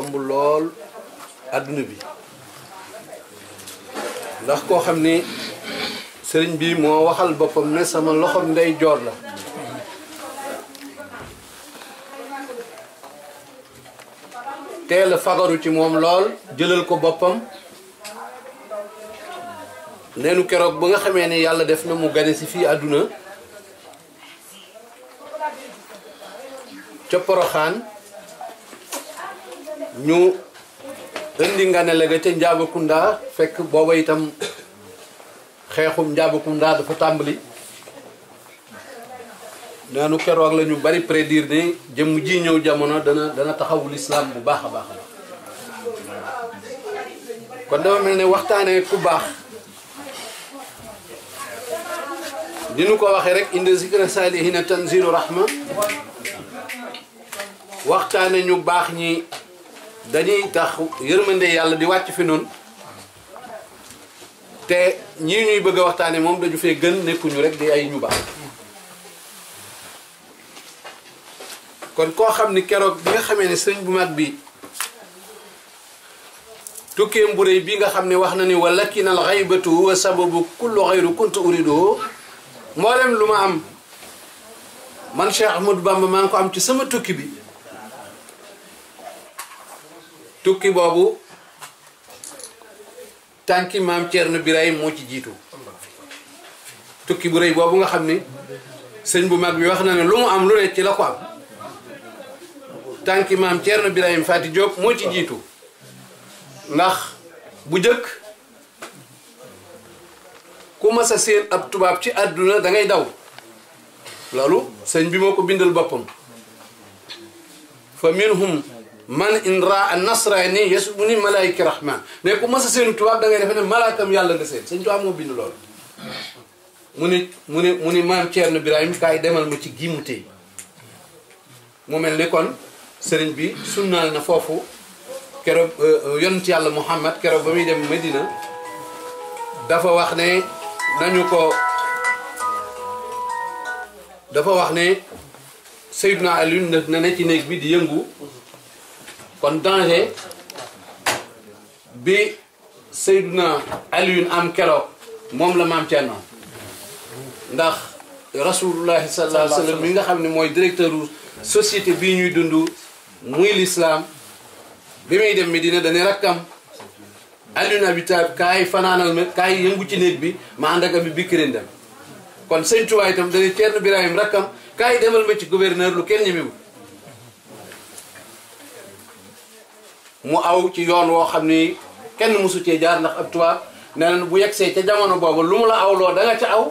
yomb lool àdduna bi ndax koo xam ni sëriñ bi moo waxal boppam ne sama loxo ndey joor la teela a fagaru ci moom lool jëlal ko boppam neenu keroog ba nga xamee ne yàlla def na mu gane si fi àdduna ca Poroxaan ñu indi Nganélé ga ca Ndiabakunda fekk booba itam xeexum Ndiabakunda dafa tàmbali neenu keroog la ñu bari prédire ne jëm ji ñëw jamono dana dana taxawul islam bu baax a baax kon dama mel ne waxtaanee ku baax dinu ko waxee rek inda zikra salihina tanzilu rahma waxtaane ñu baax ñi dañuy tax yërmande yàlla di wàcc fi noonu te ñii ñuy bëgg a waxtaane moom dañu fee gën nekkuñu rek di ay ñu kon koo xam ni keroog bi nga xamee ne sëñ bu mag bi tukkeem bu réy bi nga xam ne wax na ni wa lakinal xaybatu wa sababu kullu xayru kuntu urido mboolem lu ma am man Cheikh Ahmadou Bamba maa ngi ko am ci sama tukki bi tukki boobu tànki maam Thierno Birahim moo ci jiitu tukki bu rëy boobu nga xam ni sëñ bu mag bi wax na ne lu mu am lu ne ci la ko am tànki maam Thierno Birahim Fati Diop moo ci jiitu ndax bu jëkk ku mas a seen ab tubaab ci àdduna da ngay daw loolu sëñ bi moo ko bindal boppam fa minhum man in raa nasrani yasubuni malaayika rahman ne ku masa seen tubaab da defe ne malaakam yàlla nga seen seen tubaab moo bind loolu mu ni mu ni mu ni maam Ceerno Birahim demal ma ci gii mu mel ni kon sëriñ bi sunnaal na foofu keroog euh, yonent yàlla Muhammad keroog ba muy dem Medina dafa wax ne nañu ko dafa wax ne Seydina Aliou na ne ci néeg bi di yëngu kon danger bi Seydina Alioune am keroog moom la maam Thierno ndax rasulullahi sallallahu alayhi wa sallam mi nga xam ne mooy directeur u société bii ñuy dund muy lislaam bi muy dem Medina dane rakkam Alioune Abi Talib kaay fanaanal ma kaay yëngu ci néeg bi ma ànd bi abi bikkirin dem kon sëñ Tuubaa itam dane Thierno Birahim rakkam kaay demal ma ci gouverneur lu kenn ñemewu mu aw ci yoon woo xam ni kenn mosu cee jaar ndax ab tubaab nee na bu yegsee ca jamono boobu lu mu la awloo da nga ca aw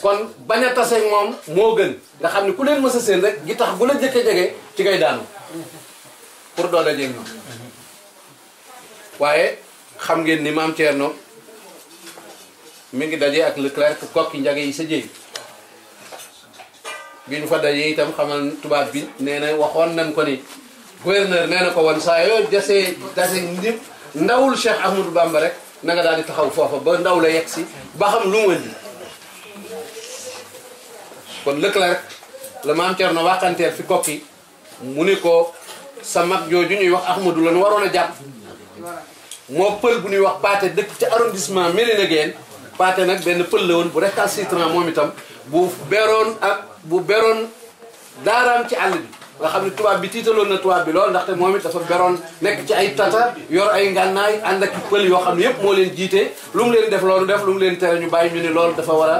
kon bañ a tase moom moo gën nga xam ne ku leen mës a seen rek gi tax bu la jëkk a jege ci ngay daanu pour doo dajeeg ñoom waaye xam ngeen ni maam noo mi ngi dajee ak ko kokki njage yi sa jéy bi ñu fa dajee itam xamal tubaab bi nee waxoon nañ ko ni gouverneur nee na ko woon saa yoo jasee dase ndim ndawul Cheikh Ahmadou Bamba rek nanga nga daal di taxaw foofa ba ndaw la yegg si ba xam lu mu indi kon lëkk la rek la maam na waxanteel fi kokki mu ni ko sa mag jooju ñuy wax Ahmadou la nu waroon a jàpp moo pël bu ñuy wax Paate dëkk ca arrondissement Médina Guène Paate nag benn pël la woon bu récalcitrant moom itam bu beroon ak bu beroon daaraam ci àll bi nga xam ne tubaab bi tiitaloon na tubaab bi lool ndaxte moom it dafa beroon nekk ci ay tata yor ay ngànnaay ànd ak pël yoo xam ne yëpp moo leen jiite lu mu leen def loolu def lu mu leen tere ñu bàyyi ñu ne loolu dafa war a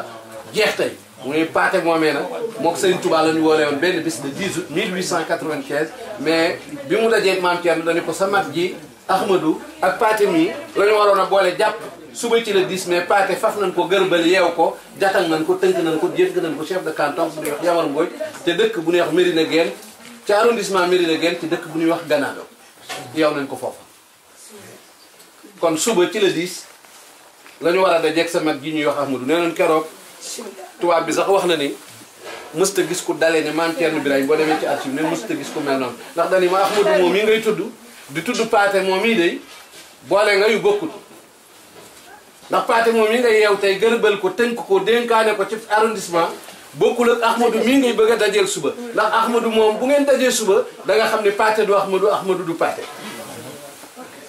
jeex tey mu ngi paate moomee nag mook Sëriñ Tuubaa la ñu woole woon benn bis le 10 août 1895 mais bi mu dajee maam Thierno dañu ko sa mag ji Ahmadou ak paate mi la waroon a boole jàpp suba ci le 10 mai paate faf nañ ko gërbal yeew ko jatan nañ ko tënk nañ ko jënk ko chef de canton bu ñuy wax Yamar Mbodj dëkk bu ñuy wax Mérina Guène ci arrondissement Médina Guène ci dëkk bu ñuy wax Ganado yow nañ ko foofa kon suba ci la diis la war a dajeeg sa mag gi ñuy wax Ahmadou nee nañ keroog tuwaab bi sax wax na ni mësta gis ko dalee ne maam Thierno Birahim boo demee ci archive ne mësta gis ku mel noonu ndax dañu ma Ahmadou moom yi ngay tudd di tudd paate moom yi day boole nga yu bokkut ndax paate moom yi nga yeew tey gërëbal ko tënk ko dénkaane ko ci arrondissement bokkul ak Ahmadou mii ngay bëgg a dajeel suba ndax Ahmadou moom bu ngeen dajee suba da nga xam ne pate du Ahmadou Ahmadou du pate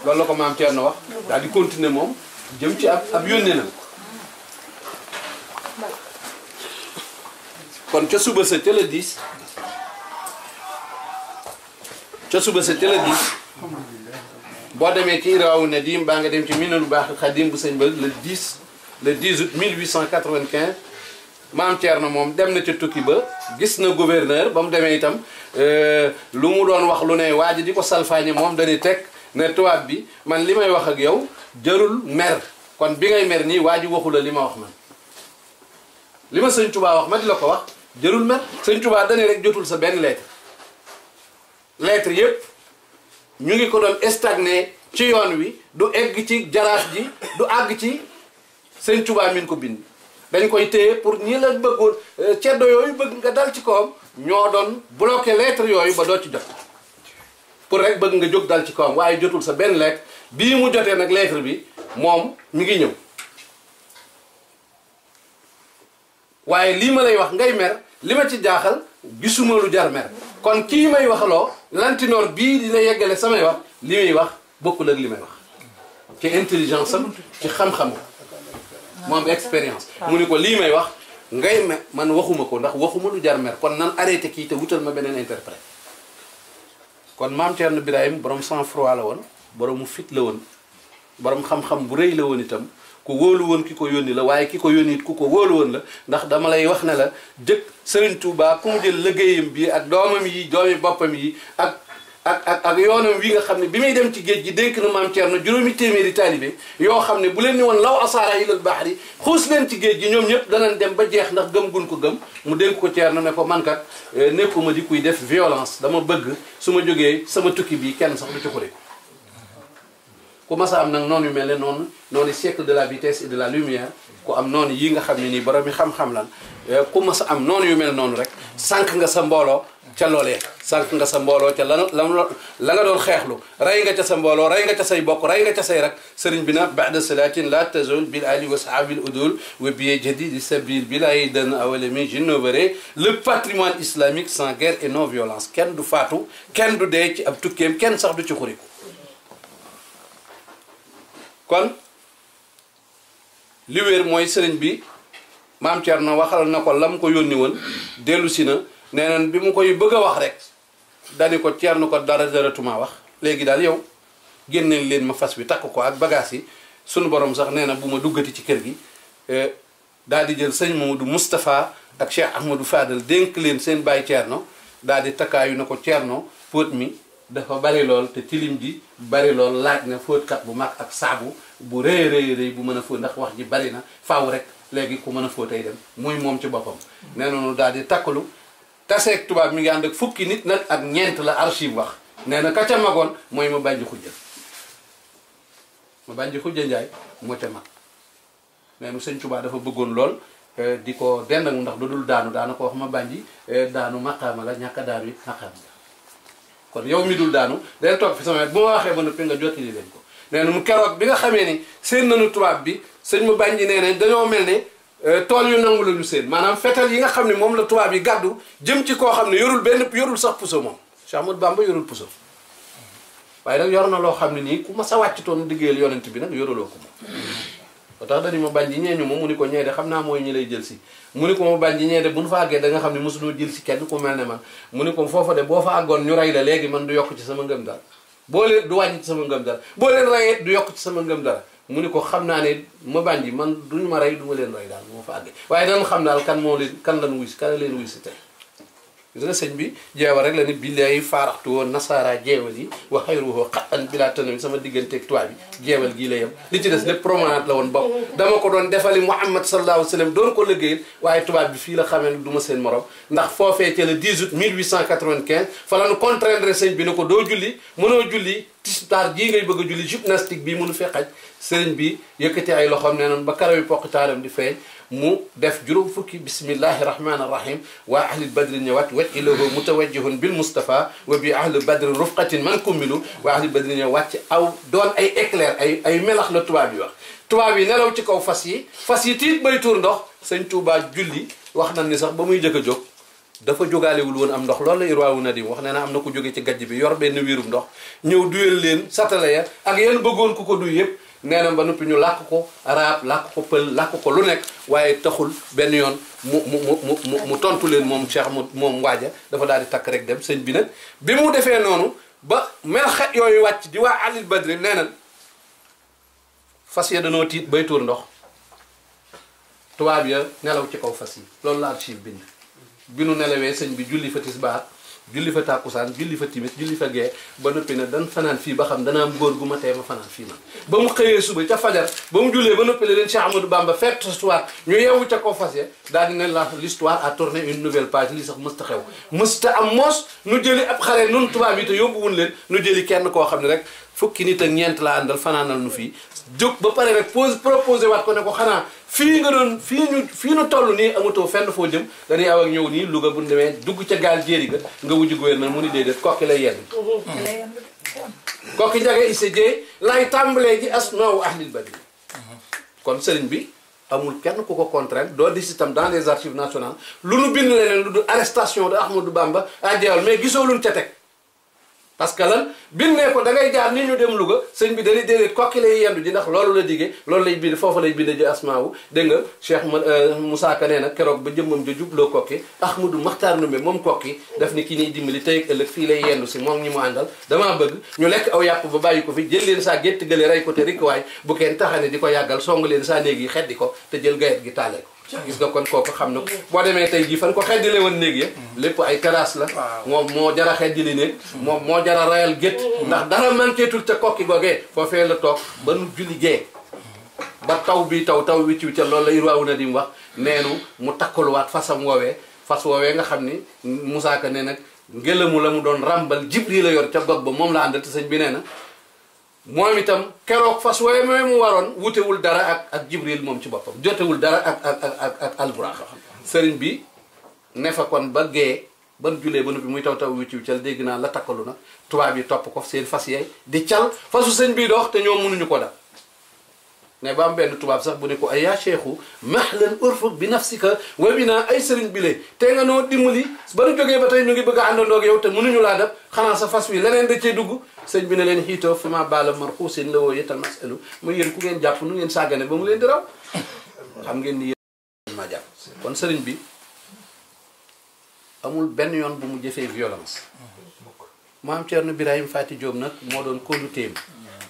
loolu la ko maam Thierno wax daal di continuer moom jëm ci ab ab yónnee na kon ca suba sa ca la diis ca suba sa ca la diis boo demee ci Irwaawu Nadiim baa nga dem ci lu baax Xadiim bu sëñ ba le 10 le 10 août 1895 maam na moom dem na ca tukki ba gis na gouverneur ba mu demee itam euh, lu mu doon wax lu ne waa ji di ko salfaañe moom dañuy teg ne tubaab bi man li may wax ak yow jërul mer kon bi ngay mer nii waa ji waxu la li ma wax man li ma sëñ Touba wax ma di la ko wax jërul mer sëñ Touba dañuy rek jotul sa benn lettre lettre yëpp ñu ngi ko doon stagné ci yoon wi du egg ci jaraaf ji du àgg ci sëñ Touba min ko bind dañ koy téye pour ñi la bëggul euh, ceddo yooyu bëgg nga dal ci kawam ñoo doon bloqué lettre yooyu ba doo ci jot pour rek bëgg nga jóg dal ci kawam waaye jotul sa benn lettre bii mu jotee nag lettre bi moom mi ngi ñëw waaye lii ma lay wax ngay mer li ma ci jaaxal gisuma lu jar mer kon kii may waxaloo lantinoor bii dina yeggale samay wax li muy wax bokkul ak li may wax ci intelligence am ci xam-xam mu am expérience mu ne ko lii may wax ngay me man waxuma ko ndax waxuma lu jar mer kon nan arrêté kii te wutal ma beneen interprète kon maam Thierno Birahim borom sang froid la woon boromu fit la woon borom xam-xam bu rëy la woon itam ku wóolu woon ki ko yónni la waaye ki ko yónni it ku ko wóolu woon la ndax dama lay wax ne la jëkk Serigne Touba ku mu jël liggéeyam bi ak doomam yi doomi boppam yi ak ak ak ak yoonam nga xam ne bi may dem ci géej gi dénk na maam na juróomi téeméeri taalibe yoo xam ne bu leen ni woon law asaara ilal bahri xuus leen ci géej gi ñoom ñëpp danañ dem ba jeex ndax gëm gun ko gëm mu dénk ko na ne ko man kat eh, nekkuma di kuy def violence dama bëgg su ma jógee sama tukki bii kenn sax du ci xuri ku masa am nag noonu yu mel ne noonu noonu siècle de la vitesse et de la lumière ku am noonu yi nga xam ne nii borom mi xam-xam lan eh, ku am noonu yu mel noonu rek sànq nga sa mbooloo ca loolee sànq nga sa mbooloo ca la la nga doon xeexlu rey nga ca sa mbooloo rey nga ca say bokk rey nga ca say rak sëriñ bi na baada salatin la tazol bil ali wa sahabil udul wa biye jadi di sabil bi lay dan awalami jinnovare le patrimoine islamique sans guerre et non violence kenn du faatu kenn du dee ci ab tukkeem kenn sax du ci xuriku kon li wéer mooy sëriñ bi maam Thierno waxal na ko lam ko yónni woon dellu si na nee na bi mu koy bëgg a wax rek dani ko ceernu ko dara daratuma wax léegi daal yow génneel leen ma fas bi takk ko ak bagage yi sunu borom sax nee na bu ma duggati ci kër gi eh, daal di jël sëñ Mamadou Moustapha ak Cheikh Ahmadou faadal dénk leen seen baay ceerno daal di takkaayu na ko ceerno fóot mi dafa bari lool te tilim ji bari lool laaj na fóotkat bu mag ak saabu bu rëy rëy rëy bu mën a fóot ndax wax ji bari na faaw rek léegi ku mën a fóotay dem muy moom ci boppam mm. taseeg tubaab mi ngi ànd ak fukki nit nag ak ñeent la archive wax nee na ka ca magoon mooy ma bànji xujja ma bànji xujja njaay moo te mag mais mu sëñ tubaa dafa bëggoon lool eh, di ko dend ak ndax du dul daanu daana ko wax ma bànji eh, daanu maqaama la ñàkk daanu it kon yow mi dul daanu den toog fi sama bu waxee ba noppi nga jottali leen ko nee na mu keroog bi nga xamee ni seen nanu tubaab bi sëñ ma bànji nee na dañoo mel ne Euh, tool yu nangu la ñu seen maanaam fetal yi nga xam ne moom la tubaab yi gàddu jëm ci koo xam ne yorul benn yorul sax puso moom Cheikh Ahmadou Bamba yorul puso waaye nag yor na loo xam ne nii ku ma sa wàcc toon liggéeyal yonent bi nag yoruloo ko moom ba tax dañu ma bànji mu ni ko ñee de xam naa mooy ñi lay jël si mu ni ko ma bànji ñee de bu ñu fa da nga xam ne mosuloo jël si kenn ku mel ne man mu ni ko foofa de boo fa àggoon ñu rey la léegi man du yokk ci sama ngëm dara boo leen du wàññi ci sama ngëm dara boo leen rayee du yokk ci sama ngëm dara mu ni ko xam naa ne ma bànji man duñu ma rey du ma leen rey daal moo fa waaye danañ xam daal kan moo kan lan wuy si kan leen wuy si gis nga sëñ bi jeewal rek la ni billaay faaraxtu woon nasaara jeewal yi wa xayruhu xattan bilaa tanami sama digganteeg tubaab bi jeewal gii la yem li ci des lépp promenade la woon bopp dama ko doon defali Muhammad sallallahu alayhi wa sallam doon ko liggéeyal waaye tubaab bi fii la xamee ne du ma seen morom ndax foofee ca le 18 1895 fa la nu contraindre sëñ bi ne ko doo julli mënoo julli tisbaar jii ngay bëgg a julli gymnastique bi mënu fexaj sëñ bi yëkkati ay loxoom nee noonu ba karaw yi poqitaaram di feeñ mu def juróom fukki bismillahi rahmani rahim waa ahlil badri ñëwaat waj ilahu mutawajjihun bil mustafa wa bi ahli badri rufqatin man kummilu waa ahlil badri ñëwaat ci aw doon ay éclair ay melax la tubaab yi wax tubaab yi nelaw ci kaw fas yi fas yi tiit bay tuur ndox sëñ Tuubaa julli wax na ni sax ba muy jëkk a jóg dafa jógaalewul woon am ndox loolu la irwaawu na di wax nee na am na ko jóge ci gajj bi yor benn wiirum ndox ñëw duyal leen satala ak yéen bëggoon ku ko duy yëpp nee ba noppi ñu làkk ko araab làkk ko pël làkk ko lu nekk waaye taxul benn yoon mu mu mu mu mu tontu leen moom Cheikh mu moom waaja dafa daal di takk rek dem sëñ bi nag bi mu defee noonu ba mel xet yooyu wàcc di waa alil badri nee fas ya danoo tiit bay tuur ndox tubaab ya nelaw ci kaw fas yi loolu la archive bind bi nu nelawee sëñ bi julli fa tisbaar julli fa tàkkusaan julli fa timis julli fa gee ba noppi ne dan fanaan fii ba xam dana am góor gu ma tey ma fanaan fii man ba mu xëyee suba ca fajar ba mu jullee ba noppi la leen Cheikh Amadou Bamba fête histoire ñu yeewu ca koo fas ya daal di ne la l'histoire a tourné une nouvelle page lii sax mësta xew mësta am moos nu jëli ab xare nun tubaab yi yóbbu wun leen nu jëli kenn koo xam ne rek fukki nit ak laa la àndal fanaanal nu fii jóg ba pare rek pose proposé waat ko ne ko xanaa fii nga doon fii ñu fii ñu toll nii amatoo fenn foo jëm dañuy aw ak ñëw nii Louga bu ñu demee dugg ca gaal jéeri ga nga wujj gouverneur mu ni déedéet kokki lay yenn kokki njage issa jee lay tàmbalee ji as noowu ahlil badi kon sëriñ bi amul kenn ku ko contraindre doo di itam dans les archives nationales lu nu bind leneen lu du arrestation de Ahmadou Bamba à Diawle mais gisoo luñ ca teg parce que lan bin ne ko dangay ngay jaar ni ñu dem Louga sëñ bi dee déedéet kokki lay yendu ji ndax loolu la diggee loolu lay bind foofu lay bind ji asmaa wu dégg nga Cheikh euh, Moussa Ka na keroog ba jëmmam ja jubloo kokki Ahmadou Makhtar Ndoumbé moom kokki def ni ki niy dimbali tey ak ëllëg fii lay yendu si moom ñi mu àndal damaa bëgg ñu lekk aw yàpp ba bàyyi ko fi jël leen saa gétt gële rey ko te rikk waay bu kenn taxane di ko yàggal song leen saa néeg yi xeddi ko te jël gayet gi taalee ko gis nga kon kooku xam na boo demee tey jii fan ko xeddile woon néeg ya lépp ay terrasse la moom moo jara xeddili néeg moom moo jara rayal gétt ndax dara manquétul ca kokki googee foofee la toog ba nu julli gee ba taw bi taw taw wicc wicca lool la waawu na di mu wax neenu mu takkaluwaat fasam woowee fas woowee nga xam ni Moussa Ka ne nag ngelamu la mu doon ràmbal jibri la yoon ca gog ba moom la àndal te sëñ bi nee na moom itam keroog fas wooye mooy mu waroon wutewul dara ak ak jibril moom ci boppam jotewul dara ak ak ak ak alburaax sëriñ bi ne fa kon ba gee ban julee ba bi muy taw taw wicci cal dégg naa la takkalu na tubaab yi topp ko seen fas yeey di cal fasu sëñ bi dox te ñoom mënuñu ko dal ne ba am benn tubaab sax bu ne ko ay yaa cheikhu mahlan urfuk bi nafsika wa bina ay sëriñ bi le te nga noo dimbali ba nu jógee ba tey ñu ngi bëgg a àndandoo ak yow te mënuñu laa dab xanaa sa fas wi leneen da cee dugg sëñ bi ne leen xiitoo fi ma baala mar xuusin la woo yetal masalu mu ku ngeen jàpp nu ngeen sàggane ba mu leen di xam ngeen ni yéen maa kon sëriñ bi amul benn yoon bu mu jëfee violence maam Thierno Birahim Fati Diop nag moo doon kóolu téem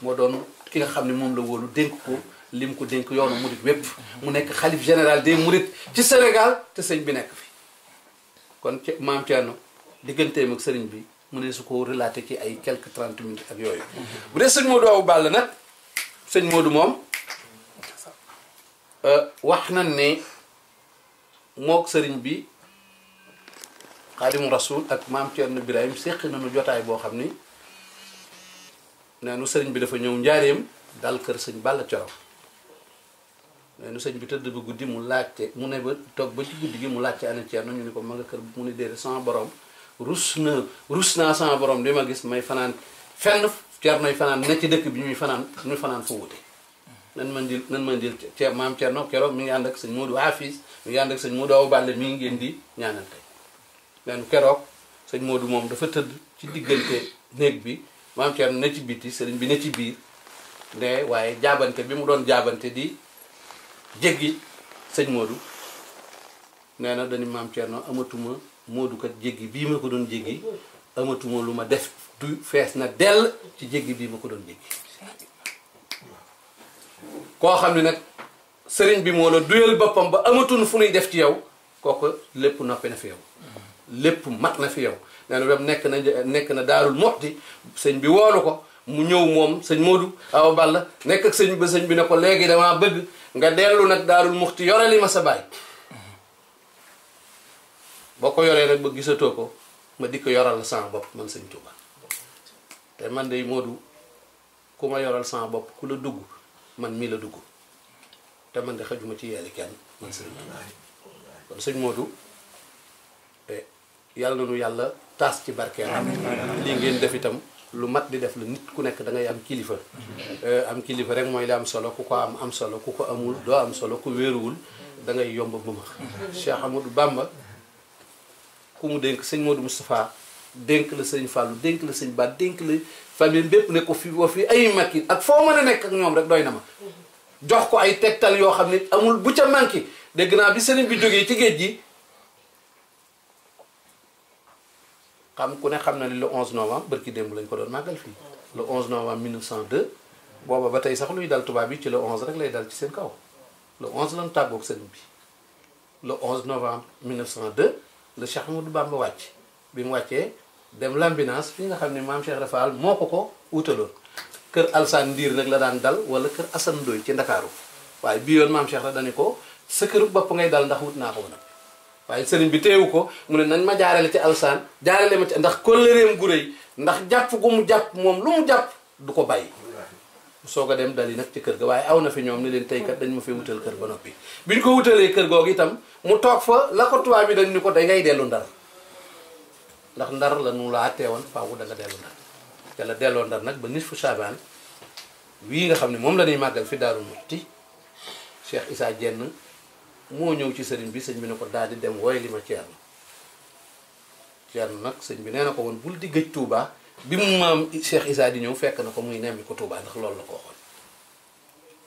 moo doon ki nga xam ne moom la wóolu dénk ko lim ko dénk yoonu murit wépp mu nekk xalif général des murit ci Sénégal te sëñ bi nekk fi kon maam Thierno digganteem ak sëriñ bi mu ne su ko relaté ci ay quelques trente minutes ak yooyu bu dee sëñ Modou Awa Balla nag sëñ Modou moom euh, wax na ne mook sëriñ bi xaadimu rasul ak maam Thierno Birahim na nu jotaay boo xam ni naanu sëriñ bi dafa ñëw njaareem dal kër sëñ Balla Thioro nee eh, na sëñ bi tëdd ba guddi mu laajte mu ne ba toog ba ci guddi gi mu laajte ana Ceerno ñu ne ko ma nga kër mu ne déedéet sama borom rus na rus naa sama di ma gis may fanaan fenn Ceernoy fanaan ne dëkk bi ñuy fanaan ñu fanaan fu wute nan man nan man di Ceer maam Ceerno keroog mi ngi ànd ak sëñ moo Hafiis mi ngi ak sëñ Moodu Awa Balla mi ngi ngeen di ñaanal keroog sëñ Moodu moom dafa tëdd ci diggante néeg bi maam Ceerno ne ci biti bi ne ci biir ne waaye jaabante bi mu doon jaabante di jéggi sëñ Modou nee na dañu maam Thierno amatuma moodukat kat bii ma ko doon jéggi amatuma lu ma def du fees na dell ci jéggi bii ma ko doon jéggi koo xam ne nag sëriñ bi moo la duyal boppam ba amatuñ fu nuy def ci yow kooku lépp noppi na fi yow lépp mat na fi yow nee nekk na nekk na daarul sëñ bi woolu ko mu ñëw moom sëñ moodu awa Balla nekk sëñ bi sëñ bi ne ko léegi damaa bëgg nga dellu nag daarul muxti yore li ma sa baay boo ko yoree nag ba gisatoo ko ma di ko yoral sama bopp man sëñ Tuuba te man de Modou ku ma yoral san bopp ku la dugg man mii la dugg te man de xëjuma ci yeeli kenn man sëñ moodu kon eh, yàlla na nu yàlla taas ci barkeelam lii ngeen def itam lu mat di def la nit ku nekk da ngay am kilifa euh, am kilifa rek mooy li am solo ku ko am am solo ku ko amul doo am solo ku wéeruwul dangay ngay yomb bu ma Cheikh du Bamba ku mu dénk sëñ Modou Moustapha dénk la sëñ Fallou dénk la sëñ baat dénk la famille bépp ne ko fi wa fi ay mag yi ak foo mën a nekk ak ñoom rek doy na ma jox ko ay tegtal yoo xam ne amul bu ca manqué dégg naa bi sëriñ bi jógee ci géej gi xam ku ne xam na ni le 11 novembre bërki démb lañ ko doon màggal fii le 11 novembre 1902 booba ba tey sax luy dal tubaab yi ci le 11 rek lay dal ci seen kaw le 11 lañ tàggoog sëñ bi le 11 novembre 1902 le Cheikh Ahmadou Bamba wàcc bi mu wàccee dem Lambinaas fi nga xam ne maam Cheikh Rafaal moo ko ko wutaloon kër Alsaan Ndiir nag la daan dal wala kër Assane Ndoye ci Ndakaaru waaye bii yoon maam Cheikh la dañu ko sa këru bopp ngay dal ndax wut naa ko nag waaye sëriñ bi teewu ko mu ne nañ ma jaarale ci alsaan jaarale ma ci ndax ko kóllëreem gu rëy ndax jàpp gu mu jàpp moom lu mu jàpp du ko bàyyi soog a dem dali nag ci kër ga waaye aw na fi ñoom ne leen tey kat dañ ma fee wutal kër ba noppi bi ñu ko kër googu itam mu toog fa la ko tubaab bi dañ ni ko da ngay dellu ndar ndax ndar la nu laa teewoon faaw da nga dellu ndar te la delloo ndar nag ba nisfu saabaan wii nga xam ne moom la ñuy màggal fi daaru mutti Cheikh Issa Dieng moo ñëw ci sëriñ bi sëñ bi ne ko daal di dem wooy li ma Ceerno Ceerno nag sëñ bi nee na ko woon bul di gëj Touba bi mu maam Cheikh Issa di ñëw fekk na ko muy nemmi ko Touba ndax loolu la ko waxoon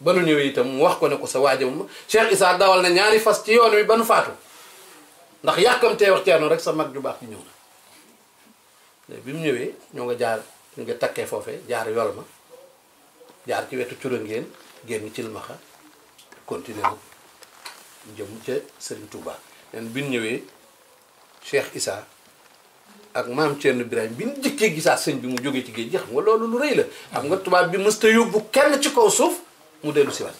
ba nu ñëwee itam mu wax ko ne ko sa waajam Cheikh Issa dawal na ñaari fas ci yoon wi ba nu faatu ndax yàkkamtee wax Ceerno rek sa mag ju baax di ñëw na bi mu ñëwee ñoo nga jaar ñu nga takkee foofe jaar yol ma jaar ci wetu curangeen génn ci limaxa continuer jëm ca Serigne Touba. leen bi ñëwee Cheikh Issa ak maam Thierno Birahim bi ñu jëkkee gisaa sëñ bi mu jógee ci géej gi xam nga loolu lu rëy la. xam nga tubaab bi mësta yóbbu kenn ci kaw suuf mu dellu si waat.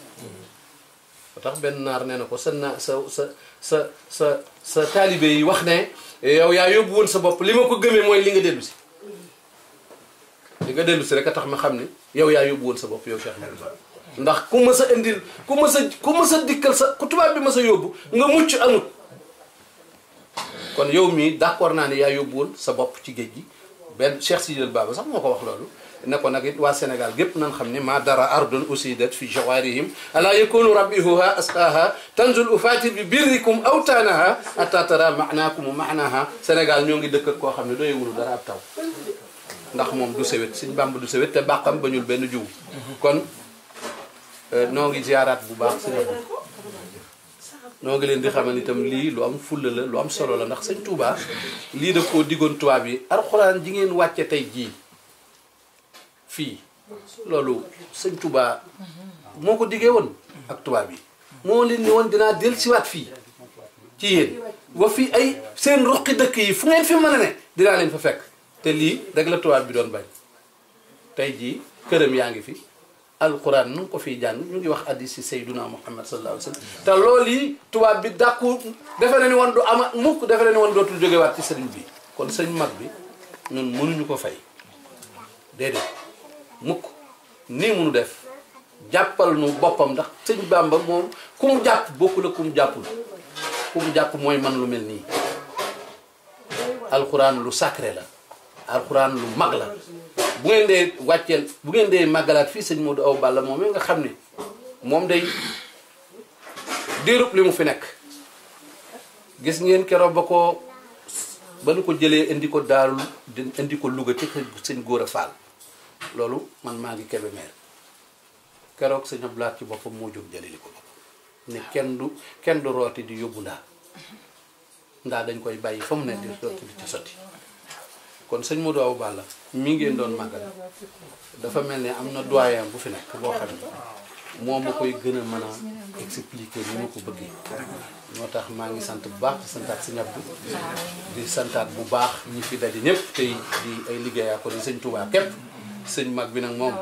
tax benn naar nee na ko sa naa sa sa sa sa sa taalibe yi wax ne yow yaa yóbbu woon sa bopp li ma ko gëmee mooy li nga dellusi si. li nga dellu si rek a tax ma xam ne yow yaa yóbbu woon sa bopp yow Cheikh Moussa. ndax ku mës a indil ku mës a ku mës dikkal sa ku tubaab bi mës a nga mucc amut kon yow mii d'accord naa ne yaa sa bopp ci géej gi benn Cheikh Sidil Baba sax moo ko wax loolu ne kon nag it waa senegal gépp nañ xam ne maa dara ardun usidat fi jawarihim ala yakunu rabbihuha asqaha tanzul ufatir bi birrikum awtaanaha atta tara maanaakum maanaha Sénégal ñoo ngi dëkk ak koo xam ne doyewulu dara ab taw ndax moom du sawet Sëñ Bàmba du sawet te bañul benn jiw kon Euh, noo ngi ziaraat bu baax sëñ Abdou noo ngi leen di xamal itam lii lu am fulla la lu am solo la ndax sëñ Touba lii da koo diggoon tubaab yi alxuraan ji ngeen wàcce tey jii fii loolu sëñ Touba moo ko diggee woon ak tubaab yi moo leen ni woon dinaa dellusiwaat fii ci yéen wa fii ay seen ruqi dëkk yi fu ngeen fi mën a ne dinaa leen fa fekk te lii rek la tubaab bi doon bañ tey jii këram yaa ngi fi alquran nu ngi ko fi jàng ñu ngi wax hadis si sayduna muhammad sallallahu alayhi wa sallam te loolu yi tubaab bi dàkku defe na ni woon du ama mukk defe ni woon dootul jógewaat ci sëriñ bi kon sañ mag bi ñun mënuñu ko fay déedéet mukk nii munu def jàppal nu boppam ndax sëñ bàmba moom ku jàpp bokku la ku mu jàppul ku mu jàpp mooy man lu mel nii alquran lu sacré la alquran lu mag la bu ngeen dee wàcceel bu ngeen dee màggalaat fii sëñ Modou Awa Balla moom nga xam ni moom day diirub li mu fi nekk gis ngeen keroog ba ko ba nu ko jëlee indi ko daarul indi ko Louga ci sëñ Góora Fall loolu man maa ngi Kébémer keroog sëñ Abdoulaye ci boppam moo jóg jële li ko ne kenn du kenn du rooti di yóbbu ndaa ndaa dañ koy bàyyi fa mu ne di sotti kon sëñ Modou Awa Balla mi ngeen doon màggal dafa mel ne am na doyen bu fi nekk boo xam ne moom ma koy gën a mën a expliquer ni ma ko bëggee moo tax maa ngi sant bu baax di santaat si ñàpp di santaat bu baax ñi fi daje ñëpp tey di ay liggéeyaa ko ni sëñ Touba képp sëñ mag bi nag moom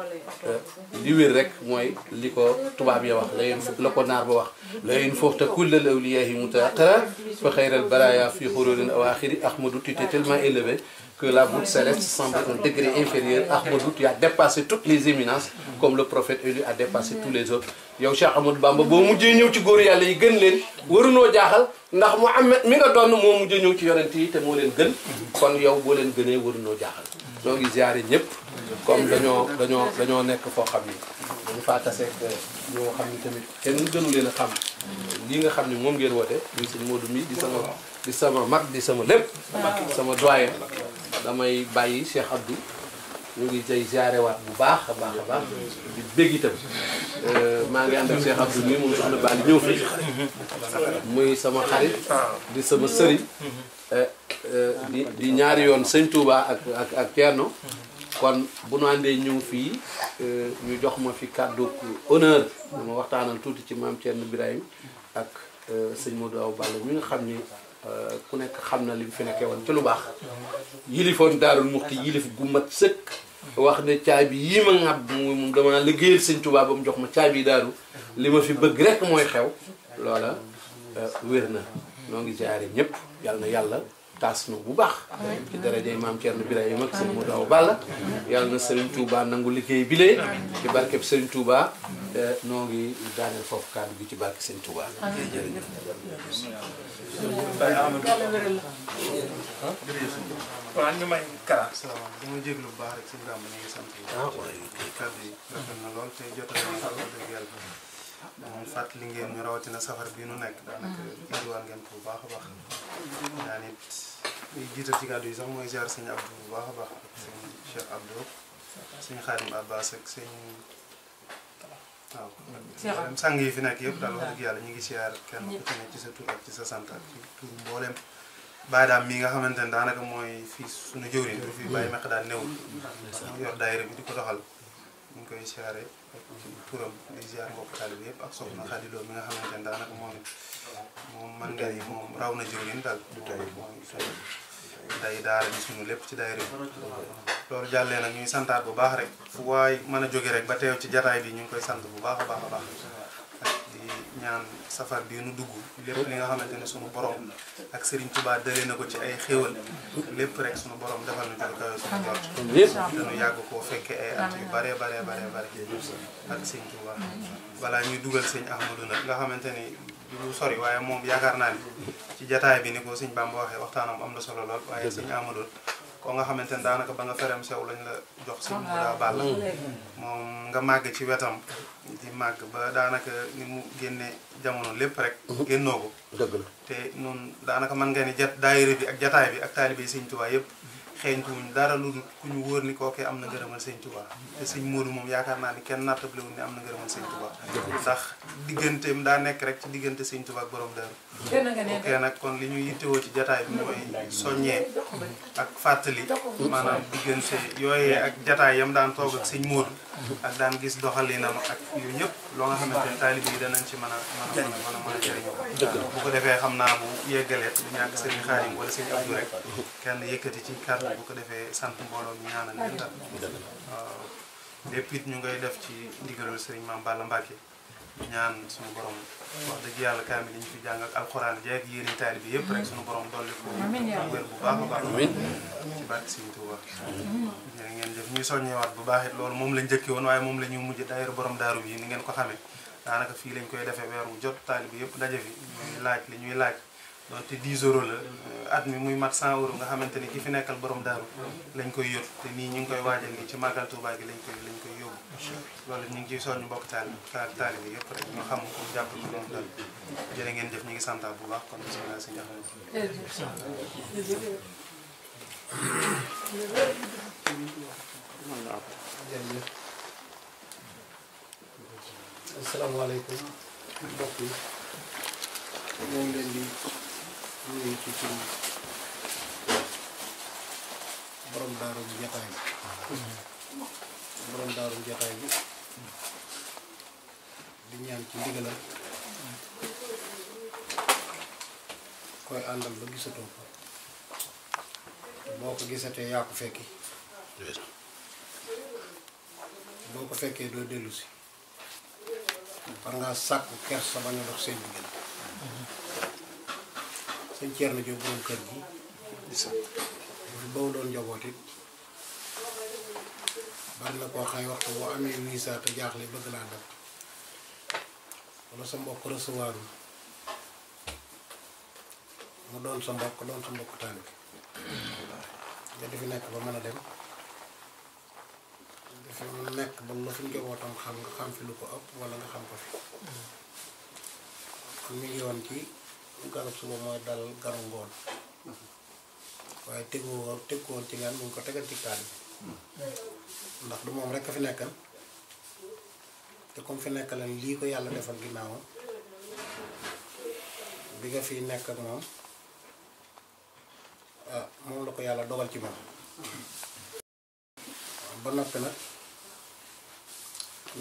eh, li wér rek mooy li ko tubaab ya wax la yéen la ko naar ba wax la yéen foofu te kullal awliyaahi mutaqara fa xayral baraaya fi xururin awaxiri ahmadu tité tellement élevé que la voûte céleste semble un degré inférieur Ahmadou tu as dépassé toutes les éminences comme le prophète Élie a dépassé tous les autres yow Cheikh Ahmadou Bamba boo mujjee ñëw ci góor yàlla yi gën leen warunoo jaaxal ndax Muhammad mi nga doon moo mujjee ñëw ci yonent yi te moo leen gën kon yow boo leen gënee warunoo jaaxal ñoo ngi ziare ñëpp comme dañoo dañoo nekk foo xam ni dañu faa taseeg ñoo xam ni tamit kenn gënu leen a xam lii nga xam ni moom ngeen woote ñun suñ mi di sama di sama mag sama lépp sama doyen damay bàyyi Cheikh Abdou ñu ngi tey jaarewaat bu baax a baax a baax di bégg itam euh, maa ngi ànd ak Cheikh Abdou moom soxna Bali ñëw fi muy sama xarit di sama sëriñ euh, euh, di ñaari yoon sëñ Touba ak ak ak kon bu ñu àndee ñëw fii ñu jox ma fi kàddu honneur dama waxtaanal tuuti ci maam Thierno Birahim ak sëñ Modou Awa Balla mi nga xam ni Euh, ku nekk xam na li mu fi nekkee woon ci lu baax yilifoon daarul muxti yilif gu mat sëkk wax ne caabi yii ma ŋàbb moom dama liggéeyal sëñ Tuubaa ba mu jox ma caabi daaru li ma fi bëgg rek mooy xew loola euh, wér na noo ngi jaare ñëpp yal na yàlla taas bu baax ci darajey maam Thierno Birahima ak sëñ Modou Awa Balla yàlla na nangu liggéey bi lee ci barkeb Serigne Touba euh, noo ngi daaneel foofu kàddu gi ci barke Serigne Touba Baye Amadou waaw ñu may baax rek suñu gàmm ñu ngi sant yi. ah waaye kàddu yi rafet na lool moom fàttali ngeen ñu rawatina safar bi nu nekk daanaka indiwaan ngeen ko bu baax a baax. daan it liy jiital ci yi sax mooy jaar sëñ Abdou bu baax a baax ak sëñ Cheikh Abdou sëñ Abbas ak sëñ. waaw mboolem sang yi fi nekk yëpp daal wax dëgg yàlla ñu ngi siyaar kenn ku ci ne ci sa tur ak ci sa santa ak ci tur mboolem bàyyi daam nga xamante ne daanaka mooy fii suñu jëwriñ bu fi bàyyi meq daan néew yor daayira bi di ko doxal ñu ngi koy siyaare ak turam di siyaar mbokk taalibe yëpp ak soxna Xadi nga xamante ne daanaka moom moom man nga yi moom raw na jëwriñ daal mooy day daara ji suñu lépp ci daayira bi loolu jàllee nag ñuy santaat bu baax rek fu waay mën a jóge rek ba teew ci jataay bi ñu ngi koy sant bu baax a baax a baax ak di ñaan safar bii nu dugg lépp li nga xamante ne suñu borom ak Serigne Touba dëlee na ko ci ay xéewal lépp rek suñu borom defal na jël suñu jot dañu yàgg koo fekke ay at yu bare bare bare bare ak Serigne Touba balaa ñuy dugal sëñ Ahmadou nag nga xamante ni du sori waaye moom yaakaar naa ni ci jataay bi ni ko sëñ Bamba waxee waxtaanam am na solo lool waaye sëñ Ahmadou ko nga xamante ni daanaka ba nga ferem sew lañ la jox sëñ ah, Mouda Balla moom nga màgg ci wetam di màgg ba daanaka ni mu génne jamono lépp rek mhm. génnoo ko te noonu daanaka man nga ni jat daayira bi ak jataay bi ak taalibe sëñ Tuubaa yëpp xeeñtuwuñ dara lu dul ku ñu wóor ni kookee am na ngërëmal sëñ Tuubaa te sëñ Moodu moom yaakaar naa ni kenn nattable wuñ ne am na ngërëmal sëñ Tuubaa ndax digganteem daa nekk rek ci diggante sëñ Tuubaa ak borom daaru nag kon li ñuy yittewoo ci jataay bi mooy soññee ak fàttali maanaam diggante yooyee ak jataay yam daan toog ak sëñ Moodu ak daan gis doxalinam ak yooyu yëpp loo nga xamante ne taalib yi danañ ci mën a mën a mën a bu ko defee xam naa bu yeggalee du ñàkk sëriñ Xaadim wala sëriñ Abdou rek kenn yëkkati ci kàddu bu ko defee sant mbooloo ñu ñaanal leen ñu ngay def ci ndigalul sëriñ Maam Balla Mbacke ñaan suñu borom wax dëgg yàlla kaamil yi ñu fi jàng ak alxuraan jeeg yéen taali bi yëpp rek suñu borom dolli ko wér bu baax a baax ci barke Sëriñ Tuuba jërë ngeen jëf ñuy bu baax it loolu moom la njëkke woon waaye moom la ñu mujj daayira borom daaru bi ni ngeen ko xamee daanaka fii lañ koy defee weer wu jot taali bi yëpp daje fi ñuy laaj li ñuy laaj donte 10 euros la at mi muy mat 100 euros nga xamante ni ki fi nekkal boroom daaru lañ koy yót te nii ñu ngi koy waajal nii ci màggal Tuubaa gi lañ koy lañ koy yóbbu loolu ñu ngi ciy soññ mbokk taal taali bi yëpp rek ñu xam ko jàpp ci loolu dal jërë ngeen jëf ñu ngi santaat bu baax kon bismillah si njaxam asalaamaaleykum mbokk yi ñoo ngi leen di ñu ngi ci turu borom daaru jotaay bi bi ñaan ci ndigalal koy àndal ba gisatoo ko boo ko gisatee yaa ko fekki boo ko fekkee doo dellusi si war ngaa sàkku kersa bañ a dox seen diggante sëñ Thierno Diop borom kër gi di sant ba mu doon njaboot it bari na koo xay waxtu boo amee visa te jaaxle bëgg naa dab wala sa mbokk recevoir mu doon sa mbokk doon sa mbokk tànn nga defi nekk ba mën a dem defi mu nekk ba lu fi njabootam xam nga xam fi lu ko ëpp wala nga xam ko fi kon ci garab suba mooy dal garu ngoon waaye tegu woon tegu woon ci gan mu ngi ko tegal ci kaan ndax du moom rekk a fi nekkal te kom fi nekkaleen lii ko yàlla defal ginnaawam bi nga fi nekk moom ah moom la ko yàlla dogal ci moom ba noppi nag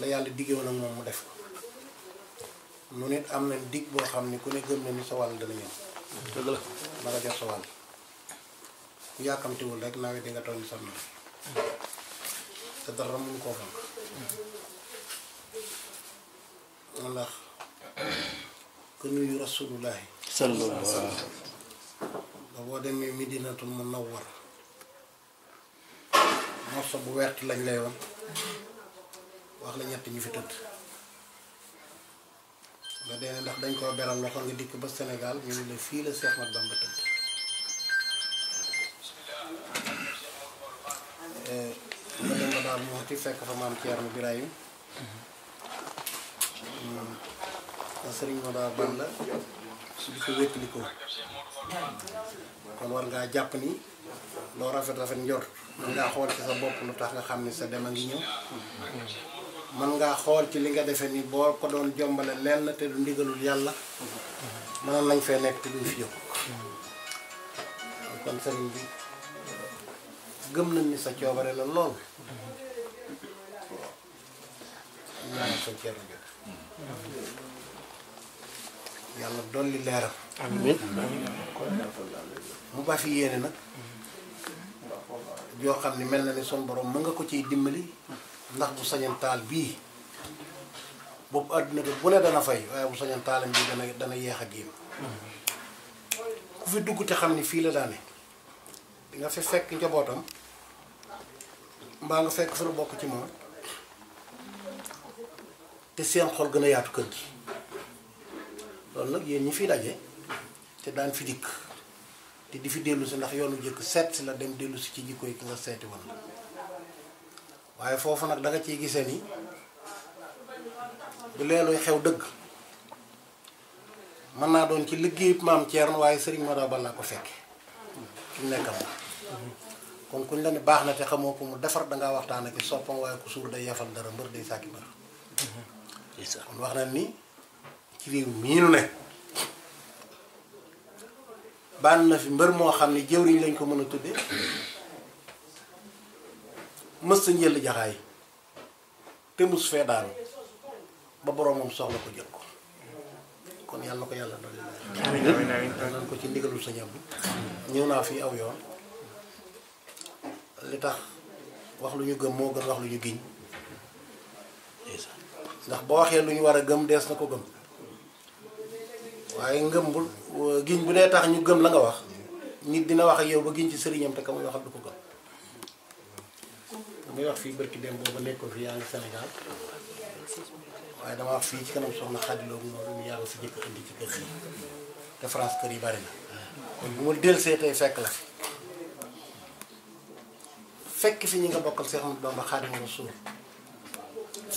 la yàlla diggéwoon ak moom mu def nu nit am nañ dig boo xam ne ku ne gëm na ni sa wàll dana ñëw. dëgg la na nga jot sa wàll. ku yàkkamtiwul rek nawet di nga toll sa noonu. te dara mënu koo fànq. ndax ku nuyu rasulullahi. sallallahu alayhi wa sallam. ba boo demee Medinatul Munawwar morso bu wert lañ lay woon wax la ñett ñu fi tëdd. nga dee ndax dañ koo beral loxo nga dikk ba Sénégal ñu ne la fii la Cheikh Ahmadou Bamba tëdd eh, fekk fa maam Thierno Birahim mm. sëriñ ma daal ban la di ko wéttilikoo kon war ngaa jàpp ni loo rafet rafet njor mën ngaa xool ci sa bopp lu tax nga xam ne sa dem a ngi ñëw man ngaa xool ci li nga defe ni boo ko doon jombale lenn te du ndigalul yàlla mënoon nañ fee nekk te duñ fi yóbbu kon sëriñ bi gëm nañ ni sa coobare la lool ñaan sa ceeru jot yàlla dolli leeram mu ba fi yéene nag joo xam ni mel na ni son borom mën nga ko ciy dimbali ndax bu sañan bii boobu àdduna bi bu ne dana fay waaye bu sañan taalam bii dana dana yeex a génn ku fi dugg te xam ni fii la daane di nga fi fekk njabootam mbaa nga fekk fi lu bokk ci moom te seen xool gën a yaatu kër gi loolu nag yéen ñi fi daje te daan fi dikk te di fi dellu si ndax yoonu jëkk seet si la dem dellu si ci jikko yi ki nga seeti woon waaye foofu nag danga nga ciy gisee ni bu leeluy xew dëgg mën naa doon ci liggéeyub maam Thierno waaye sëriñ Modou Balla ko fekke fi mu nekk kon kuñ la ne baax na te xamoo ko mu defar dangaa waxtaan ak soppam waaye ku suur day yafal dara mbër day sàkki mbër kon wax na ni ci réew mii nu ne baan na fi mbër moo xam ne jëwriñ lañ ko mën a tudde mës sa njël jaxaay te mus fee daanu ba boroomam soxla ko jël ko kon yàlla ko yàlla dolli leer ko ci ndigalul sa ñam ñëw naa fii aw yoon li tax wax lu ñu gëm moo gën wax lu ñu giñ ndax boo waxee lu ñu war a gëm dees na ko gëm waaye ngëm bu giñ bu dee tax ñu gëm la nga wax nit dina wax ak yow ba giñ ci sëriñam te ka muy waxal du ko gëm may wax fii barki dem booba nekkoon fi yaa ngi Sénégal waaye dama wax fii ci kanam soxna xadiloo moom yaa ngi fi njëkk indi ci kër yi te France kër yi bari na kon bu ma delsee tey fekk la fi fekk fi ñi nga bokkal Cheikh Ahmadou Bamba Khadim Rasoul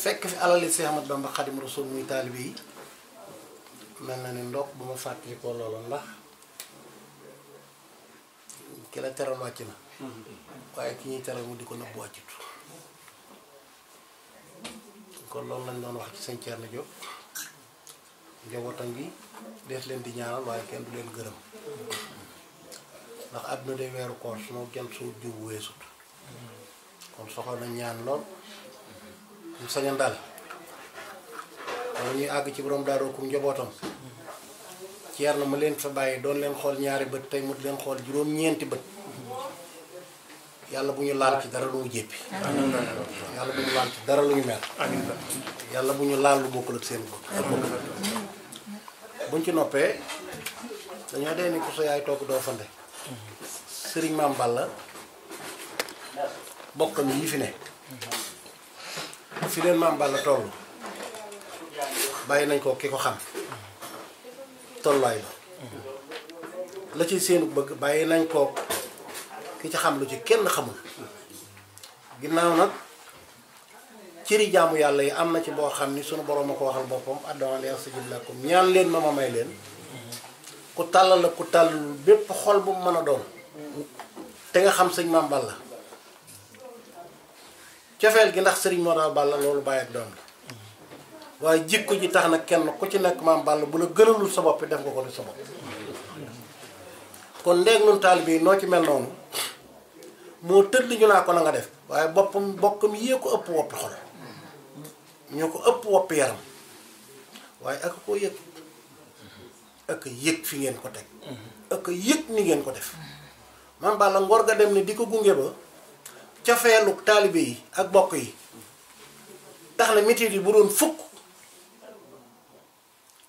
fekk fi muy taalibe yi mel na ne ndox bu ma fàttali ko loolu ndax ki la teral wàcc na mm-hmm. waaye ki ñuy teral mu di ko nëbb wàccut kon loolu lañ doon wax ci sëñ Thierno Diop njabootam gi dees leen di ñaanal waaye kenn du leen gërëm ndax àdduna de weeru koor su ma jant suuf jiw weesut kon soxla na ñaan lool ñu sañoon daal wala ñuy àgg ci borom daaroo kum njabootam na ma leen fa bàyyi doon leen xool ñaari bët tey mu leen xool juróom-ñeenti bët. yàlla bu ñu laal ci dara lu mu jéppi yàlla bu ñu laal ci dara lu ñu mer yàlla bu ñu laal lu bokkul ak seen bopp buñ ci noppee dañoo dee ni ku sa yaay togg doo fande sëriñ maam Balla bokkam yi fi ne fi leen maam Balla toll bàyyi nañ ko ki ko xam tolluwaay la la ci seen bëgg bàyyi nañ ko ki ci xam lu ci kenn xamul ginnaaw nag cëri jaamu yàlla yi am na ci boo xam ni sunu borom a ko waxal boppam addu'a li astajib lakum ñaan leen ma ma may leen ku tàllal la ku tàllul bépp xol bu mu mën a doon te nga xam sëñ maam la cofeel gi ndax sëriñ moo daal Balla loolu bàyyi ak doom waaye jikko ji tax na kenn ku ci nekk maam Balla bu la gënalul sa bopp def nga ko lu sa bopp kon ndéeg nun taalibe yi noo ci mel noonu moo tëdd ñu naa ko na def waaye boppam bokkam yee ko ëpp wopp xol ñoo ko ëpp wopp yaram waaye ak koo yëg ak yëg fi ngeen ko teg ak yëg ni ngeen ko def man baa la ngor ga dem ne di ko gunge ba cafeelu taalibe yi ak bokk yi tax na metit yi bu doon fukk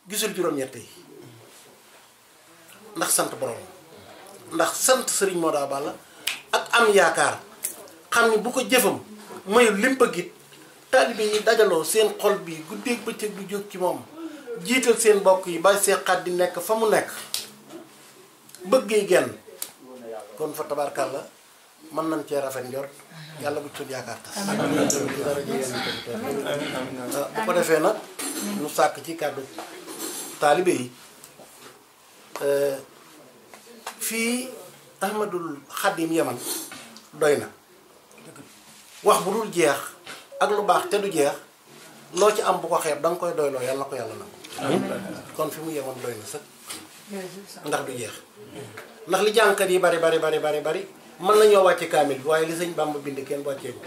gisul juróom-ñett yi ndax sant borom ndax sant sëriñ Moda Balla ak am yaakaar xam ni bu ko jëfam mayul lim bëgg it taalibe yi dajaloo seen xol bi guddeeg bëccëg bu jóg ci moom jiital seen mbokk yi bàyyi see xat di nekk fa mu nekk bëggee genn kon fa tabarkàlla mën nañ cee rafet njort yàlla bu ci yaakaar tas ah, bu ko defee nag ñu sàkk ci kàddu taalibe yi eh, fii Ahmadul Xadim Yaman doy na wax bu dul jeex ak lu baax te du jeex loo ci am bu ko xeeb danga koy doyloo yàlla ko yàlla na ko kon fi mu yemoon doy na sax ndax du jeex ndax li jàngkat yi bari bari bari bari bari mën nañoo wàcce kaamil bi waaye li sëñ Bàmba bind kenn wàccee ko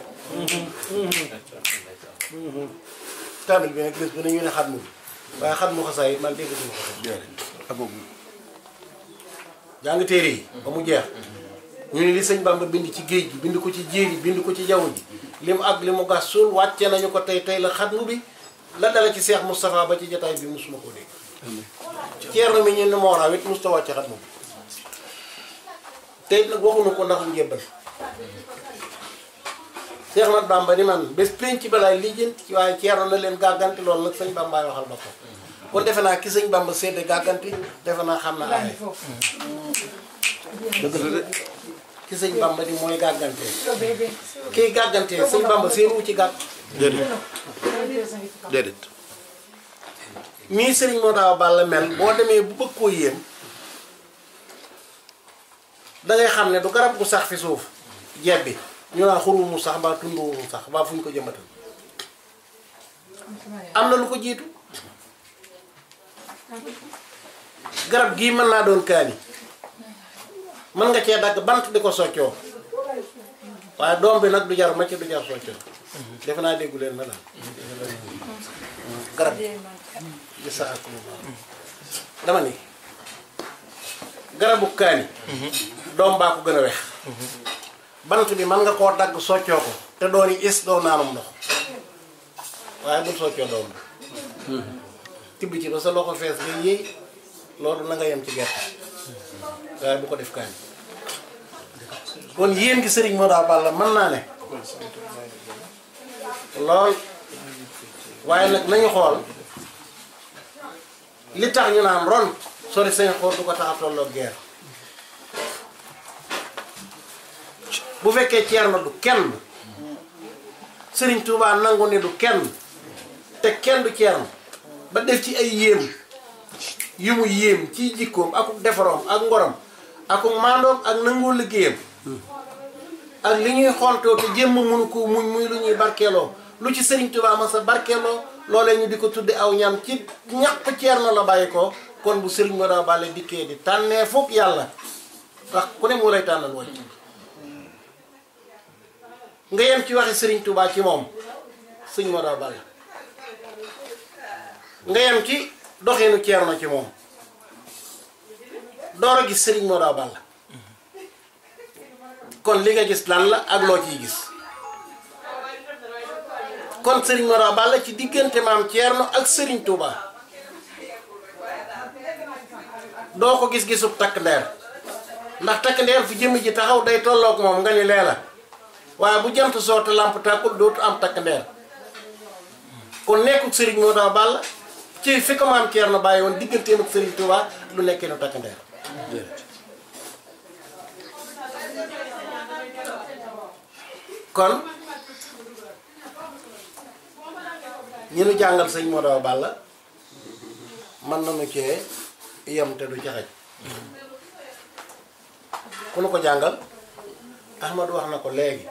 kaamil bi nag bés bu ne ñu ne xat mu bi waaye xat mu xasaay man dégg suma ko ngi téere yi ba mu jeex ñu ne li sëñ Bamba bind ci géej gi bind ko ci jéer yi bind ko ci jaww ji li mu àgg li mu gas suul wàcce nañu ko tey tey la xatmu bi la dala ci Seex Moustapha ba ci jataay bi mosuma koo dégg ceerno mi ñu ne mooraaw it mosut a wàcce xatmu bi tey nag waxuñu ko ndax mu jébbal Seex Mat Bamba ni man bés ci balaay lijjanti waaye ceerno na leen gàggante lool nag sëñ Bambaay waxal ba ko kon defe naa ki sëñ Bamba sedd gàgganti defe naa xam na aaye dëgg la de ki sëñ Bamba di mooy gàggante kii gàggante sëñ Bamba seen ci gàgg déedéet déedéet sëriñ moo daaw bàll mel boo demee bu bëgg koo yéem dangay xam ne du garab bu sax fi suuf jeeb bi ñu naan xurumu sax mbaa tunduwu sax mbaa fu ñu ko jëmbatal am na lu ko jiitu garab gii mën naa doon kaani mën nga cee dagg bant di ko soccoo waaye doom bi nag du jar macc du jar soccoo defe naa déggu leen na garab gis sa ak dama ni garabu kaani doom baa ko gën a wex bant bi mën nga koo dagg soccoo ko te doon yi is doo naanum ndox waaye bul soccoo doom ci sa loxo fees nga na yem ci gerte bu ko def kaani kon sëriñ moo daa mën naa ne lool waaye tax ñu naan ron sori seen xool du fekkee Ceerno du kenn sëriñ Tuubaa nangu ne du kenn te kenn du Ceerno ba def ci ay yéem yu mu yéem ci jikkoom ak defaroom ak ngorom ak maandoom ak nangoo liggéeyam ak li ñuy xontoo te jëmm mënu ko muñ muy lu ñuy barkeeloo lu ci Sëriñ Tuubaa ma sa barkeeloo loolee ñu di ko tudde aw ñam ci ñàpp ceer na la bàyyi ko kon bu Sëriñ Moda Bale dikkee di tànnee foog yàlla wax ku ne moo lay tànnal wàcc nga yem ci waxi Sëriñ Tuubaa ci moom Sëriñ Moda Bale nga yem ci doxinu Ceerno ci moom door a gis Serigne Modou Awa Balla kon li nga gis lan la ak loo ciy gis kon sëriñ Modou Awa Balla ci diggante maam Ceerno ak Serigne Touba doo ko gis-gisub takk ndeer ndax takk ndeer fu jëmm ji taxaw day tollook moom nga ni lee la waaye bu jant soo te làmp tàkkul dootu am takk ndeer kon nekkul Serigne Modou Awa Balla ci fi ko maam Thierno bàyyi woon digganteem ak Serigne Touba lu nekkee nu takk ndeer kon ñi nu jàngal sëñ Modou Balla mën nañu cee yem te du ci ku nu ko jàngal Ahmadu wax na ko léegi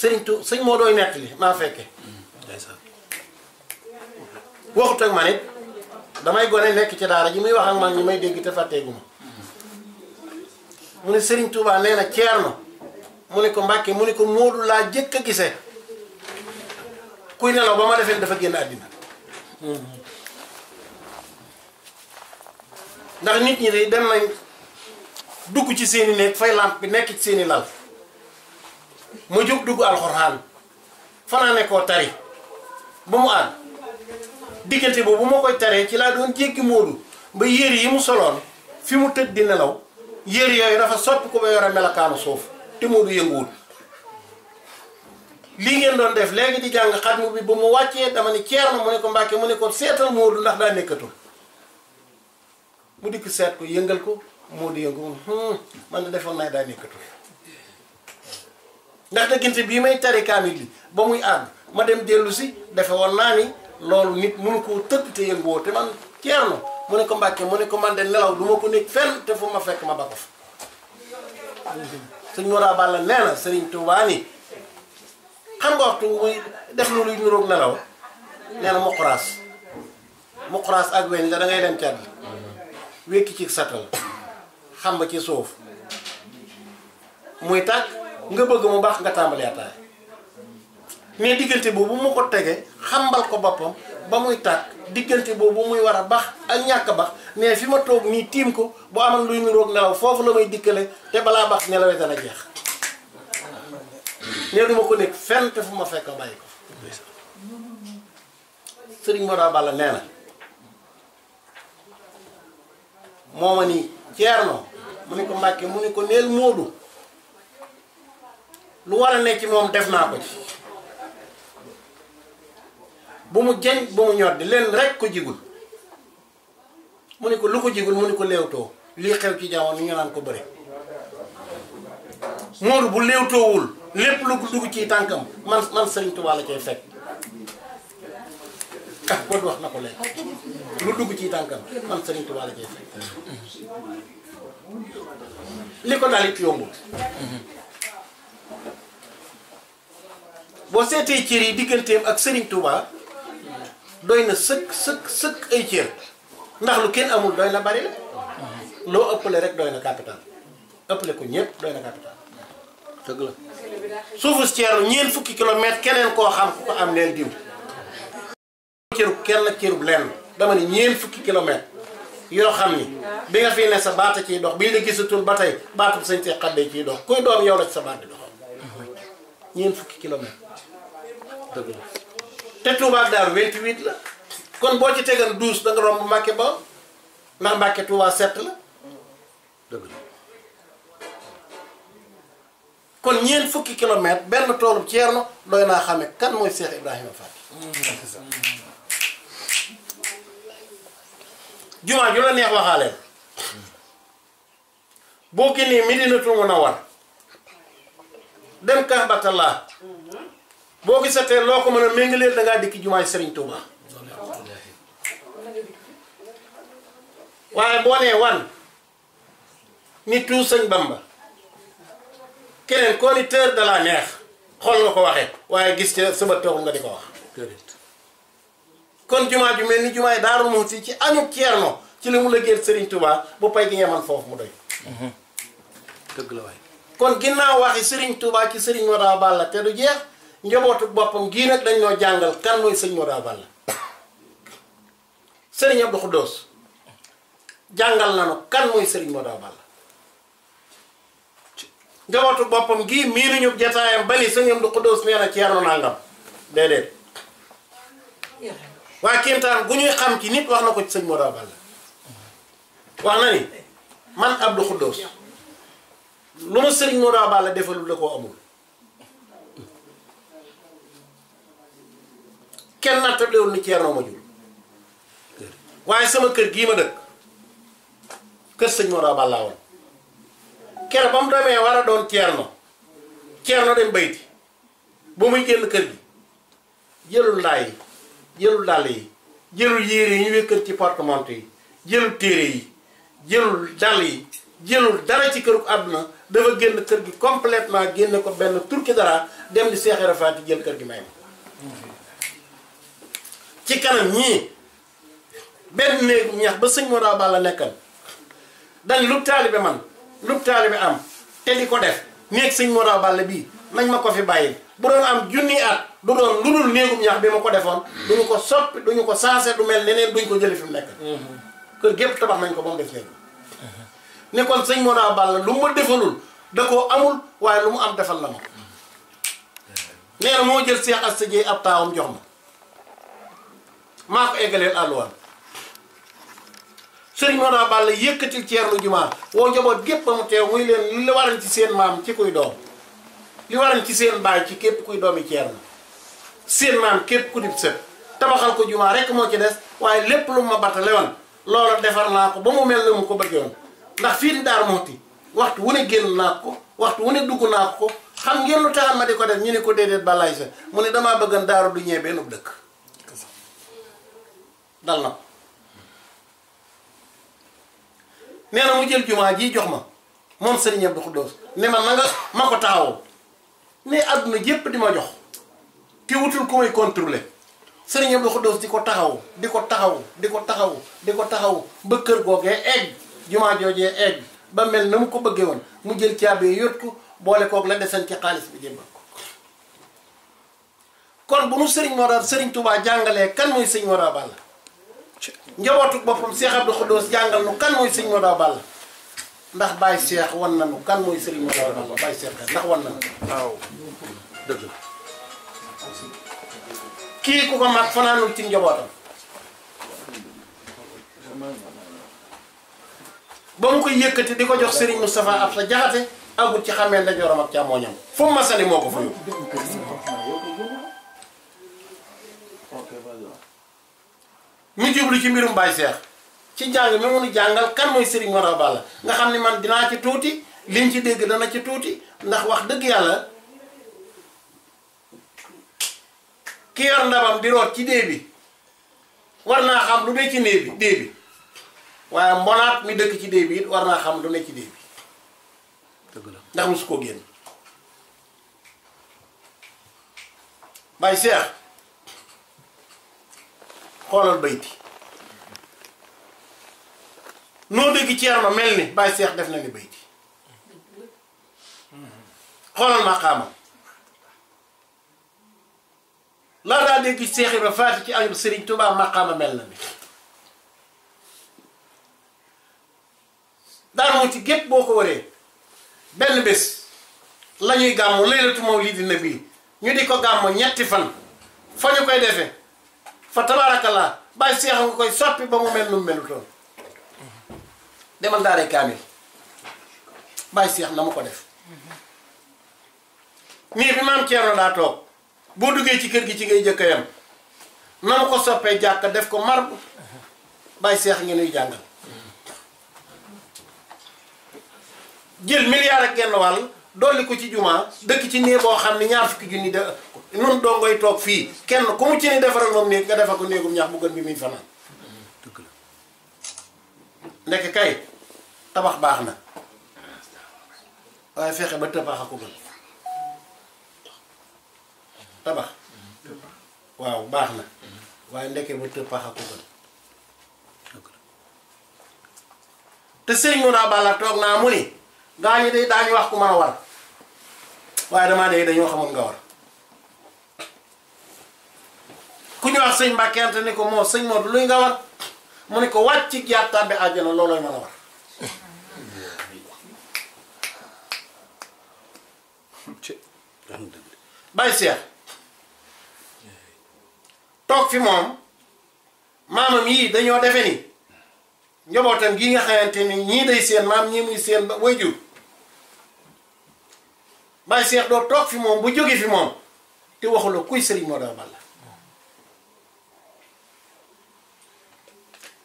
sëriñ tu sëñ moo dooy nettali maa fekke waxut ak man it damay gone nekk ci daara ji muy wax ak man ñu may dégg te fàtteegu mu ne Serigne Touba nee na Ceerno mu ne ko Mbàkke mu ne ko Moodu laa jëkk a gisee kuy nelaw ba ma defee dafa génn àddina ndax nit ñi de dem nañ dugg ci seeni néeg fay làmp bi nekk ci seeni lal mu jóg dugg alxuraan fanaane koo tari ba mu àgg diggante boobu moo koy taree ci laa doon jéggi Moodu ba yére yi mu soloon fi mu tëdd di nelaw yére yooyu dafa sotti ko ba yore melakaanu suuf te Moodu yënguwul lii ngeen doon def léegi di jàng xatmu bi ba mu wàccee dama ne Ceerno mu ne ko Mbàkke mu ne ko seetal Moodu ndax daa nekkatul mu dikk seet ko yëngal ko Moodu yëngu hmm, man de defoon naa daa nekkatul ndax diggante bii may tari kaamil bi ba muy àgg ma dem dellusi si defe woon naa ni loolu nit mënu koo tëdd te yënguwoo te man Ceerno mu ne ko Mbàkke mu ne ko man de nelaw du ma ko nekk fenn te fu ma fekk ma ba ko fa sëñ Mora Balla nee na sëriñ Tuubaa ni xam nga waxtu muy def lu luy niroog nelaw nee na muquraas muquraas ak weñ la da dem cat wékki ci satal xam ba ci suuf muy tàkk nga bëgg mu baax nga tàmbali mais diggante boobu mu ko tegee xambal ko boppam ba muy tàkk diggante boobu muy war a bax ak ñàkk ba bax mais fi ma toog nii tiim ko boo amal luy niroog nelaw foofu la may dikkale te balaa bax nelawee dana jeex nee duma ko nekk fenn te fu ma fekk bàyyi ko sëriñ Moda Balla nee na moo ma nii Ceerno mu ni ko Mbàkke mu ni ko neel Moodu lu war a ne ci moom def naa ko ci bu mu jeñ bu mu ñor di leen ko jigul mu ne ko lu ko jigul mu ne ko léewtoo lii xew ci jamono ñu naan ko bëri Moodu bu léewtoowul lépp lu dugg ci tànkam man man Sëriñ Tuubaa la fekk ah, wax na ko léegi dugg ci tànkam man Sëriñ Tuubaa la li ko daal it boo seetee cër yi digganteem ak Sëriñ Tuubaa doy na sëkk sëkk sëkk ay cër ndax lu kenn amul doy na bari la loo ëppale rek doy na capital ëppale ko ñëpp doy na capital dëgg la suufu ceeru ñeent fukki kilomètre keneen koo xam ku ko am leen diw cërub kenn cërub lenn dama ne ñeent fukki kilomètre yoo xam ni bi nga fi ne sa baata ciy dox bii la gisatul ba tey baatul sañ see de ciy dox kuy doom yow la ci sa baat di doxal fukki kilomètre dëgg la te Touba ak Daaru 28 la kon boo ci tegal 12 da nga romb Mbàkke ba ndax Mbàkke Touba 7 la kon ñeent fukki kilomètre benn toolu Ceerno doy naa xame kan mooy Cheikh Ibrahima Fall jumaa ju la neex waxaaleen boo génnee Medinatul Munawwar dem Kaabatallaa boo gisatee loo ko mën a leen da ngaa dikk jumaay Serigne Touba waaye boo nee wan nit tu sëñ Bamba keneen koo ni tër da neex xool nga ko waxee waaye gis ca suba toog nga di ko wax kon jumaa ju mel ni jumaay Daaru Muxti ci anu Ceerno ci li mu liggéeyal Serigne Touba bu pay gi yeman foofu mu doy mhm. kon ginnaaw waxi sëriñ Touba ci Serigne Moda Balla te du jeex njabootu boppam gii nag dañ ñoo jàngal kan mooy sëñ Modou Awa Balla sëriñ Abdou Khoudoss jàngal nañu kan mooy sëriñ Modou Awa Balla njabootu boppam gii miinuñu jataayam bali sëñ Abdou Khoudoss nee na Ceerno nangam déedéet waa kéemtaan gu ñuy xam ci nit wax na ko ci sëñ Modou Awa Balla wax na ni man Abdou Khoudoss lu ma sëriñ Modou Awa Balla defalul la koo amul kenn nattable woon ni Ceerno ma jur waaye sama kër gii ma dëkk kër sëñ Mor Awa Balla woon kere ba mu demee war a doon Ceerno Ceerno dem bayti ba muy génn kër gi jëlul laay yi jëlul dàll yi jëlul yére yi ñu wékkat ci porte-manteau yi jëlul téere yi yi jëlul dara ci këru àdduna dafa génn kër gi completement génne ko benn turki dara dem di seexi rafaati jël kër gi may ma ci kanam ñii benn néegu ñax ba sëñ Moda Balla nekkal dañ lu taalibe man lu taalibe am te di ko def néeg sëñ Moda Balla bii nañ ma ko fi bàyyi bu doon am junni at du doon lu dul néegum ñax bi ma ko defoon duñu ko soppi duñu ko saase du mel neneen duñ ko jële fi mu nekk kër gépp tabax nañ ko ba mu def léegi ne kon sëñ Moda Balla lu ma defalul da koo amul waaye lu mu am defal la ma nee na moo jël Seex Asta Jeey ab taawam jox ma maa ko eggaleel àlluwaan sëriñ Mawla Balla yëkkatil ceerlu jumaa woo njaboot gépp ba mu teew muy leen li la waran ci seen maam ci kuy doom li waran ci seen baay ci képp kuy doomi ceerlu seen maam képp ku dib sët tabaxal ko jumaa rekk moo ci des waaye lépp lu ma battale woon defar naa ko ba mu mel na mu ko bëggee woon ndax fii di daar mooti waxtu wu ne génn naa ko waxtu wu ne dugg naa ko xam ngeen lu taxam ma di ko def ñu ne ko déedéet balaay sa mu ne damaa bëggan daaru du ñee benn dëkk dal na nee na mu jël jumaa jii jox ma moom Serigne Abdou Khoudoss ne ma na nga ma ko taxawoo ne àdduna jépp di ma jox te wutul ku may contrôler Serigne Abdou Khoudoss di ko taxaw di ko taxaw di ko taxaw di ko taxaw ba kër googee egg jumaa joojee egg ba mel na mu ko bëggee woon mu jël caabi yót ko boole koog la desen ci xaalis bi jébbal ko kon bu mu sëriñ Mor Serigne Touba jàngalee kan mooy Serigne Mor Balla njabootu boppam Cheikh Abdou Khoudous jàngal nu kan mooy sëñ Modaw Balla ndax Baye Cheikh wan nañu kan mooy sëñ Modaw Balla Baye Cheikh ndax wan nañu waaw dëgg la kii ku ko mag fanaanul ci njabootam ba mu koy yëkkati di ko jox Serigne Moustapha Absa Jaxate agul ci xamee ndajoram ak càmmooñam fu masani moo ko fa yóbbu ñu jublu ci mbirum Baye Cheikh ci jàng mi mënu jàngal kan mooy Serigne Mor Awa Balla nga xam ni man dinaa ci tuuti liñ ci dégg dana ci tuuti ndax wax dëgg yàlla ki yor ndabam di root ci dee bi war naa xam lu ne ci nee bi dee bi ci war naa xam lu ne ci dee bi dëgg ndax mosu koo génn Baye Cheikh. xoolal bayti noo dégg Ceerno mel ni Baye Seex def na ni bayti xoolal maqaamam laa daa dégg Seex Ibra Faati ci ayub Sëriñ Tuubaa maqaama mel na ni daara mu ci gépp boo ko waree benn bés la ñuy gàmmu laylatu mawlidi nabi ñu di ko gàmmu ñetti fan fa ñu koy defee fa tabaarakallah bàyyi seex nga koy soppi ba mu mel nu mu melutoon demal daaree kaamil bàyyi seex na mu ko def nii bi maam Thierno daa toog boo duggee ci kër gi ci ngay jëkkëyam na mu ko soppee jàkka def ko mar bàyyi seex ngeen nuy jàngal jël milliard ak genn wàll dolli ko ci jumaa dëkk ci néeg boo xam ne ñaar fukki junni de nun doo ngoy toog fii kenn ku mu ci ni defaral moom néeg nga defal ko néegum ñax bu gën bi muy fanaan ndekk kay tabax baax na waaye fexe ba tabax a ko tabax waaw baax na waaye ndekke ba tëb pax a ko gën te sëriñ mun a bàlla toog naa mu ni gaa ñi day daañu wax ku mën a war waaye damaa dee dañoo xamoon nga war ku ñu wax sëñ Mbàkke Anta ni ko moo sëñ Modou luy nga war mu ni ko wàcc yaat tàbbi àjjana loolooy mën a war bay seex toog fi moom maamam yii dañoo defe ni njabootam gi nga xamante ni ñii day seen maam ñii muy ba wayjur bay seex doo toog fi moom bu jóge fi moom te waxula kuy sëriñ Modou Balla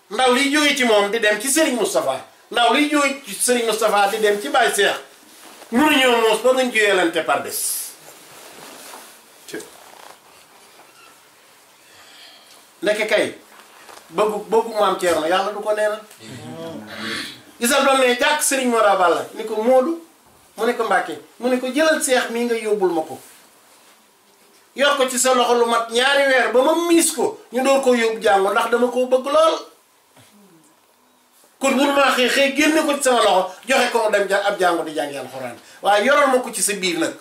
ndaw liy jóge ci moom di dem ci sëriñ Moustapha ndaw liy jóge ci Serigne Moustapha di dem ci Baye Cheikh mënuñoo moos ba nuñ ci yeelante par des ndeke kay bëggu bëggu maam Thierno yàlla du ko neena gisal doon ne jàkk Serigne Mora Balla ni ko Moodu mu ne ko Mbàkke mu ne ko jëlal seex mii nga yóbbul ma ko yor ko ci sa loxo lu mat ñaari weer ba ma miis ko ñu door ko yóbbu jàngu ndax dama koo bëgg lool kon mënumaa xëy xëy génne ko ci sama loxo joxe ko dam ja ab jàngu di jàngi alxuraan waaye yoroon ma ko ci sa biir nag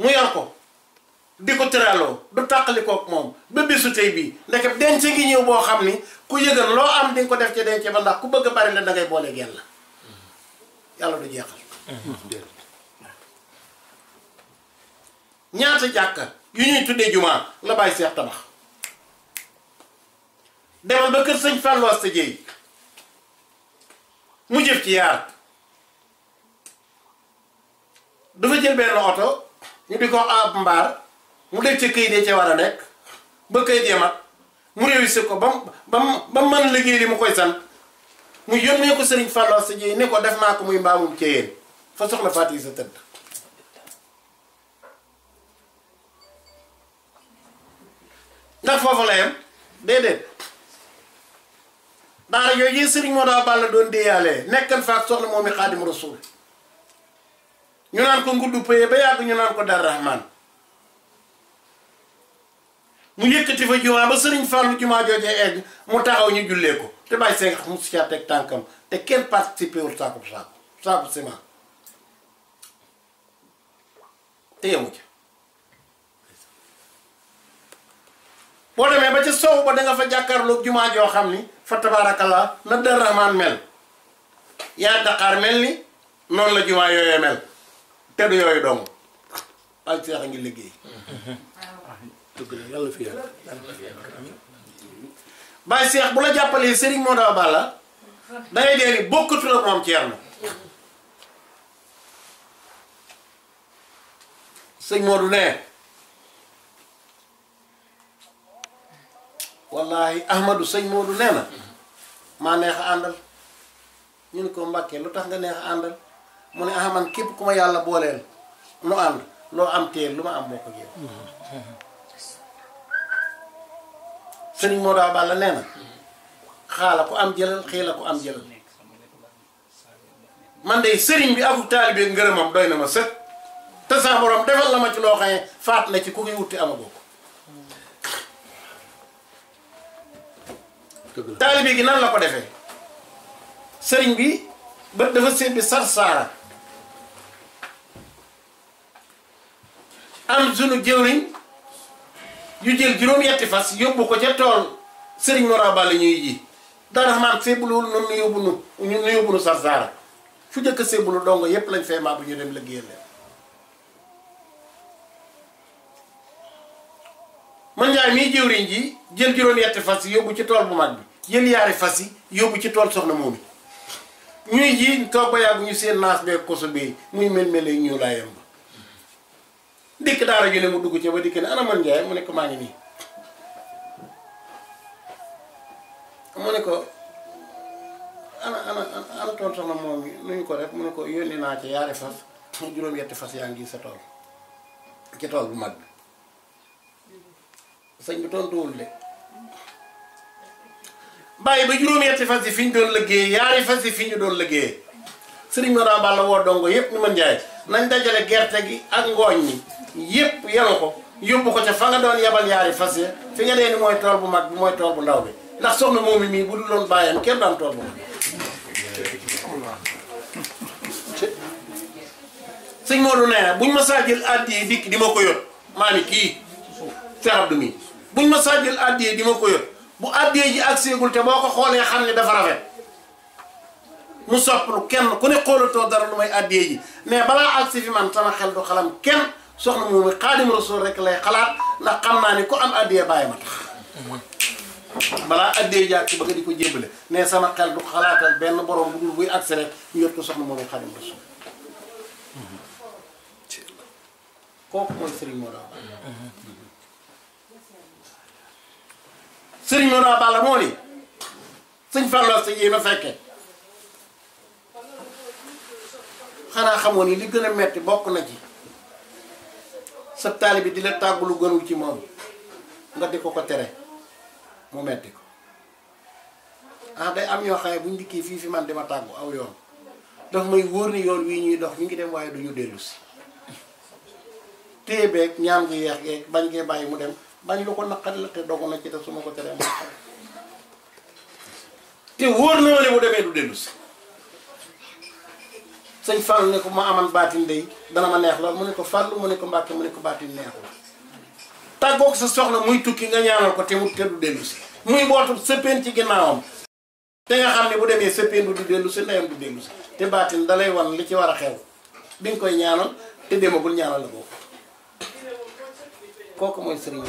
mu yor ko di ko tëraloo du tàqali kook moom ba bisu tey bii ndeke denc ngi ñëw boo xam ni ku yëgal loo am di nga ko def ci denc ba ndax ku bëgg a bari na da ngay boole genn la yàlla du jeexal. ñaata jàkka yu ñuy tuddee jumaa la bàyyi seex tabax. demal ba kër sëñ Fallou Asta Dieye mu jëf ci yaar dafa jël benn oto ñu di ko ab mbaar mu def ci këyit yi ca war a nekk ba këyit yi mat mu réussir ko ba mu ba man liggéey li mu koy sant mu yónnee ko sëriñ Fallou Asta Dieye ne ko def naa ko muy mbaamum ci yéen fa soxla fàtte yi sa tëdd ndax foofu la yem déedéet daara yooyu yéen sëriñ moo daa bàll doon déeyaalee nekkan faak soxna moom i xaadim rasul ñu naan ko nguddu paye ba yàgg ñu naan ko dar rahman mu yëkkati fa jumaa ba sëriñ Fallou jumaa joojee egg mu taxaw ñu jullee ko te bàyyi seen mu si caa teg tànkam te kenn participé wul saako saako saako ciment te yemu ca boo demee ba ca soow ba da nga fa jàkkaarloog jumaa joo xam ni fa tabaarakallaa na dar rahmaan mel yaa Dakar mel ni noonu la jumaa yooyee mel te du yooyu dong bàyyi seex bu la jàppalee Serigne moo daw bàlla dangay dee ni bokkatu la moom Ceerno sëñ Modou ne wallahi ahmadu sëñ moo nee na maa neex a àndal ñu ne ko Mbàkke lu tax nga neex àndal mu ne ahman képp ku ma yàlla booleel nu ànd loo am teel lu ma am bokk ak yow sëriñ Modou Awa Balla nee na xaala ko am jëlal xiila ko am jëlal man de sëriñ bi afu taalibe ngërëmam doy na ma sët te sa borom defal la ma ci loo xam ne faat na ci ku koy wuti ama bokk taalibe gi nan la ko defee sëriñ bi bët dafa seen bi sarsaara am sunu jëwriñ yu jël juróom-yetti fas yóbbu ko ca tool sëriñ Moraba la ñuy ji dara maam seebuluwul noonu nu yóbbu nu ñu nu yóbbu nu sarsaara fu jëkk seebulu dongo yépp lañ fay maa bu ñu dem liggéeyal man njaay mii jëwriñ ji jël juróom-ñetti fas yi yóbbu ci tool bu mag bi jël yaari fas yi yóbbu ci tool soxna moomi ñuy ji toog ba ñu seen naas bee koso bi muy mel-mele ñu laa yem ba dikk daara ju mu ne ko maa ngi ne ko ana ana ana tool ko rek mu ne ko yónni naa ci yaari fas juróom-ñetti fas yaa ngi sa tool ci tool bu mag bi sëñ bi tontuwul de bàyyi ba juróom-ñetti fas yi fi ñu doon liggéey yaari fas yi fi ñu doon liggéey sëriñ ma daa balla woo dongo yëpp ñu mën jaay nañ dajale gerte gi ak ngooñ yi yëpp yenu ko yóbbu ko ca fa nga doon yabal yaari fas ya fi nga nee ni mooy tool bu mag bi mooy tool bu ndaw bi ndax soxna moom mi mii bu dul loon bàyyam kenn daan tool bu mag sëñ Modou nee na buñ ma saa jël addi yi dikk di ma ko yot kii Cheikh buñ ma saa jël addiyee di ma ko yor bu addiyee ji agseegul te boo ko xoolee xam ne dafa rafet mu sopplu kenn ku ne xoolatoo dara lu may addiyee ji mais balaa agsi fi man sama xel du xalam kenn soxna moom xaadim rasul rek lay xalaat ndax naa ne ku am addiyee bàyyi ma tax balaa addiyee di ko jébbale mais sama xel du benn borom bu dul buy agsi rek ñu ko soxna moom xaadim rasul kooku mooy Serigne Modou sëriñ Maodo Balla moo ni sëñ Fallou si yii ma fekke xanaa xamoon ni li gën a metti bokk na ci sa taali bi dina la tàggu lu gënul ci moom nga di ko ko tere mu metti ko ah day am yoo xam ne buñ dikkee fii fi man di ma tàggu aw yoon daf may wóor ni yoon wi ñuy dox ñu ngi dem waaye duñu dellusi si téye beeg ñaan gu yeex geeg bañ ngee bàyyi mu dem bañ lu ko naqari la te dogu na ci te su ma ko teree ma te wóor na ma ne bu demee du dellu si sëñ Fall ne ko ma aman baatin day dana ma neex lool mu ne ko fàllu mu ne ko mbàkke mu ne ko baatin neex la tàggoog sa soxna muy tukki nga ñaanal ko te mu te du dellu si muy bootu sëppeen ci ginnaawam te nga xam ne bu demee sëppeen du dellu si ndeyam du dellu si te baatin dalay wan li ci war a xew bi nga koy ñaanal te demagul ñaanal la boobu kooku mooy sëriñ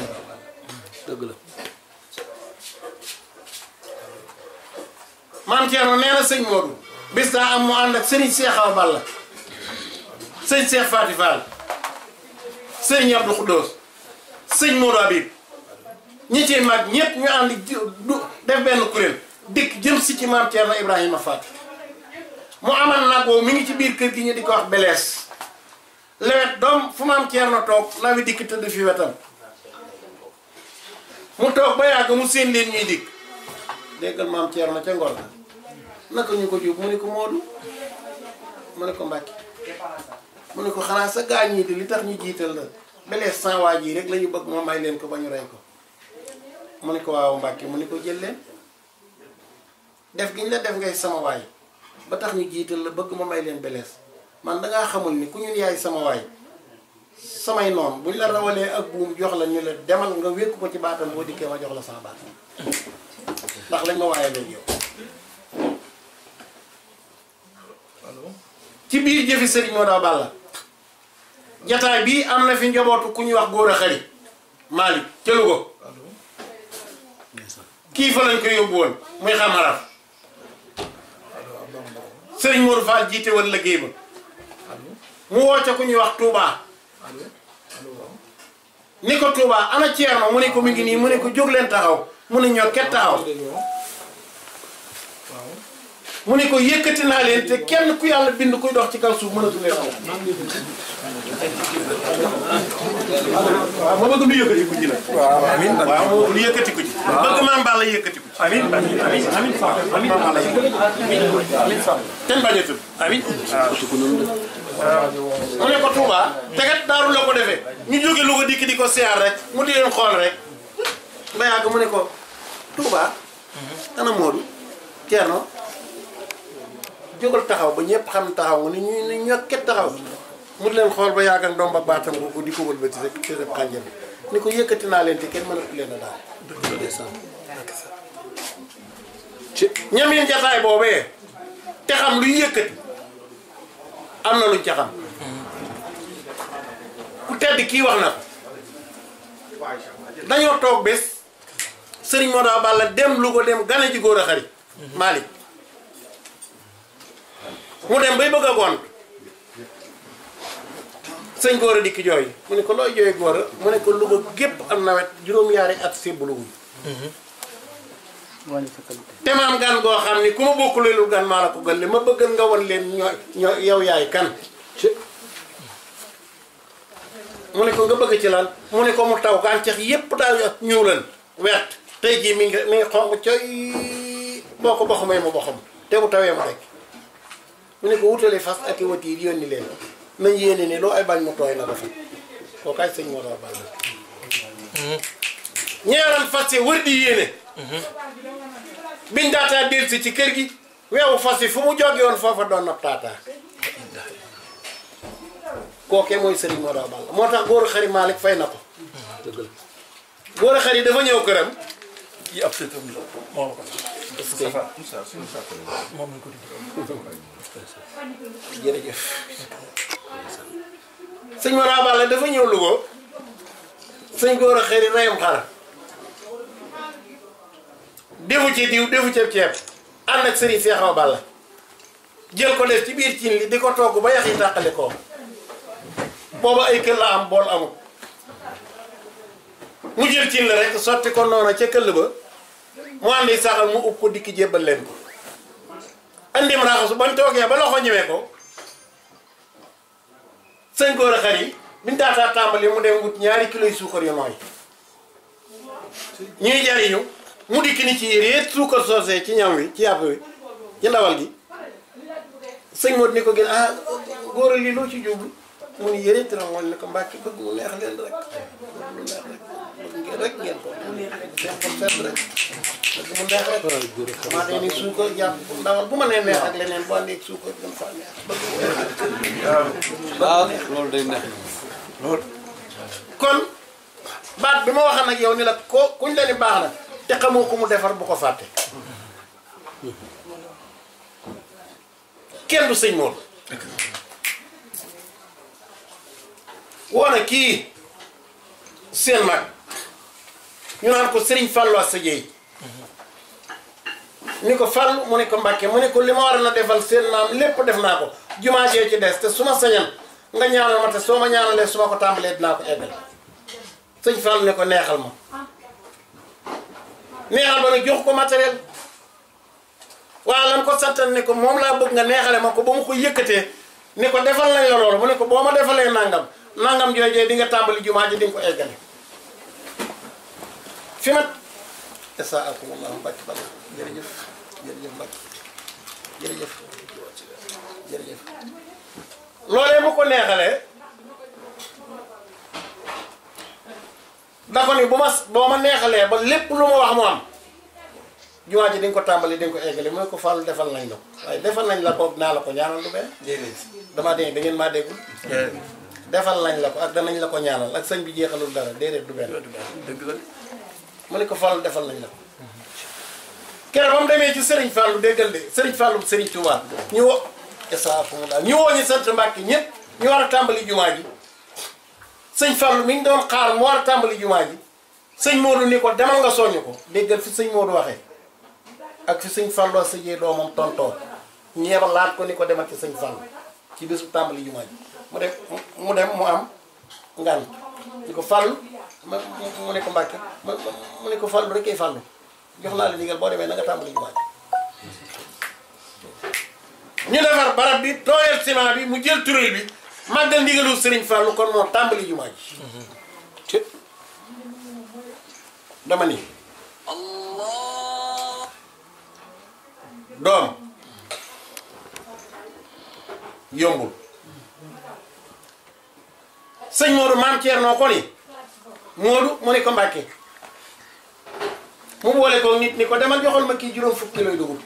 maam Thierno nee na sëñ Modou bis daa am mu ànd ak sëriñ Cheikh Awa Balla sëñ Cheikh Faty Fall sëriñ Abdou Khoudoss sëñ Modou Habib ñi ci mag ñëpp ñu ànd du def benn kuréel dikk jëm si ci maam Thierno Ibrahima Faty mu amal nag woowu mi ngi ci biir kër gi ñu di ko wax belees lewet doom fu maam Ceerno toog nawi dikk tëdd fi wetam mu toog ba yàgg mu séen leen ñuy dikk déggal maam Ceerno ca ngor la naka ñu ko jub mu ne ko Moodu mu ne ko Mbàkke mu ne ko xanaa sa gaa ñii li tax ñu jiital la belees sans waa rek la bëgg ma leen ko ba ñu rey ko mu ne ko waaw Mbàkke mu ne ko jël leen def gi ñu la def ngay sama waay ba tax ñu jiital la bëgg ma may leen belees man da ngaa xamul ni ku ñun yaay sama waay samay noonu buñ la rawalee ak buum jox la ñu la demal nga wékk ko ci baatam boo dikkee ma jox la sama baat ndax lañ ma waaye léegi yow. ci biir jëfi sëriñ moo daa balla jataay bii am na fi njabootu ku ñuy wax góor a xari Malick jëlu ko kii fa lañ ko yóbbu woon muy xam xaraf sëriñ Modou Fall jiite woon liggéey ba mu woo ku ñuy wax Touba ni ko Touba ana Thierno mu ne ko mu ngi nii mu ne ko jóg leen taxaw mu ne ñoo ket taxaw mu ne ko yëkkati naa leen te kenn ku yàlla bind kuy dox ci kaw suuf mënatu leen aw. waaw ma bëgg nu yëkkati ko ci nag. waaw amiin waaw yëkkati ko ci. waaw bëgg maam Balla yëkkati ko ci. amiin amiin amiin amiin amiin amiin amiin amiin amiin amiin amiin amiin amiin mu ne ko Touba te kat la ko defee ñu jóge lu ko dikk di ko siyaar rek mu di leen xool rek ba yàgg mu ne ko Touba ana Modou Thierno jógal taxaw ba ñëpp xam taxaw ni ñu ni ñokket taxaw mu di leen xool ba yàgg ak doom ba baatam ko di ko wëlbati rek te def xànjam ni ko yëkkati naa leen te kenn mënatu leen daal ci ñam yi jataay boobee te xam luy yëkkati am na lu ca xam ku tedd kii wax na ko dañoo toog bés sëriñ moo daa balla dem lu ko dem gane ji góor a xari Malick mu dem bay bëgg a gont sëñ góor a dikki jooy mu ne ko looy jooy góor a mu ne ko Louga gépp am nawet juróom-yaari at sébbalu wuñ te ma am gan goo xam ni ku ma bokkuleelul gan maa la ko gën le ma bëggal nga wan leen ñoo ñoo yow yaay kan. mu ne ko nga bëgg ci lan mu ne ko mu taw gàncax yépp daal ñëw leen wert tey jii mi ngi mi ngi boo ko boxamee mu boxam te bu tawee mu rek mu ne ko wutale fas ak i watiir yónni leen nañ yéene ne loo ay bañ mu tooy na dafa kookaay sëñ moo daal bañ hmm. ñaaral fas yi wër di yéene biñ daataa si ci kër gi weewu fas yi fu mu jóge woon foofa doon na taataa kookee mooy sëriñ Modou Awa Balla moo tax góor xari Malick fay na ko góor xari dafa ñëw këram yi ab sëtam la moom dafa ñëw Louga sëñ góor xari reyam xar defu ci diw defu ceeb ceeb ànd ak sëriñ Seex Awa Balla jël ko def ci biir cin li di ko togg ba yax yi tàqale ay këll la am bool amul mu jël cin la rek sotti ko noonu ca këll ba mu àndi saxal mu ub ko dikki jébbal leen ko andim raxasu ban toogee ba loxo ñëwee ko sëñ góor a xar yi biñ daataa tàmbali mu dem wut ñaari kilo yu suukar yu nooy ñuy jariñu mu dikk ni ci réet suukar soosee ci ñam wi ci yàpp wi ci ndawal gi sëñ Modou ni ko gën ah góor li loo ci jublu mu ni yëreet la woon ne ko mbàkk bëgg mu neex rek ngeen ko mu neex rek bëgg mu neex rek bu ma nee ak leneen boo andee suukar gën faa neex bëgg kon baat bi ma waxoon nag yow ni la ko kuñ la ni baax na te xamoo ko mu defar bu ko fàtte kenn du sëñ moom woona kii seen mag ñu naan ko sëriñ Fallou sa jeey ni ko Fallou mu ne ko Mbàkke mu ne ko li ma war na defal seen maam lépp def naa ko jumaa jee ci des te su ma sañan nga ñaanal ma te soo ma ñaanalee su ko tàmbalee dinaa ko eggal sëñ Fallou ne ko neexal ma neexal ba nag jox ko matériel waaw lan ko santan ne ko moom laa bëgg nga neexale ma ko ba mu ko yëkkatee ne ko defal nañ la loolu mu ne ko boo ma defalee nangam nangam joojee di nga tàmbali jumaa ji di nga ko eggale fi nag esa loolee bu ko neexalee dafa ni bu ma boo ma neexalee ba lépp lu ma wax mu am jumaa ji di ko tàmbali di ko eggale mu ne ko Fallou defal nañ la ko waaye defal nañ la ko naa la ko ñaanal du benn. ngeen maa déggul. defal nañ la ko ak danañ la ko ñaanal ak sëñ bi jeexalul dara déedéet du benn. dëgg la mu ne ko Fallou defal nañ la ko. keroog ba demee ci sëriñ Fallou déggal de Serigne Fallou Serigne Touba ñu wo. esaafu mu daal ñu woo ñu sant Mbàkke ñëpp ñu war a tàmbali jumaa ji. sëñ Fallou mi ñu doon xaar mu war tàmbali jumaa ji sëñ Modou ni ko demal nga soññ ko déggal fi sëñ Modou waxee ak fi sëñ Fallou sëñ doomam tontoo ñu yebal laat ko ni ko demal ci sëñ Fallou ci bés tàmbali jumaa ji mu dem mu dem mu am ngan ni ko Fallou ma mu ne ko Mbàkke mu ne ko Fallou rek kay Fallou jox naa la ndigal boo demee na nga tàmbali jumaa ji ñu defar barab bi tooyal ciment bi mu jël turel bi màggal ndigalu Serigne Fallou kon moo tàmbali jumaa ji dama ni doom yombul sëñ Modou maam Thierno ko ni Modou mu ne Mbàkke mu boole ko nit ni ko demal joxal ma kii juróom fukki lay dugub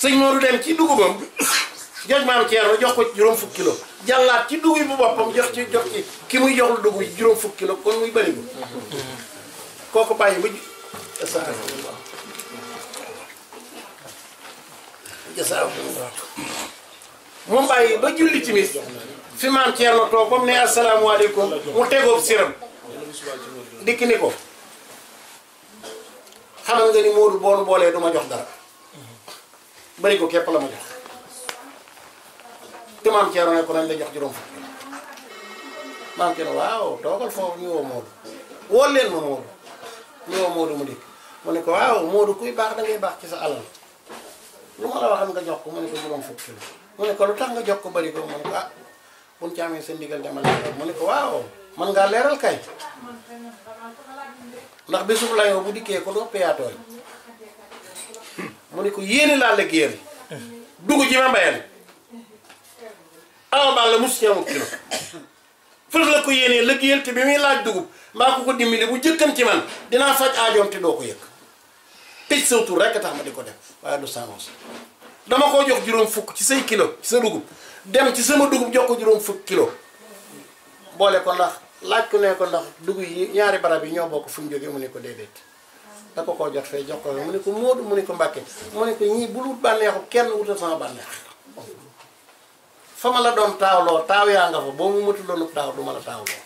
sëñ Modou dem ci dugubam. joj maam Thierno jox ko juróom fukki kilo jàllaat ci dugub bu boppam jox ci jox ci ki muy jox lu dugub yi juróom fukki kilo kon muy bëri kooku bàyyi ba jasaam moom bàyyi ba julli timis fi maam Thierno toog ba mu ne asalaamaaleykum mu tegoob siram dikk ni ko xamal nga ni Modou boonu boolee du jox dara bëri ko la ma jox. te maam Thierno ne ko nañ la jox juróom fukki maam Thierno waaw toogal foofu ñu woo Moodu woo leen ma Moodu ñu Moodu mu dikk mu ne ko waaw Moodu kuy baax da ngay baax ci sa alal lu ma la waxal nga jox ko mu ne ko juróom fukki ko lu tax nga jox ko bëri ko mu ne ko ah, mu ne ko waaw man ngaa leeral kay ndax bésub layoo bu dikkee ko doo peyaatooy mu ne ko yéene laa lëg yéen dugg ci ma mbayal Ama Baldé mos ci amul kilo fële la ko yéenee liggéeyal te bi muy laaj dugub mbaa ko ko dimbali bu jëkkan ci man dinaa faj aajoom te doo ko yëg tëj sa tur rek tax ma di ko def waaye du sangos dama koo jox juróom fukk ci say kilo ci sa dugub dem ci sama dugub jox ko juróom fukk kilo boole ko ndax laaj ko ne ko ndax dugub yi ñaari barab yi ñoo bokk fu ñu jógee mu ne ko de da ko koo jox fee jox ko mu ne ko mu ne ko Mbàkke mu ne ko ñii bul wut bànneexu fa ma la doon taawloo taaw yaa nga fa boo mu matuloon taaw du ma la taawloo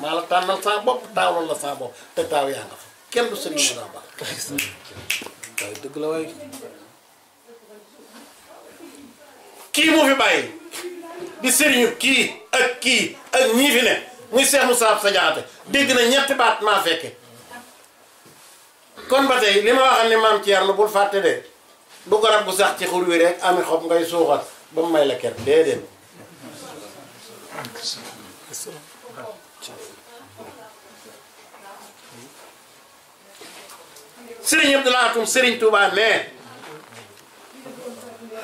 maa la tànnal saa bopp taawloo la saa te taaw yaa nga fa kenn du kii mu sëriñu kii ak kii ak ñii fi ne muy Cheikh Moussa sa jaxate dégg na ñetti baat maa fekke kon ba tey li ma waxal ni maam Thierno bul fàtte de du garab gu sax ci xur wi rek ami xob ngay suuxat ba mu may la ker déedéet sëriñ Abdou Lahat sëriñ Touba nee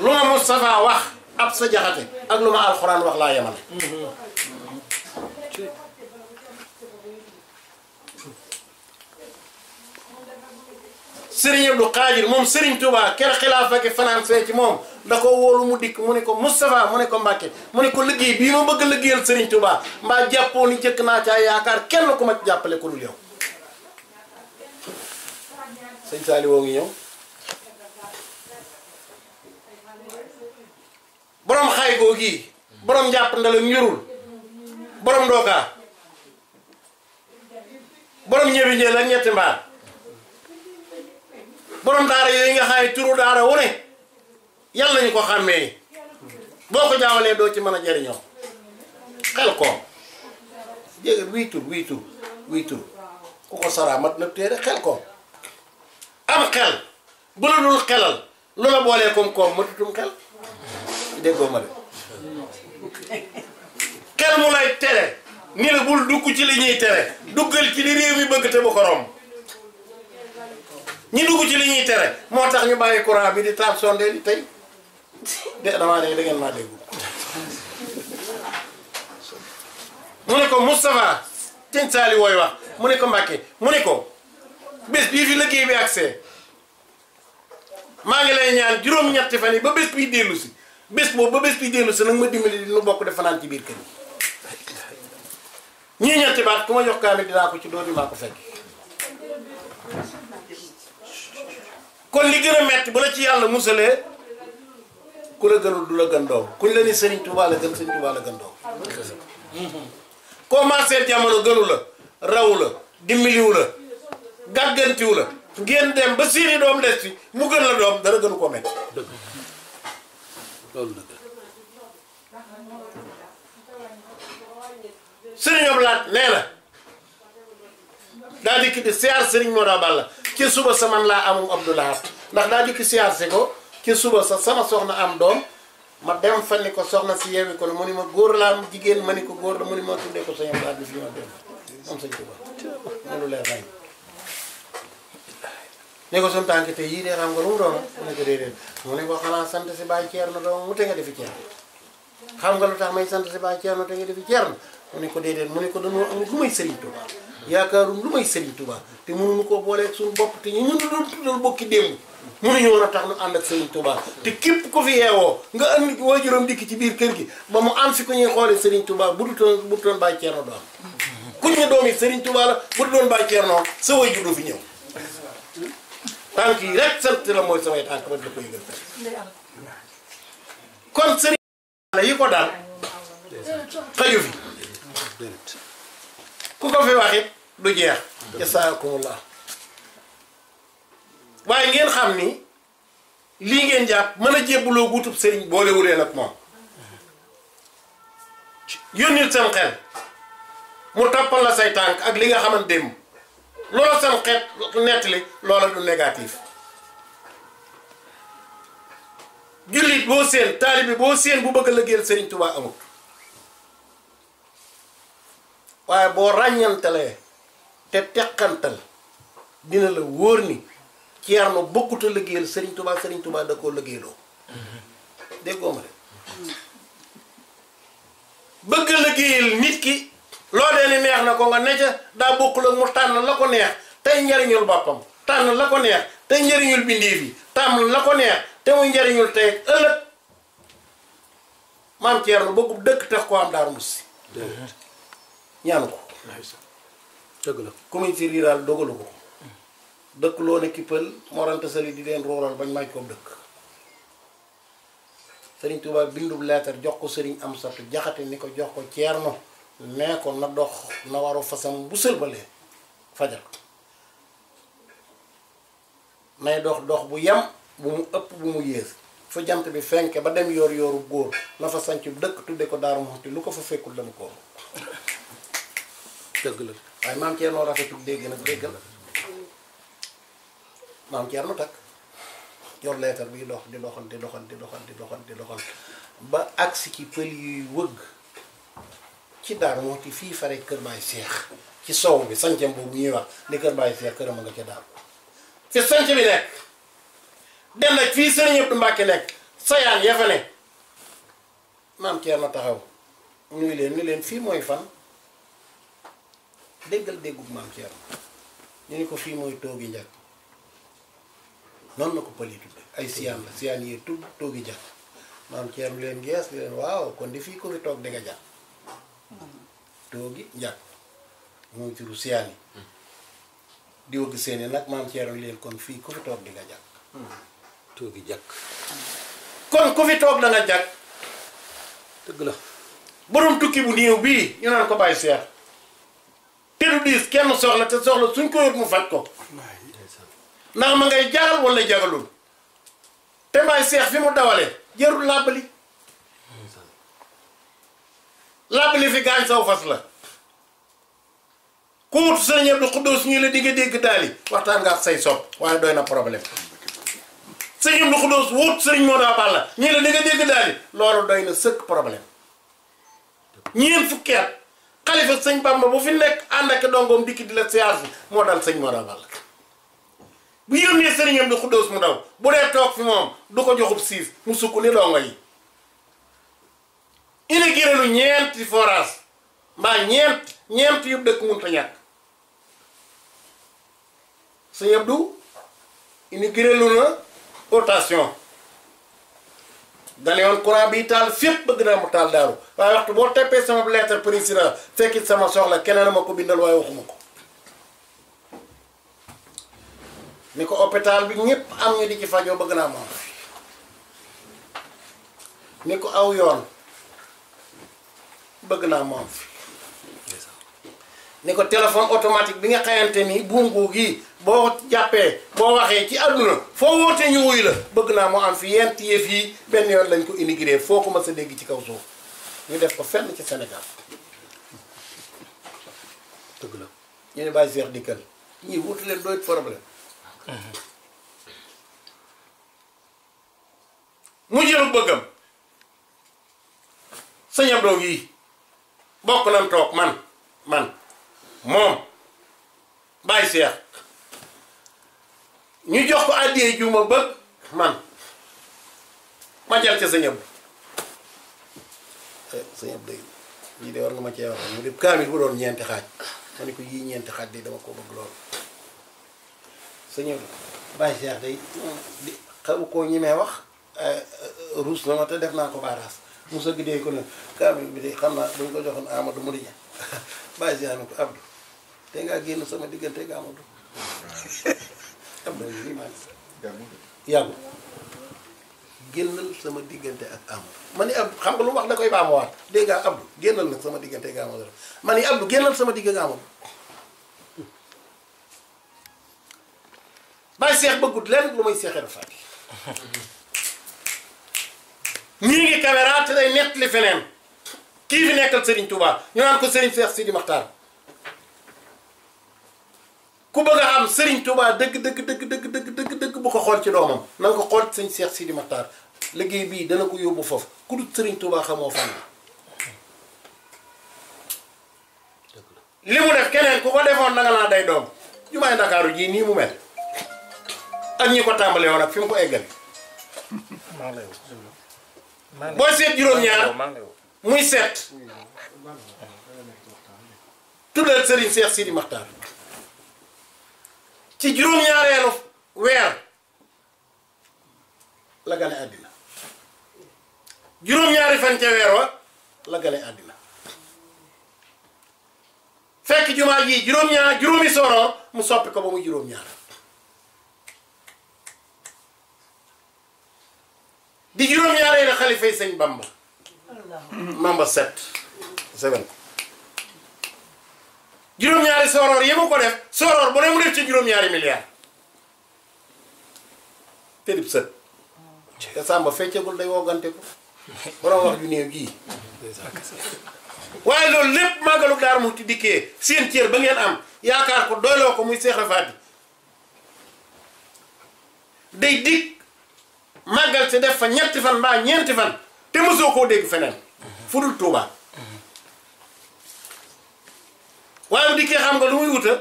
lu ma Moustapha wax ab sa ak lu alxuraan wax laa yemale sëriñ Abdou Xaadir moom sëriñ Touba kenn xilaafa ki fanaan fee ci da ko wóolu mu dikk mu ne ko Moustapha mu ne ko Mbacke mu ne ko liggéey bii ma bëgg a liggéeyal tubaa Touba mbaa jàppoo jëkk naa caa yaakaar kenn ku ma ci jàppale ku dul yow. sëñ Saliou woo ngi ñëw borom xay goo gii borom njàpp ndala njurul borom dookaa borom ñebi njël ak ñetti mbaar borom daara yooyu nga xam ne turu daara wu ne yàlla ñu ko xàmmee boo ko jaawalee doo ci mën a jariñoo xel koom jéggi huit tur huit tur huit tur ku ko saraa mat na téere xel koom am xel bu la dul xelal lu la boolee koom-koom matutum xel déggoo ma de xel mu lay tere ni la bul dugg ci li ñuy tere duggal ci li réew mi bëgg te ko romb ñi dugg ci li ñuy tere moo tax ñu bàyyi courant bi di taab sondeel yi tey de damaa ne da ngeen maa dégg mu ne ko Moustapha Sëñ Saali wooy wax mu ne ko Mbàkke mu ne ko bés bii fi liggéey bi accès maa ngi lay ñaan juróom-ñetti fan yi ba bés bii dellu si bés boobu ba bés bii dellu si nag ma dimbali di nu bokk def fanaan ci biir kër yi ñii ñetti baat ku ma jox kaamil dinaa ko ci doo di ko fekk kon li gën a metti bu la ci yàlla musalee ku la gënul du la gën doom kuñ la ni Serigne Touba la gën Serigne Touba la jamono gënu la raw la dimbaliwu la gàggantiwu la ngeen dem ba seeni doom des ci mu gën la doom dara gënu ko métti. dëgg loolu dëgg la. Serigne nee na daa dikk di siyaar Serigne Moda Balla ci suba saman laa amum Abdoulahat ndax daa dikk siyaar si ko. ci suba sa sama soxna am doom ma dem fa ni ko soxna si yeewi ko mu ni ma góor laa am jigéen ma ni ko góor la mu ni ma tuddee ko sëñ Abdou Aziz Sy ma dem moom sëñ Tuubaa mënu leen ràññ ne ko suñu de xam nga lu mu doon mu ne ko déedéet mu sant si Baay Ceerno doom mu te nga defi Ceerno xam nga lu may sant si Baay Ceerno te nga defi Ceerno mu ne ko déedéet mu ne ko dañoo amul lu may Sëriñ lu may Sëriñ Tuubaa te mënuñu koo booleeg suñu bopp te ñu ñun démb mënuñu war a tax nu ànd ak Serigne Touba te képp ku fi yeewoo nga andi waajuram dikk ci biir kër gi ba mu am si ku ñuy xoolee Serigne Touba bu du doon bu du do am ku ñu doom yi Serigne Touba la bu du doon bàyyi Ceerno sa waajur du ñëw tànk yi rek sant la mooy samay tànk man da koy gën kon Serigne yi ko daal xaju fi ku ko fi waxit du jeex jasakumullah waaye ngeen xam ni lii ngeen jàpp mën a jébbaloo wutub sëriñ boolewuleen nag moom yónnil seen xel mu toppal la say tànk ak li nga xamante démb loola seen xeet nettali loola du négatif jullit boo seen taalibi boo seen bu bëgg a lëggeel sëriñ Tuubaa waaye boo ràññantalee te teqantal dina la wóor ni Ceerno bokkut a liggéeyal Serigne tubaa Serigne Touba da koo liggéeyloo déggoo ma de bëgg liggéeyal nit ki loo dee ni neex na ko nga ne daa bokkul ak mu tànn la ko neex tey njariñul boppam tànn la ko neex tey yi tànn la ko neex te muy njariñul tey ëllëg maam Ceerno bokkut dëkk tax ko am Daaru Musti ñaanu ko. dëgg la communauté rurale dogalu ko. dëkk loo ne ki pël Mor Anta di leen rooral bañ maaj ko dëkk Serigne Touba bindub leetar jox ko sëriñ am Amsatu Jaxate ni ko jox ko Ceerno nee ko na dox na waru fasam bu sëlbalee fajar nay dox dox bu yam bu mu ëpp bu mu yées fa jant bi fenke ba dem yoor yooru góor na fa sanc dëkk tudde ko Daaru Muxti lu ko fa fekkul dama ko dëgg la waaye maam Ceerno rafetul dégg na dégg la maam Thierno takk yor leetar bi dox di doxal di doxal di doxal di doxal di doxal ba agsi ci pël yuy ci fii fare kër baay seex ci soow bi sancam boobu ñuy wax ni kër baay seex bi nekk dem nag fii sëriñ nekk sayaan ya fa ne taxaw nuyu leen ni leen fii mooy fan déggal déggub maam Thierno ñu ni ko fii mooy toogi njëkk noonu la ko pël yi ay siyaan la siyaan yi tugg toogi jàpp maam ceem leen gees leen waaw kon di fii ko fi toog di nga jàpp toogi jàpp mooy turu siyaan yi hmm. di kon fii ku fi toog di nga jàpp hmm. toogi jàkk kon da nga dëgg la borom tukki bu néew bii ñu naan ko bàyyi seer te du diis kenn soxla te soxla suñ ko yót mu faj ko ndax ma ngay jagal wala jagalul te maay seex fi mu dawale jërul làbbali làbbali fi gaañ saw fas la ku wut sëriñ Abdu Xuddus ñu la digg dégg daali waxtaan nga ak say sopp waaye doy na problème sëriñ Abdu Xuddus wut sëriñ moo daa bàlla ñu la digg dégg daali loolu doy na sëkk problème ñeent fukki at xalifa sëñ Bamba bu fi nekk ànd ak dongoom dikki di la siyaas moo dal sëñ moo daa bàlla bu yónnee sëriñam di xuddoos mu daw bu dee toog fi moom du ko joxub siis mu sukk ni dongo yi inauguré lu ñeenti forage mbaa ñeent ñeent yëpp dëkk mun ta ñàkk sëñ Abdou inauguré lu na rotation dane woon courant bi taal fépp bëgg naa mu taal daaru waaye waxtu boo teppee sama lettre président fekkit sama soxla keneen ma ko bindal waaye waxuma ko ni ko hôpital bi ñëpp am ñu di ci fajoo bëgg naa moom fi ni ko aw yoon bëgg naa moom fi ni ko téléphone automatique bi nga xayante ni buum gii boo jàppee boo waxee ci àdduna foo wootee ñu wuy la bëgg naa moo am fi yenn yëf yi benn yoon lañ ko immigré foo ko ma a dégg ci kaw suuf ñu def ko fenn ci Sénégal dëgg la ñu ne bàyyi seex dikkal ñii wutu leen doy mu jëm bëggam sëñ Abdou yi bokk nam toog man man moom bàyyi seex ñu jox ko àddi ju ma bëgg man ma jël ca sëñ Abdou eh, sëñ Abdou lii de war nga ma cee wax mu def kaamil bu doon ñeenti xaaj ma ne ko yii ñeenti xaaj de dama ko bëgg loolu sëñ Baye Cheikh day. di xamu koo ñimee wax. Eh, ruus na ma te def naa ko baaraas Moussa gi dee ko ne kaamil bi de xam naa bu ñu joxoon Amadou mu di ña Baye Cheikh ne ko Abdou te ngaa génn sama diggante ak Amadou. Abdou lii maa ngi yàggu génnal sama diggante ak Amadou ma ni Abdou xam nga lu wax na koy baamuwaat dégg nga Abdou génnal nag sama diggante ak Amadou ma ni Abdou génnal sama diggante ak Amadou. bàyyi seex bëggut leen lu may seexee na faati ñii ngi caméra te day nett li feneen kii fi nekkal sëriñ Touba ñu naan ko Serigne Seex Sidi Maxtaar ku bëgg a am Serigne Touba dëgg dëgg dëgg dëgg dëgg dëgg dëgg bu ko xool ci doomam na ko xool ci sëñ Seex Sidi Maxtaar liggéey bii dana ko yóbbu foofu ku dul Serigne Touba xamoo fan li mu def keneen ku ko defoon na nga naa doom jumaay Ndakaaru jii nii mu mel ak ñi ko tàmbalee woon ak fi mu ko eggal booy seet juróom-ñaar muy seet tuddal Serigne Cheikh Sidi Makhtar ci juróom-ñaareelu weer la gane àddina juróom-ñaari fan ca weer wa la gane àddina fekk jumaa ji juróom-ñaar juróomi soroor mu soppi ko ba muy juróom-ñaar di juróom-ñaareelu xalifa yi sëñ Bamba. Bamba sept seven juróom-ñaari sooroor yi ko def sooroor bu ne mu def ci juróom-ñaari milliards. tërib sët. te feccegul day woggante ko. borom wax ju néew waaye loolu lépp màggalu daar mu ci dikkee seen cër ba ngeen am yaakaar ko doyloo ko muy seex rafaati day dikk. màggal ci def fa ñetti fan mbaa ñeenti fan te mosoo koo dégg feneen mhm. fu dul Tuuba mhm. waaye bu dikkee xam nga lu muy wuta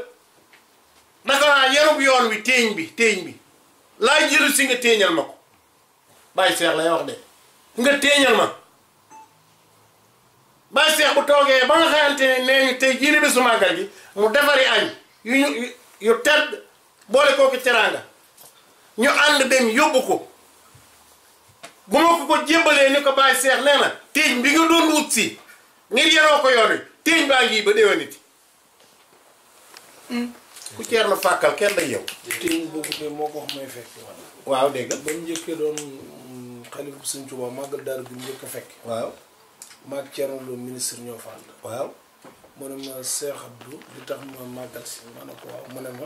dafa naa yarub yoon wi teeñ bi teeñ bi laay jëlu si nga teeñal ma ko bàyyi seex lay wax de nga téeñal ma bàyyi seex bu toogee ba nga xamante ne nee ñu tey jii bésu màggal gi mu defari añ yu ñu yu tedd boole kooku teraanga ñu ànd dem yóbbu ko bu ma ko ko jébalee ni ko bàyyi seex nee na bi nga doon wut si ngir yaroo ko yoon wi téeñ baa ngi ba déwéniti hmm. ku ceer na fàkkal kenn day yow. téeñ boobu de moo ko wax fekk. waaw dégg nga. ba mu njëkkee doon hmm, xalifu Sëñ Tuubaa màggal daaru gi mu njëkk a fekk. waaw. maag Thierno Lo ministre ñoo fa ànd. waaw. mu ne ma Seex Abdu li tax ma màggal si ma ne ko waaw mu ne ma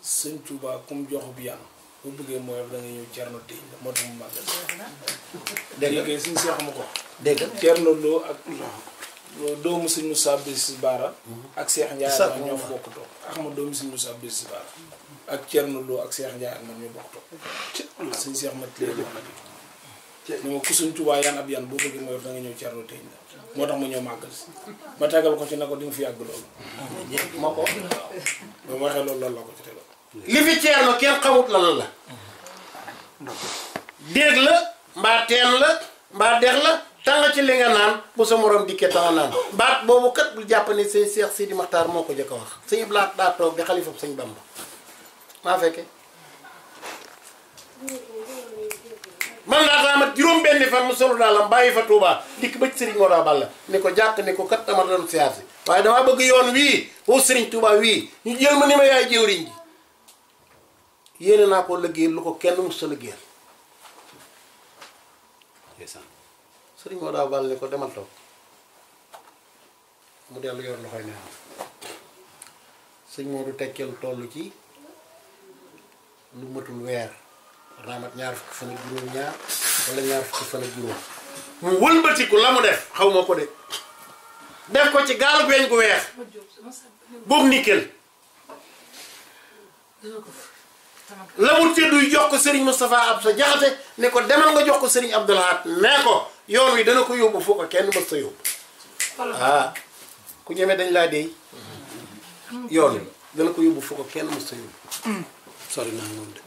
Sëñ Tuubaa kum joxub yàlla. boo bëggee mooy da ngay ñëw Thierno Téye moo tax mu màggal. dégg seex ma ko. dégg nga Thierno Lo ak. doomu suñu Moussa Bessi Baara. ak Cheikh Ndiaye ak ñoo fa bokk toog. Axma doomu suñu Moussa Bessi Baara. ak Thierno Lo ak Cheikh Ndiaye ak ñu bokk toog. suñu seex ma Téye wax na ko. ma ku suñ yan ab yan boo ñëw Thierno Téye moo tax mu ñëw màggal si. ma tàggal ko ci na ko di nga fi yàgg loolu. ma ma waxee loolu loolu ko ci tey. li fi ceerno kenn xamut lan la déeg la mbaa teen la mbaa dex la tanga ci li nga naan bu sa morom dikkee tanga naan baat boobu kat bul jàpp ne sëñ Seex Sidi Maxtaar moo ko jëkk a wax sëñ Ibra daa toog di xalifam sëñ Bamba maa fekke man laa taamat juróom benni fan mu solu daalam bàyyi fa Touba dikk ba ci Serigne Moda Balla ni ko jàkk ni ko kat dama doon siyaar si waaye damaa bëgg yoon wii woo Serigne Touba wii ñu jël ma ni ma yaay jëwriñ ji yéene naa ko liggéeyal lu ko kenn mu sa liggéeyal sëriñ moo daa bal ni ko demal toog mu dellu yor loxoy neen sëñ moo du tekkeel toll ci lu matul weer raamat ñaar fukki fan juróom ñaar wala ñaar fukki fan juróom mu wëlbatiku la mu def xaw ma ko de def ko ci gaal weñ gu weex boobu nikkel la mu tedduy jox ko Serigne Moustapha Absa Jaxate ne ko demal nga jox ko sëriñ Abdoul Ahad nee ko yoon wi dana ko yóbbu foo ko kenn mës sa yóbbu ah, dañ laa dey ko yóbbu foo kenn mës sa sori naa moom de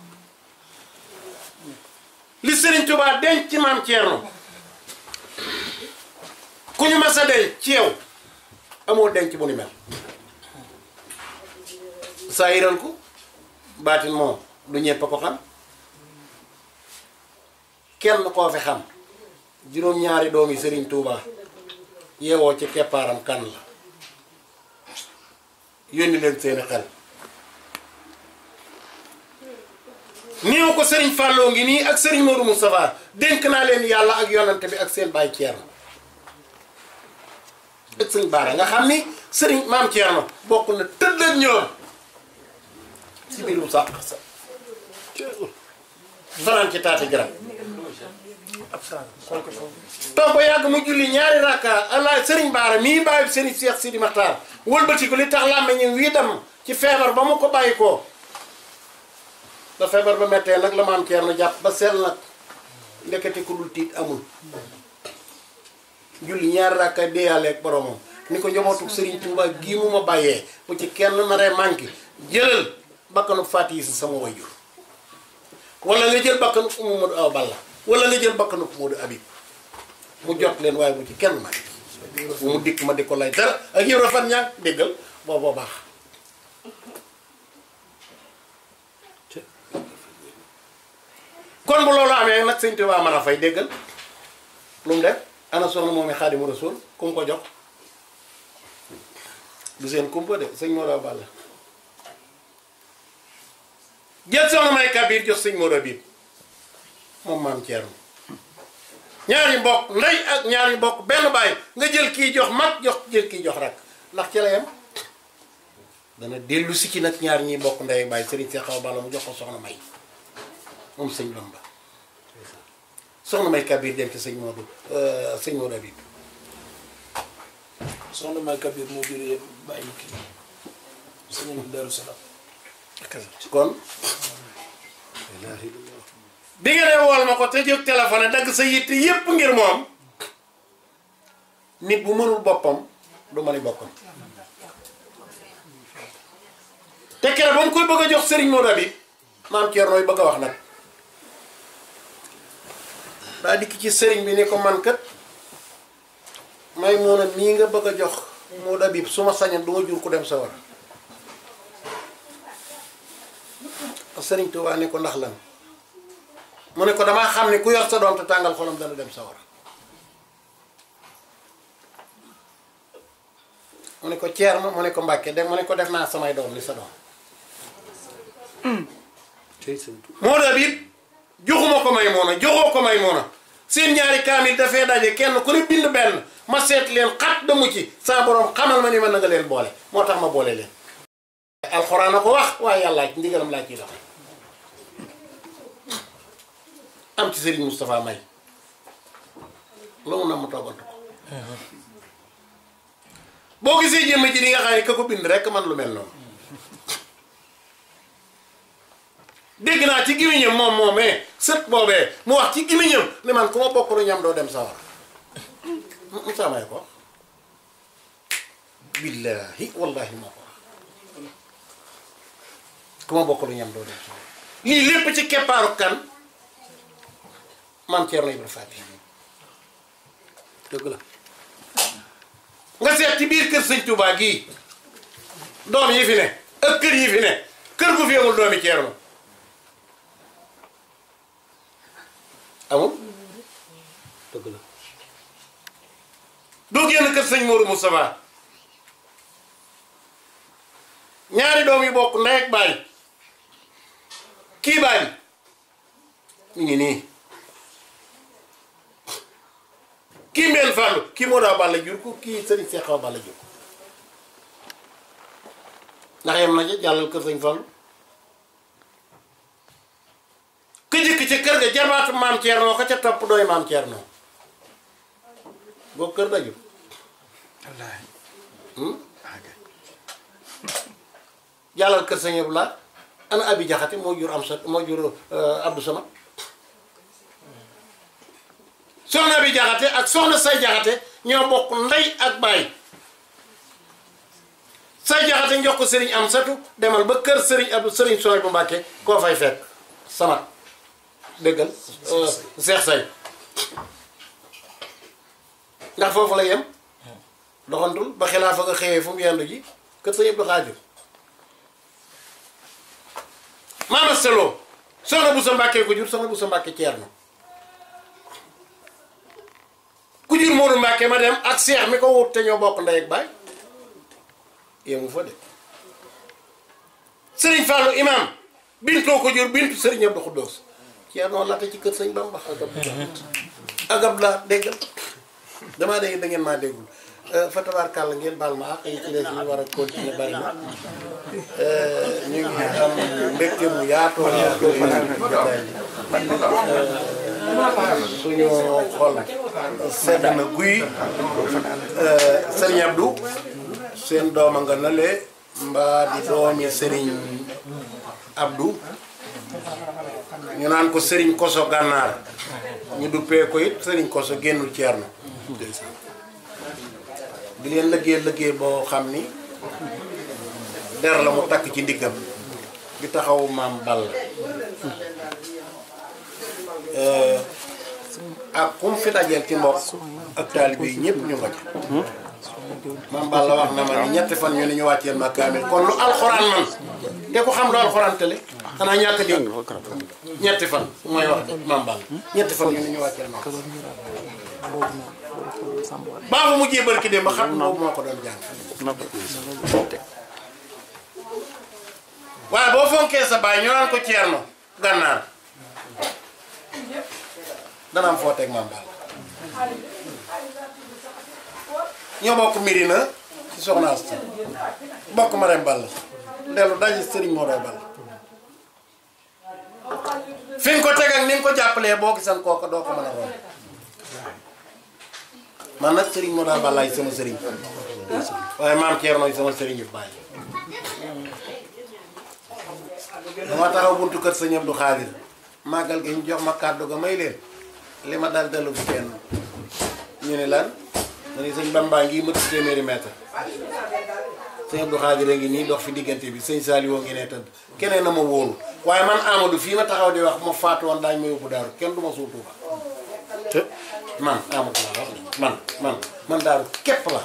li Serigne Touba denc ci maam Thierno ku ñu mas a denc ci yow amoo denc bu ni mel saayiran ko baatin moom du ñëpp ko xam kenn koo fi xam juróom-ñaari doomi Serigne Touba yeewoo ci keppaaram kan la yónni leen seeni xel néew ko sëriñ Fallou ngi nii ak Serigne Modou Moustapha dénk naa leen yàlla ak yonante bi ak seen baay Thierno ak sëñ Baara nga xam ni sëriñ maam Thierno bokk na tëdd ak ñoom si biirum sàq sa fanaan ci taati garab ba yàgg mu julli ñaari rakka allah sëriñ baara mii bàyyi sëriñ Seex Sidi Maxtaar wëlbatiku li tax làmmiñ wii dem ci feebar ba mu ko bàyyi koo da feebar ba mettee nag la maam Ceerno jàpp ba seel nag ndekete ku dul tiit amul julli ñaari rakka deeyaaleeg boromam ni ko njabootu sëriñ Tuuba gii mu ma bàyyee bu ci kenn naree manqué jëlal bakkanu fàtt yi si sama wajur wala nga jël bakkanu Mamadou Awa Balla wala nga jël bakkanu Modou Habib mu jot leen waaye bu ci kenn ma mu dikk ma di lay dara ak yow rafet ñaar déggal booboo baax kon bu loolu amee nag sëñ Tuubaa mën a fay déggal lu mu def ana soxna moom i Xaadimu Rasuul ku jox du seen kumpa de sëñ Maodo Balla jël soxna may Kabir jox sëñ Modou Habib moom maam Thierno ñaari mbokk ndey nga jël kii jox mag jox jël kii jox rak ndax ci la yem dellu si ci nag ñaar ñiy mbokk ndey ak bàyyi sëriñ Seex Awa Balla jox ko soxna may moom sëñ Bamba soxna may Kabir dem ci sëñ Modou euh, sëñ Modou Habib. soxna may Kabir moo jëlee bàyyi kii sëñ Daaru Salaam kon bi nga ne wool ma ko te jóg téléphone dagg sa yitt yépp ngir moom nit bu mënul boppam du mën a boppam te keroog ba mu koy bëgg a jox sëriñ Modou bi maam Thierno yi bëgg a wax nag daa dikk ci sëriñ bi ni ko man kat may moona mii nga bëgg a jox Modou bi su ma sañoon du ma jur ku dem sa war sëriñ Tuubaa ne ko ndax lan mu ne ko damaa xam ne ku yor sa doom te tàngal xolam dana dem sawara mu ne ko ceer ma mu ne ko mbàkke de mu ne ko def naa samay doom li sa doom moo dab it joxuma ko may a joxoo ko may moona seen ñaari kaamil dafee daje kenn ku ne bind benn ma seet leen xat damu ci saa borom xamal ma ni ma na leen boole moo tax ma boole leen alxuraan a ko wax waaye yàlla ndigalam laa ciy doxe am ci Serigne Moustapha May la mu nam mu ko boo gisee jëmm ji di nga xam ne ka ko bind rek man lu mel noonu dégg naa ci gimiñam moom moomee sët boobee mu wax ci gimiñam ne man ku ma bokk lu ñam doo dem sawar mu ko billaahi wallaahi moo ko ku ma bokk lu ñam doo dem sawar lii lépp ci keppaaru kan maam Thierno Ibrahima Faty dëgg la nga seet ci biir kër sëñ Touba gi doom yi fi ne ak kër yi fi ne kër gu fi amul doomi Thierno amul dëgg la doo génn kër sëñ Mourou Moustapha ñaari doom yu bokk ndey ak baay kii baay mi ngi nii kii Mbène Fallou kii moo daa Balla jur ko kii Serigne Cheikh Awa Balla jur ko ndax yem na ca jàllal kër Serigne Fallou ka jëkk ca kër ga jabaatu maam ca topp dooy maam Thierno boo kër daju wallaahi hmm? jàllal kër Serigne Abdoulaye ana Abi Jaxate moo jur am sa soxna bi jaxate ak soxna say jaxate ñoo bokk ndey ak baay say jaxate njox ko sëriñ am satu demal ba kër sëriñ ab sëriñ sooy bu mbàkke koo fay fekk samat dëggal seex euh, say ndax foofu la yem doxantul ba xilaafa nga xëyee fu yendu ji kër sa yëpp du xaaju maama seloo soxna bu sa mbàkkee ko jur soxna bu sa mbàkke ceer na biir Modou Mbacke ma dem ak seex mi ko wut te ñoo bokk ndey ak baay yemu fa de Serigne Fallou imam bintoo ko jur bintu Serigne Abdou Khoudoss Ceerno laata ci kër Sëñ Bamba agab laa déggal damaa dégg da ngeen maa déggul euh, fa ngeen baal ma àq yi ci des ñu war a continuer bari na euh, ñu ngi am mbégte mu yaatoo yaatoo suñu xol sedd na guy euh, Serigne Abdou seen a nga nale mbaa di doomi Serigne Abdou ñu naan ko sëriñ Koso gànnaar ñu duppee ko it Serigne Koso génnul Ceerno di leen liggéey liggéey boo xam ni der la mu takk ci ndiggam di taxaw maam Balla Euh, ak ah, kum fi dajeel ci mbokk ak taalibe yi ñëpp ñu nga ca maam Balla wax na ma ni ñetti fan ñu ne ñu wàcceel ma kaamil kon lu alxuraan man te ku xam lu alxuraan tele xanaa ñàkk dégg ñetti fan mooy wax de maam Balla ñetti fan ñu ne ñu mu jébbal ki dem ba xam boobu moo ko doon jàng waaye boo fonkee sa baay ñu naan ko ceerno gànnaar dana am foo teg maam Balla ñoo bokk Mirina ci soxna Asta bokk Marème Balla dellu daje Serigne Modou Balla fi nga ko teg ak ni nga ko jàppalee boo gisan kooka doo ko a roon man nag Serigne Modou Balla ay sama Serigne waaye maam Thierno ay sama Serigne bàyyi dama taxaw buntu kër Sëñ Abdou Khadir màggal gi ñu jox ma kàddu ga may leen li ma daal dalu bu kenn ñu ne lan ma ne sëñ Bamba ngi mët téeméeri mètre sëñ Abdou Khadir a ngi nii dox fi diggante bi sëñ Saliou ngi ne tëdd keneen na ma wóolu waaye man Amadou fii ma taxaw di wax ma faatu woon daañu ma yóbbu daaru kenn du ma suutu ba man Amadou laa man man man daaru képp la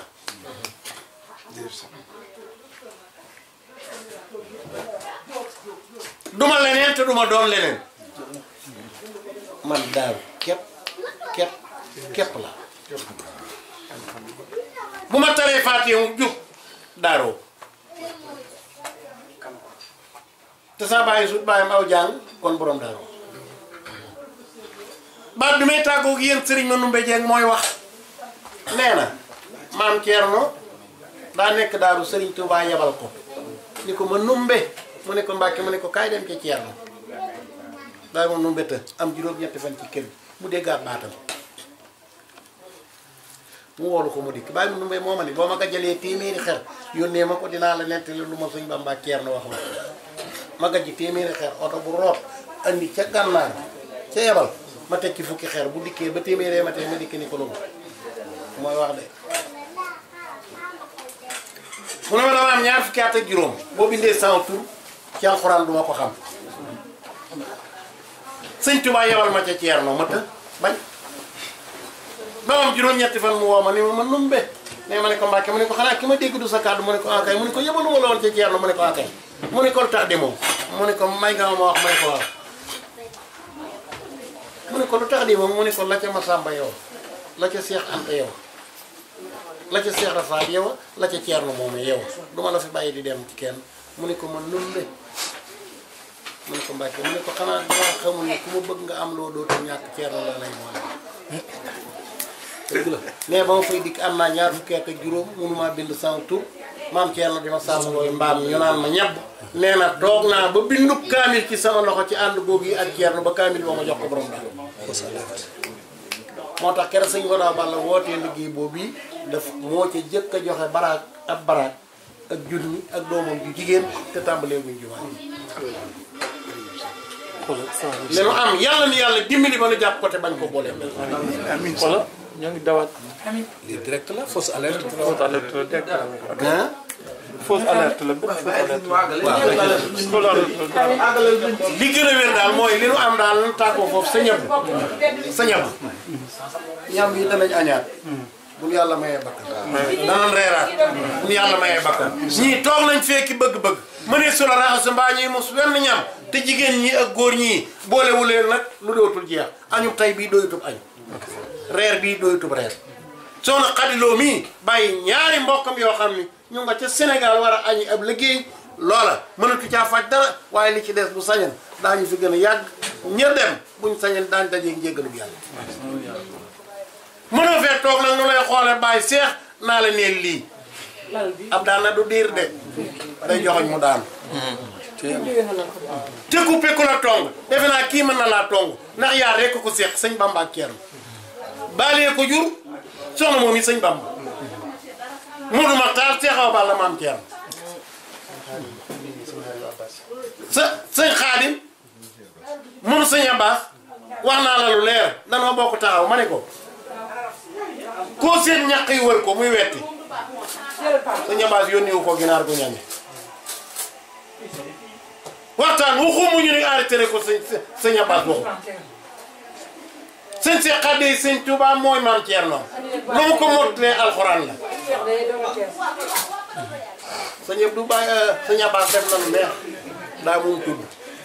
duma leneen te duma doon leneen man daaru képp képp képp la bu ma taree Faatiha mu jub daaroo te saa bàyyi su bàyyam aw jàng kon borom daaroo baat bi may tàggoog yéen sëriñ ma numbe jeeg mooy wax nee na maam Thierno daa nekk daaru sëriñ Tuubaa yebal ko ni ko ma numbe mu ne ko Mbàkke mu ne ko kaay dem ca Thierno bàyyi moom noonu betta am juróom-ñetti fan ci kër gi mu déggaat baatam mu woolu ko mu dikk bàyyi moom nu moo ma ni boo ma ko jëlee téeméeri xer yónnee ma ko dinaa la nettali lu ma suñ Bamba ceer na wax ma ma gaj téeméeri xer oto bu root andi ca gànnaar ca yebal ma teg ci fukki xer bu dikkee ba téeméeree ma tey ma dikk ni ko noonu mooy wax de mu ne ma dama am ñaar fukki at ak juróom boo bindee sama tur ci alxuraan du ko xam sëñ Tuba yebal ma ca Ceerno ma të bañ ba moom juróom-ñetti fan mu woo ma ni ma man numbe ne ma ne ko Mbàkke mu ne ko xanaa ki ma dégg du sa kàddu mu ne ko akay mu ne ko yebalu ma la woon mu ne ko akay mu lu tax demoo mu ne ko ma wax may ko waaw mu ne ko lu tax demoo mu ne ko la ca Masamba yow la ca Seex Anta yow la ca Seex Rafaat yow la ca Ceerno moom yow du la fi bàyyi di dem ci kenn mu ne ko man numbe mu ne ko Mbàkke mu ne ko xanaa damaa ne ku ma bëgg nga am loo dootul ñàkk ceerno la lay boole. dëgg la ba ma fay dikk am naa ñaar fukki at ak juróom mënumaa bind sama tur maam ceerno dima sàmm mooy mbaam ñu naan ma ñebb. nee na toog naa ba bindu kaamil ci sama loxo ci ànd googu yi ak ceerno ba kaamil boo ma jox ko borom daal. moo tax keroog sëñ Goda Balla wootee liggéey boobu yi daf moo ca jëkk a joxe baraak ab baraak ak junni ak doomam ju jigéen te tàmbalee guñ lenu am yàlla ni yàlla dimbali ba nu jàpp ko te bañ ko boole amiin voilà ñoo ngi dawaat lii direct la fausse alerte fausse alerte la direct la fausse alerte la li gën a wér daal mooy li nu am daal lan tàggoo foofu sa ñab sa ñab ñam yi danañ añaat bu nu yàlla mayee bakkan danañ reeraat bu nu yàlla mayee bakkan ñii toog nañ fekki bëgg-bëgg mënee su la raxas mbaa ñuy mos wenn ñam te jigéen ñi ak góor ñi boolewu leen nag lu dootul jeex añub tey bii doyutub añ reer bii doyutub reer soxna xadiloo mii bàyyi ñaari mbokkam yoo xam ni ñu nga ca senegal war a añi ab liggéey loola mënatu caa faj dara waaye li ci des bu sañal daañu fi gën a yàgg ña dem buñ sañal daañu dajeeg njéggalub yàlla mënoo fee toog nag nu lay xoole bàyyi seex naa la neen lii ab daana du diir de day joxoñ mu daan te coupé ku tong defe naa kii mën na laa tong ndax yaa rekk ko seex sëñ bamba ak ceerno baalee ko jur soxna moom yi sëñ bamba Modou Maxtaar seexaw bal wax naa la lu leer danoo bokk taxaw ma ne ko koo seen ñaq yi wër ko muy wetti sa ñambaas yónniwu ko ginaar gu ñame waxtaan waxu mu ñu ne arrêté ko sa sa ñambaas waxu sëñ Cheikh Khady sëñ Touba mooy maam Thierno lu ko mottalee alxuraan la sa du bàyyi sa ñambaas def na lu neex daa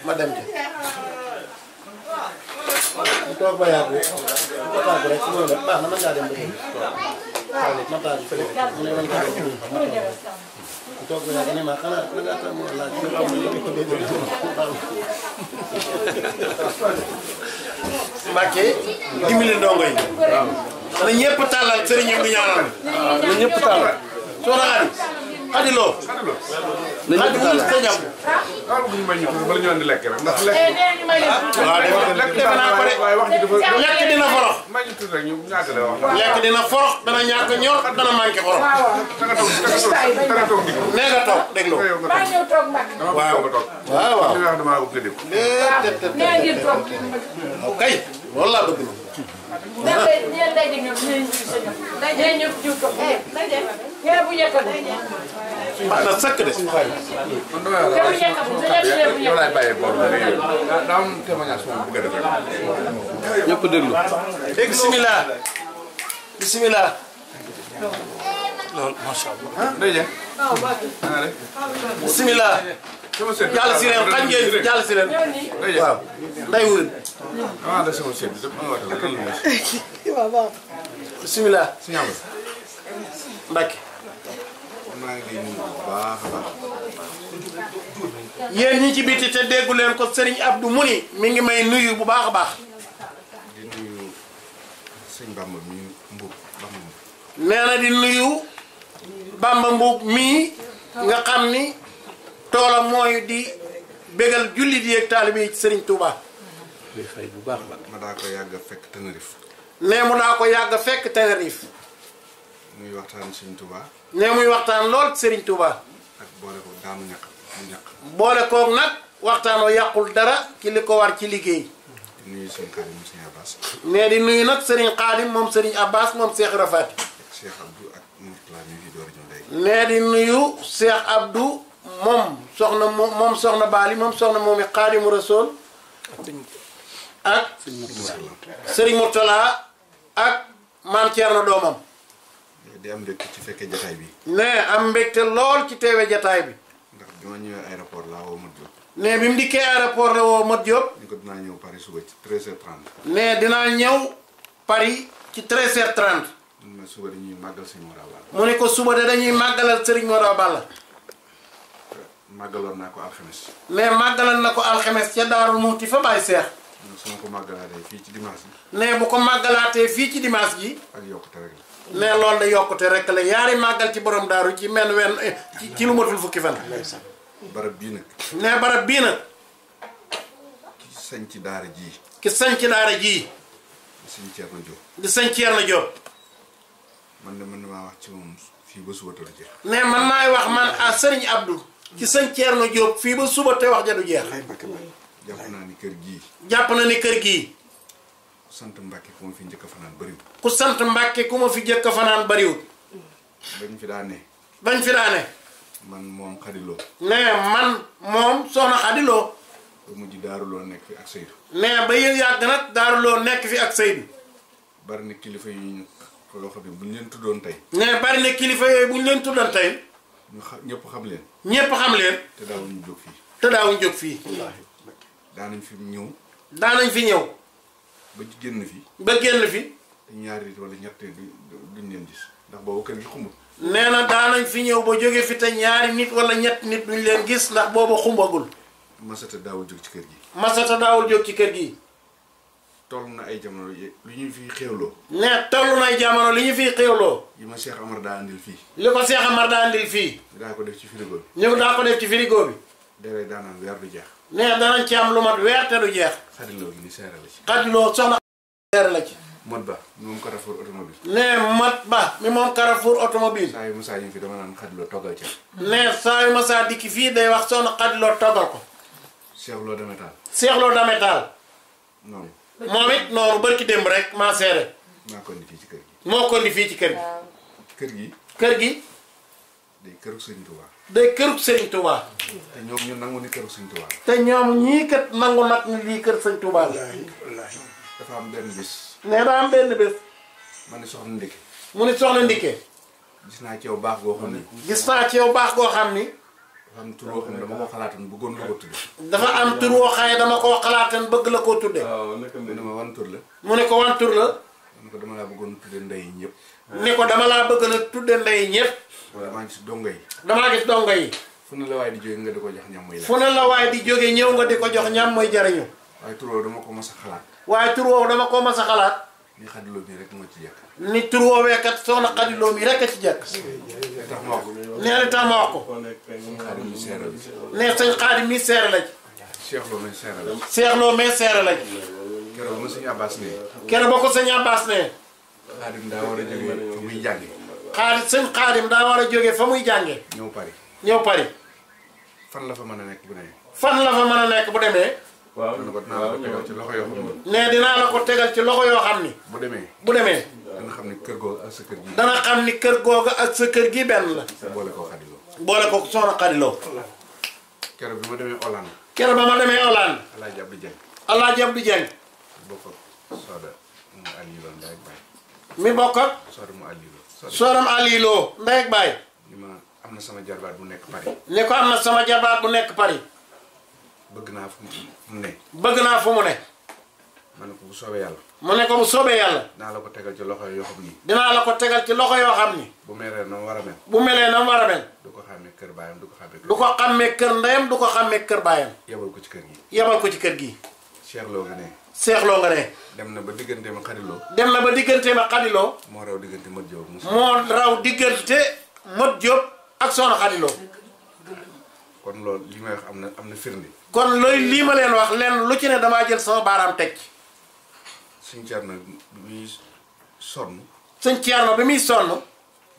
ma dem ca mu ba yàgg bu ko tàggu rek su ma baax na mën yi. waaw na ñëpp tàllal sëriñ bi ñaanal. soxna Aliou. Xadi Lo. nañu ah, ko tàllal Xadi Lo bala ñu andi lekk rek ndax lekk. Eh, ah, waaw defe naa ko de lekk dina forox. lekk dina forox dana ñàkk ñor dana manqué forox. nee nga toog déglu. waaw waaw waaw. déedéet. ok loolu laa bëgg na. ah na sakk de. man damaa la waaye su ma laay bàyyee boor bi daa am témoignage moom bëgg a def rek. ñëpp déglu. dégg bisimilah. bisimilah. loolu macha allah. bisimilah. jàll si leen xañ ngeen jàll si leen waaw day wër ah, waaw waaw bisimilah Mbacke yéen ñi ci biti te déggu leen ko Serigne Abdou mu ni mi ngi may nuyu bu baax a baax nee na di nuyu Bamba Mbuub mii nga xam ni toolam mooy di bégal jullit yi ak taalibe yi ci Serigne Touba. muy baax la. ma daa ko yàgg mu daa ko yàgg a fekk Tenerife. muy waxtaan Serigne Touba. nee muy waxtaan lool Serigne Touba. ak boole ko daanu ñàkk mu ñàkk. nag waxtaanoo yàqul dara ci li ko war ci liggéey. di nuyu Serigne Khadim moom Serigne di nuyu nag seriñ Khadim moom Serigne Abbas moom Cheikh Rafat. ak a ñëw léegi. nee di nuyu Cheikh Abdou. moom soxna moom soxna Baali moom soxna moom i Xaadimu Rasuul ak Sëriñ Murtala ak maam Thierno doomam. di am mbégte ci fekkee jataay bi. ne am mbégte lool ci teewe jataay bi. ndax bi ma ñëwee aéroport laa ne bi mu dikkee aéroport la woo Modou Diop. ni ko dinaa ñëw Paris suba ci 13h30. ne dinaa ñëw Paris ci 13 h trent mu ne suba dañuy màggal ko suba de dañuy màggalal Sëriñ Modaw Balla. màggaloon naa ko alxames. ne màggalal na ko alxames ca Daaru Muuti fa Baye Seex. su ma ko màggalaatee fii ci dimanche bi. ne bu ko màggalaatee fii ci dimanche ji. ak yokkute rek la. ne loolu la yokkute rek la yaari màggal ci borom daaru ci men wen eh, ci lu matul fukki fan. barab bii nag. ne barab bii nag. ki sañ ci daara jii. ki sañ ci daara jii. di sañ Ceerno Jóob. di sañ Ceerno man de maa wax ci moom fii ba suba tala jeex. ne man maay wax man ah Serigne Abdou. ci sëñ Thierno Diop fii ba suba te wax ja du jeex. jàpp naa ni kër gii. jàpp na ni kër gii. ku sant Mbàkke ku ma fi njëkk a fanaan bariwul. ku sant Mbàkke ku ma fi njëkk a fanaan bariwul. bañ fi daa ne. bañ fi daa man moom xadiloo. nee man moom soxna xadiloo. ba mujj daaruloo nekk fi ak Seydou. nee ba yéen yàgg nag daaruloo nekk fi ak Seydou. bari na kilifa yu ñu loo bi ne bu ñu leen tuddoon tey. nee bari kilifa yooyu bu ñu leen tuddoon tey. ñu xa ñëpp xam leen. ñëpp xam leen. te daawuñu jóg fii. te jóg fii. daanañ fi ñëw. daanañ fi ñëw. ba génn fi. ba génn fi. ñaari nit wala ñett duñ leen gis ndax boobu kër gi xumbul. nee na daanañ fi ñëw ba jóge fi te ñaari nit wala ñett nit duñ leen gis ndax boobu xumbagul. masata daawul jóg ci kër gi. masata daawul jóg ci kër gi. toll na ay jamono yi lu ñu fi xéwloo. ne toll na ay jamono li ñu fi xéwloo. yi ma Cheikh Amar daa andil fii. li ko Cheikh Amar daa andil fii. ñu daa ko def ci frigo bi. ñu daa ko def ci frigo bi. ci am lu mat weer te gi ni seere la ci. xadiloo soxna la ci. Mat Ba mi moom Carrefour automobile. ne Mat Ba mi moom Carrefour automobile. saa yu ma saa yi fi dama naan xadiloo toggal ca. ne saa yu ma saa dikki fii day wax soxna xadiloo toggal ko. Cheikh Lo Dametal. Cheikh Lo Dametal. noonu. moom it noonu barki démb rek maa seere. maa ko indi fii ci kër gi. moo ko indi fii ci kër gi. kër gi. kër gi. day kërug Serigne Touba. day kërug Serigne Touba. te ñoom ñu nangu ni kërug Serigne Touba. te ñoom ñii kat nangu nag lii kër Serigne Touba la. dafa am benn bés. nee daa am benn bés. ma ne soxna Ndike. mu ne soxna Ndike. gis naa ci yow baax goo xam ni. gis naa ci yow baax goo xam ni. am tur woo xam ne dama koo dama koo bëgg la koo tudde waaw naka mu la mu ko wan la mu ne ko bëggoon tudde ndey ñëpp ne dama laa bëgg la tudde ndey ñëpp damaa gis donga yi damaa gis donga yi fu ne la waay di jóge di ko jox ñam mooy fu ne la waay di jóge ñëw nga di ko jox ñam mooy jariñu waaye tur woowu dama ko mas a xalaat waaye tur dama ko mas a xalaat ni xadiloo mi rek moo ci jekk ni tur woowee kat soxna xadiloo mi rek a ci jekk nee na tax ma wax ko nee sëñ xaadim la ci seexloo may seere la ci seexloo may seere la ci keroog ba sëñ Abbas ne keroog ba ko sëñ Abbas ne xaadim daa war a jógee fa muy jànge xaadim sëñ daa war a jógee fa muy jànge ñëw Paris ñëw Paris fan la fa mën a nekk bu fan la fa mën a nekk bu demee waaw waaw ñëw ci loxo ne. dinaa la ko tegal ci loxo yoo xam ni. bu demee bu demee. dana xam ni kër googu ak sa kër gi. dana ni kër googu ak sa kër gi benn la. boole ko xadiloo. boole ko soxna xadiloo. keroog bi ma demee Hollande. keroog ba ma demee Hollande. Alaaji Abdou Dieng. Alaaji Abdou Dieng. bokk ak Soda mu Aliou Lo mi bokk ak. Soda mu Aliou Lo. Soda mu ni ma am na sama jarbaat bu nekk Paris. ne ko am na sama jarbaat bu nekk Paris. bëgg naa fu mu ne. bëgg naa fu mu ne. ma ne ko bu soobee yàlla. mu ne ko bu soobee yàlla. dinaa la ko tegal ci loxo yoo xam ni. dinaa la ko tegal ci loxo yoo xam ni. bu melee na mu war a mel. bu melee na mu war a mel. du ko xàmmee kër baayam du ko xam du ko xàmmee kër ndeyam du ko xàmmee kër baayam. yebal ko ci kër gi. yebal ko ci kër gi. seexloo nga ne. seexloo nga ne. dem na ba diggante ma xadiloo. dem na ba diggantee ma xadiloo. moo raw diggante ma Diop. moo raw diggante Modou Diop ak Soxna Xadiloo. kon loolu li may wax am na am na firnde. kon looy lii ma leen wax leen lu ci ne damaa jël sama baaraam teg suñ sëñ Thierno bi muy sonn. sëñ Thierno bi muy sonn.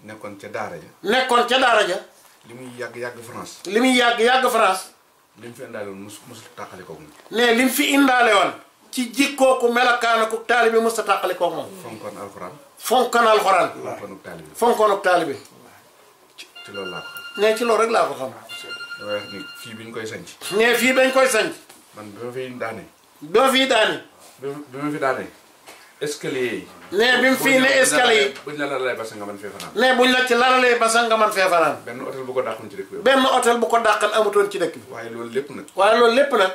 nekkoon ca Daara ja. nekkoon ca Daara ja. li muy yàgg yàgg France. li muy yàgg yàgg France. li mu fi indaale woon mos mos tàqale moom. ne li mu fi indaale woon. ci jikkooku melakaana ku taalibi mos a tàqale koog moom. fonkoon alxuraan. fonkoon alxuraan. fonkoonuk taalibi fonkoonuk taalibi. ci loolu laa ko ci loolu rek laa ko xam. damay wax ni koy sanc ne fii bañ koy sanc ma fiy daane bi ma fiy daane bi ma fi daane escalier yi ne bi la lalalee basan nga mën fee fanaan ne buñ la ci lalalee basan nga mën fee fanaan benn hôtel waaye loolu lépp nag waaye loolu lépp nag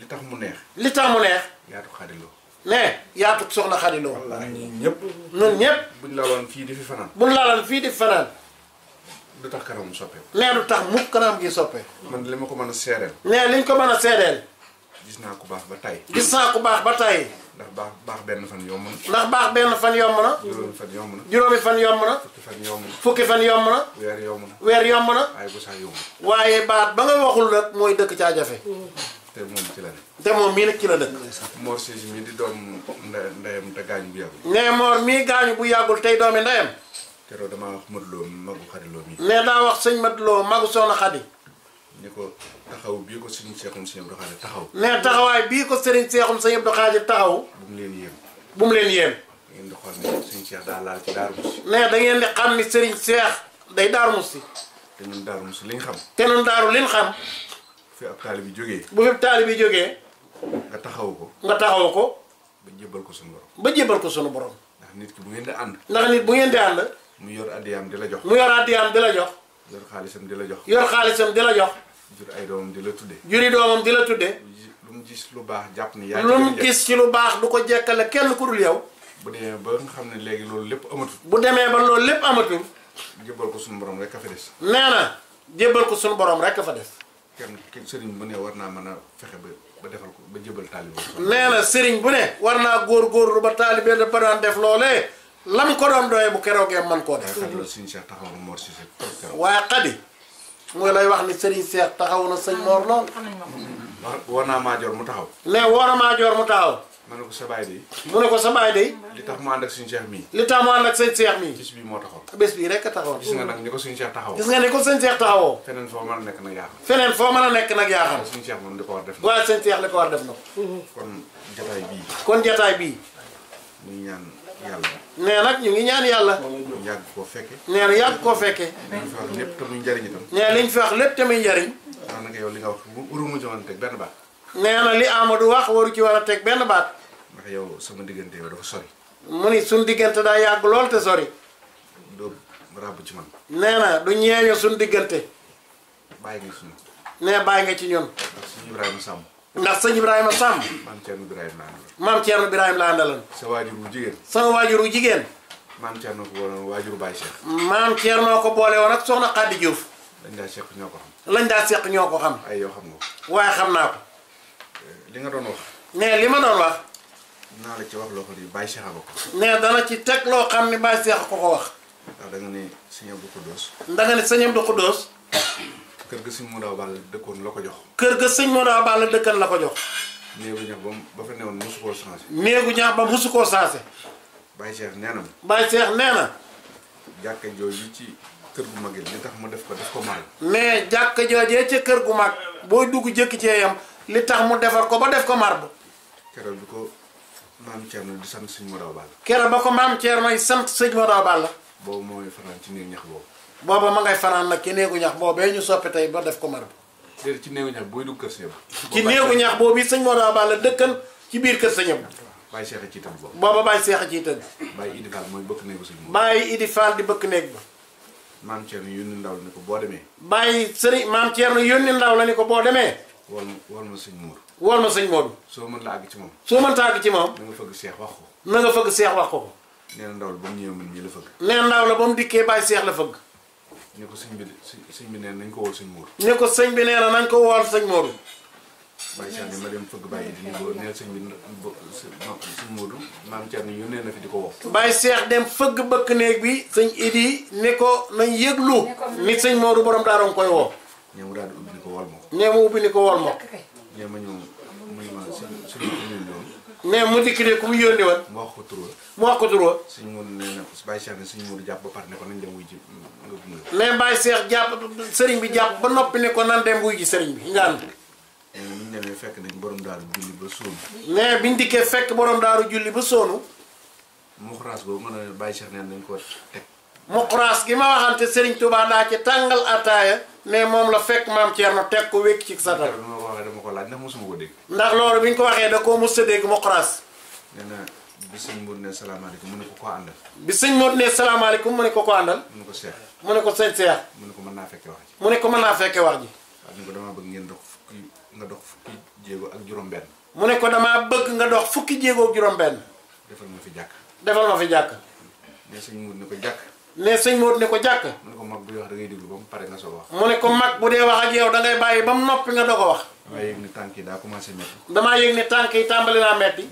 li tax mu neex li tax mu neex yaatu xaadiloo ne yaatu soxna xaadiloo ñun ñëpp ñun ñëpp buñ laloon fii di fi fanaan buñ laloon fii di fi fanaan du tax kanam soppeeku. nee du tax mukk kanam gi man li ma ko ko mën a seedeel. gis naa ku baax ba tay gis naa ku baax ba tay ndax baax baax benn fan yomb na. baax benn fan yomb na. juróomi fan yomb na. juróomi fan yomb na. fukki fan yomb na. fukki fan yomb na. weer yomb na. waaye bu baat ba nga waxul nag mooy dëkk caa jafe. te moom ci la nekk. te moom mii nag ci la dëkk. Mor Cissé mii di doom ndeyam te gaañu bu yàggul. nee Mor mii gaañu bu yàggul tey doomi ndeyam. keroog damaa wax Modou Lo magu Khady Lo mii. nee naa wax sëñ Modou Lo magu Soxna Khady. ni ko taxaw bii ko sëriñ Seexum Sëñ Abdu Xaadir taxaw. nee taxawaay bii ko sëriñ Seexum Sëñ Abdu Xaadir taxaw. bu mu leen yéem. bu mu leen yéem. da ngeen di ne sëriñ Seex daa laal xam ni sëriñ Seex day Daaru Musi. te ñun Daaru Musi liñ xam. te ñun Daaru liñ xam. bu fi ab taalib bi jógee. bu fi ab taalib bi jógee. nga taxaw ko. nga taxaw ko. ba jébbal ko sunu borom. ba jébbal ko sunu borom. ndax nit ki bu ngeen ànd. ndax nit bu ngeen di ànd. mu yor addiyaam di la jox. mu yor addiyaam di la jox. yor xaalisam di la jox. yor xaalisam di la jox. jur ay doomam di la tuddee. juri doomam di la tuddee. lu mu gis lu baax jàpp ni. yaa lu mu gis ci lu baax du ko jekkale kenn ku dul yow. bu demee ba nga xam ne léegi loolu lépp amatul. bu demee ba loolu lépp amatul. jébbal ko suñu borom rek a fa des. nee na ko suñu borom rek a fa des. kenn sëriñ bu ne war naa mën a fexe ba ba defal ko ba jébbal taalibe. nee na sëriñ bu ne war naa góorgóorlu ba taalibe ba daan def loolee. lam ko doon doyee bu keroogee man koo def. waaye xadi mooy lay wax ni Serigne Cheikh taxaw na sëñ Mor lool. war ah, naa maa joor mu taxaw. ne war na mu taxaw. mu ne ko sa baay de. mu ne ko sa baay de. li tax mu ànd ak suñu mii. li tax mu ànd ak sëñ Cheikh mii. bis bii moo taxaw. bés bii rek a taxaw. gis nga nag ni ko suñu Cheikh taxawoo. gis nga ni ko sëñ Cheikh taxawoo. feneen foo mën a nekk nag yaa xam. feneen foo mën a nekk nag yaa xam. suñu Cheikh moom li ko war def yàlla. nee nag ñu ngi ñaan yàlla. yàgg koo fekke. nee na yàgg koo fekke. nee liñ fi wax lépp te muy njariñ itam. nee liñ fi wax lépp te muy njariñ. daanaka yow li nga wax waru mu ci mën a teg nee na li Amadou wax waru ci war a teg benn baat. ndax yow diggante yow dafa sori. mu ni suñ diggante daa yàgg lool te sori. doo ràbb ci man. nee na du ñeeño suñ diggante. bàyyi nga ci ñun. nee bàyyi nga ci ñun. ndax sëñ Ibrahima Samb. ndax sëñ Ibrahima Samb. maam Thierno Birahim laa àndaloon. sa waajur bu jigéen. sama waajur bu jigéen. maam Thierno ko boole woon waajur Baye Cheikh. maam Thierno ko boole woon ak soxna Khady Diouf. lañ daa seq ñoo ko xam. lañ daa seq ñoo ko xam. ay yoo xam nga ko. waaye xam naa ko. Eh, li nga doon wax. mais li ma doon wax. naa la ci wax loo xam ne Baye Cheikh a ko. mais dana ci teg loo xam ne Baye Cheikh ko ko wax. ndax da nga ne sëñ Abdou Khoudoss. da nga ne sëñ Abdou Khoudoss. kër ga sëñ Modou Awa Balla la ko jox. kër ga sëñ Modou Awa Balla dëkkoon la ko jox. néegu ñax ba fa newoon mosu koo changé. néegu ñax ba mosu koo changé. Baye Cheikh nee na ma. Baye Cheikh nee na. jàkka jooju ci kër gu mag yi li def ko def ko mag. mais jàkka joojee ca kër gu mag booy dugg jëkk cee yam li tax mu defar ko ba def ko marbre. keroog bi ko maam Thierno di sant sëñ Modaw Balla. keroog ba ko maam ceer di sant sëñ Modaw Balla. boobu moo ngi fanaan ci néegu ñax boobu. booba ma ngay fanaan nag ci néegu ñax boobee ñu soppi tey ba def ko marbre. te ci néegu ñax booy dugg kër sëñ ci néegu ñax boobu it sëñ Mor Abala dëkkal ci biir kër sëñam. bàyyi seex a ciy tënk boobu. booba bàyyi seex a ciy tënk. bàyyi Idi mooy bëkk néegu sëñ Mor. bàyyi Idi Fall di bëkk néeg ba. maam Thierno yónni ndaw la ni ko boo demee. bàyyi sëriñ maam Thierno yónni ndaw la ni ko boo demee. wol ma wol ma sëñ Mor. wol ma sëñ soo mën la àgg ci moom. soo mën ta àgg ci moom. na nga fëgg seex wax ko. na nga fëgg seex wax ko ko. ndaw la ba mu ñëwee mën ñi la fëgg. nee ndaw la ba mu dikkee bàyyi seex la fëgg ne ko sëñ bi sëñ bi nee nañ ko wool sëñ Modou. ne ko sëñ bi nee nañ ko wool sëñ Modou. bàyyi Thierno ma dem fëgg bàyyi di ko nee sëñ bi sëñ Modou maam Thierno yónnee di ko woo. bàyyi Cheikh dem fëgg bëkk néeg bi sëñ Idi ne ko nañ yëglu ni sëñ Modou borom daaram koy woo. ñee mu ubbi ni ko wol ma ko. mu ubbi ma ko. ñee ma ñëw muy ma de ku mu yónni woon. ko turam. mu wax ko turóo. suñ Mourou nee na Baye Cheikh ne suñ Mourou jàpp ba pare ne ko nañ dem wuy ji nga gunge ko. nee Baye Cheikh jàpp sëriñ bi jàpp ba noppi ne ko nan dem wuy ji sëriñ bi nga ànd. na biñ demee fekk nañ borom daaru julli ba sóonu. nee biñ dikkee fekk borom daaru ba sóonu. boobu nga ne Baye Cheikh nee nañ ko teg. muxraas gi ma waxante sëriñ Touba daa ci tàngal ataaya ne moom la fekk maam Thierno teg ko wékk ci satal. dama ko waxee ko laaj ndax mosuma ko dégg. ndax loolu ñu ko waxee da koo mos a dégg muxraas. nee bi sëñ Modou ne salaamaaleykum mu ne ko koo àndal. bi sëñ Modou ne salaamaaleykum mu ne ko ko àndal. mu ne ko seex. mu ne ko sëñ seex. mu ne ko mën naa fekke wax ne ko mën naa fekke wax ji. waaw damaa bëgg ngeen dox fukki nga dox fukki jéego ak juróom-benn. mu ne ko damaa bëgg nga dox fukki jéego ak juróom-benn. defal ma fi jàkk. defal ma fi jàkk. ne sëñ Modou ne ko jàkk. ne sëñ Modou ne ko jàkk. mu ne ko mag bu dee wax da ngay ba mu pare nga soo ko bàyyi ba mu noppi nga doog a wax damaa yëg ne tànk yi daa commencé métti. damaa yëg ne tànk yi tàmbali naa métti.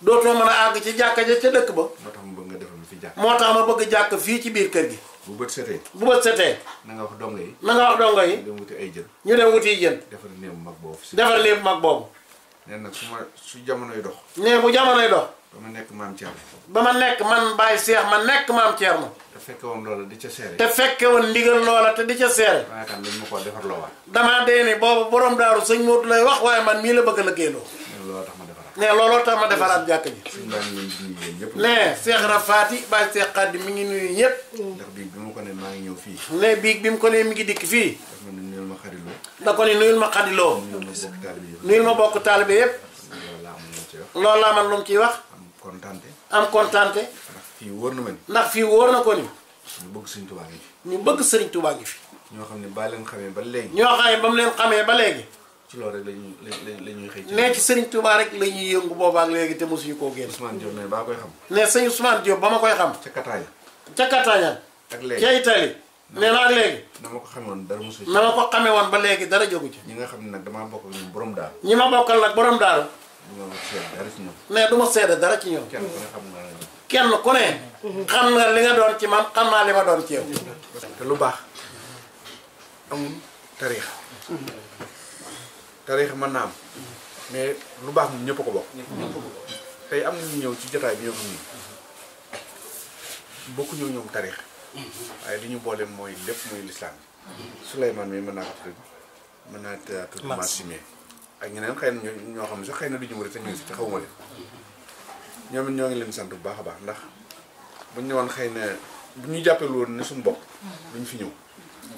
dootoo mën àgg ci jàkka ja. dootoo mën a àgg ci ja ca dëkk ba. moo tax ma bëgg nga defal ma fi jàkka. moo tax ma bëgg jàkk ci biir kër gi. bu bët setee. bu bët setee. na nga wax dongo yi. na nga wax dongo yi. ñu dem wuti ay jën. ñu dem wuti jën. defar néew mag boobu. defar néew mag boobu. nee nag su ma su jamonoy dox. nee bu jamonoy dox. ba ma nekk maam Thierno. ba ma nekk man Baye Cheikh ma nekk maam Thierno fekke woon loola di ca seere. te fekke woon ndigal loola te di ca seere. waaye ma koo defar loo waat. damaa dee ni boobu borom daaru sëñ Moodu lay wax waaye man mii la bëgg la génnoo. looloo tax ma defaraat. ne looloo tax ma defaraat jàkk ji. suñu baa ngi nuyu ñëpp. ne Seex Rafaati Baay Seex Xaadim mi ngi nuyu ñëpp. ndax biig bi ne ñëw fii. ne biig bi mu ko ne mi ngi dikk fii. da ko ni nuyul ma xadiloo. nuyul ma bokk taalibe yëpp. lool laa man lu mu ciy wax. am kontaante. fii wóor na ma ni. ndax fii wóor na ko ni. ñu bëgg sëriñ Tuubaa ngi fi. ñu bëgg sëriñ Tuubaa ngi fi. ñoo xam ne ba leen xamee ba léegi. ñoo xam ba mu leen xamee ba léegi. ci loolu rek la ñuy xëy ci. ne ci sëriñ Tuubaa rek la ñuy yëngu boobaak léegi te mosuñu koo génn. Ousmane Diop ne baa koy xam. ne sëñ Ousmane Diop ba ma koy xam. ca Kataaña. ca Kataaña. ak léegi ca naa léegi. na ma ko xamee woon dara mosu. na ma ko xamee woon ba léegi dara jógu ci. ñi nga xam ne nag damaa bokk ak ñoom borom daal. ñi ma bokkal nag borom daal. du ma seede kenn ku ne. xam nga li nga doon ci man xam naa li ma doon ci yow. te lu baax amul tariix tariix mën naa am mais lu baax mu ñëpp ko bokk. tey am na ñu ñëw ci jotaay bi ñëw ñu bokkuñu ñoom tariix waaye li ñu boole mooy lépp mooy lislaam Souleymane mi mën naa ko tudd mën naa tudd Massimé ak ñeneen xëy na ñoo xam ne sax xëy na du ñu wër te ñu ngi si te xaw ma leen ñoom it ñoo ngi leen sant bu baax a baax ndax buñ ñëwoon xëy na bu ñu jàppale woon ne suñu bopp duñ fi ñëw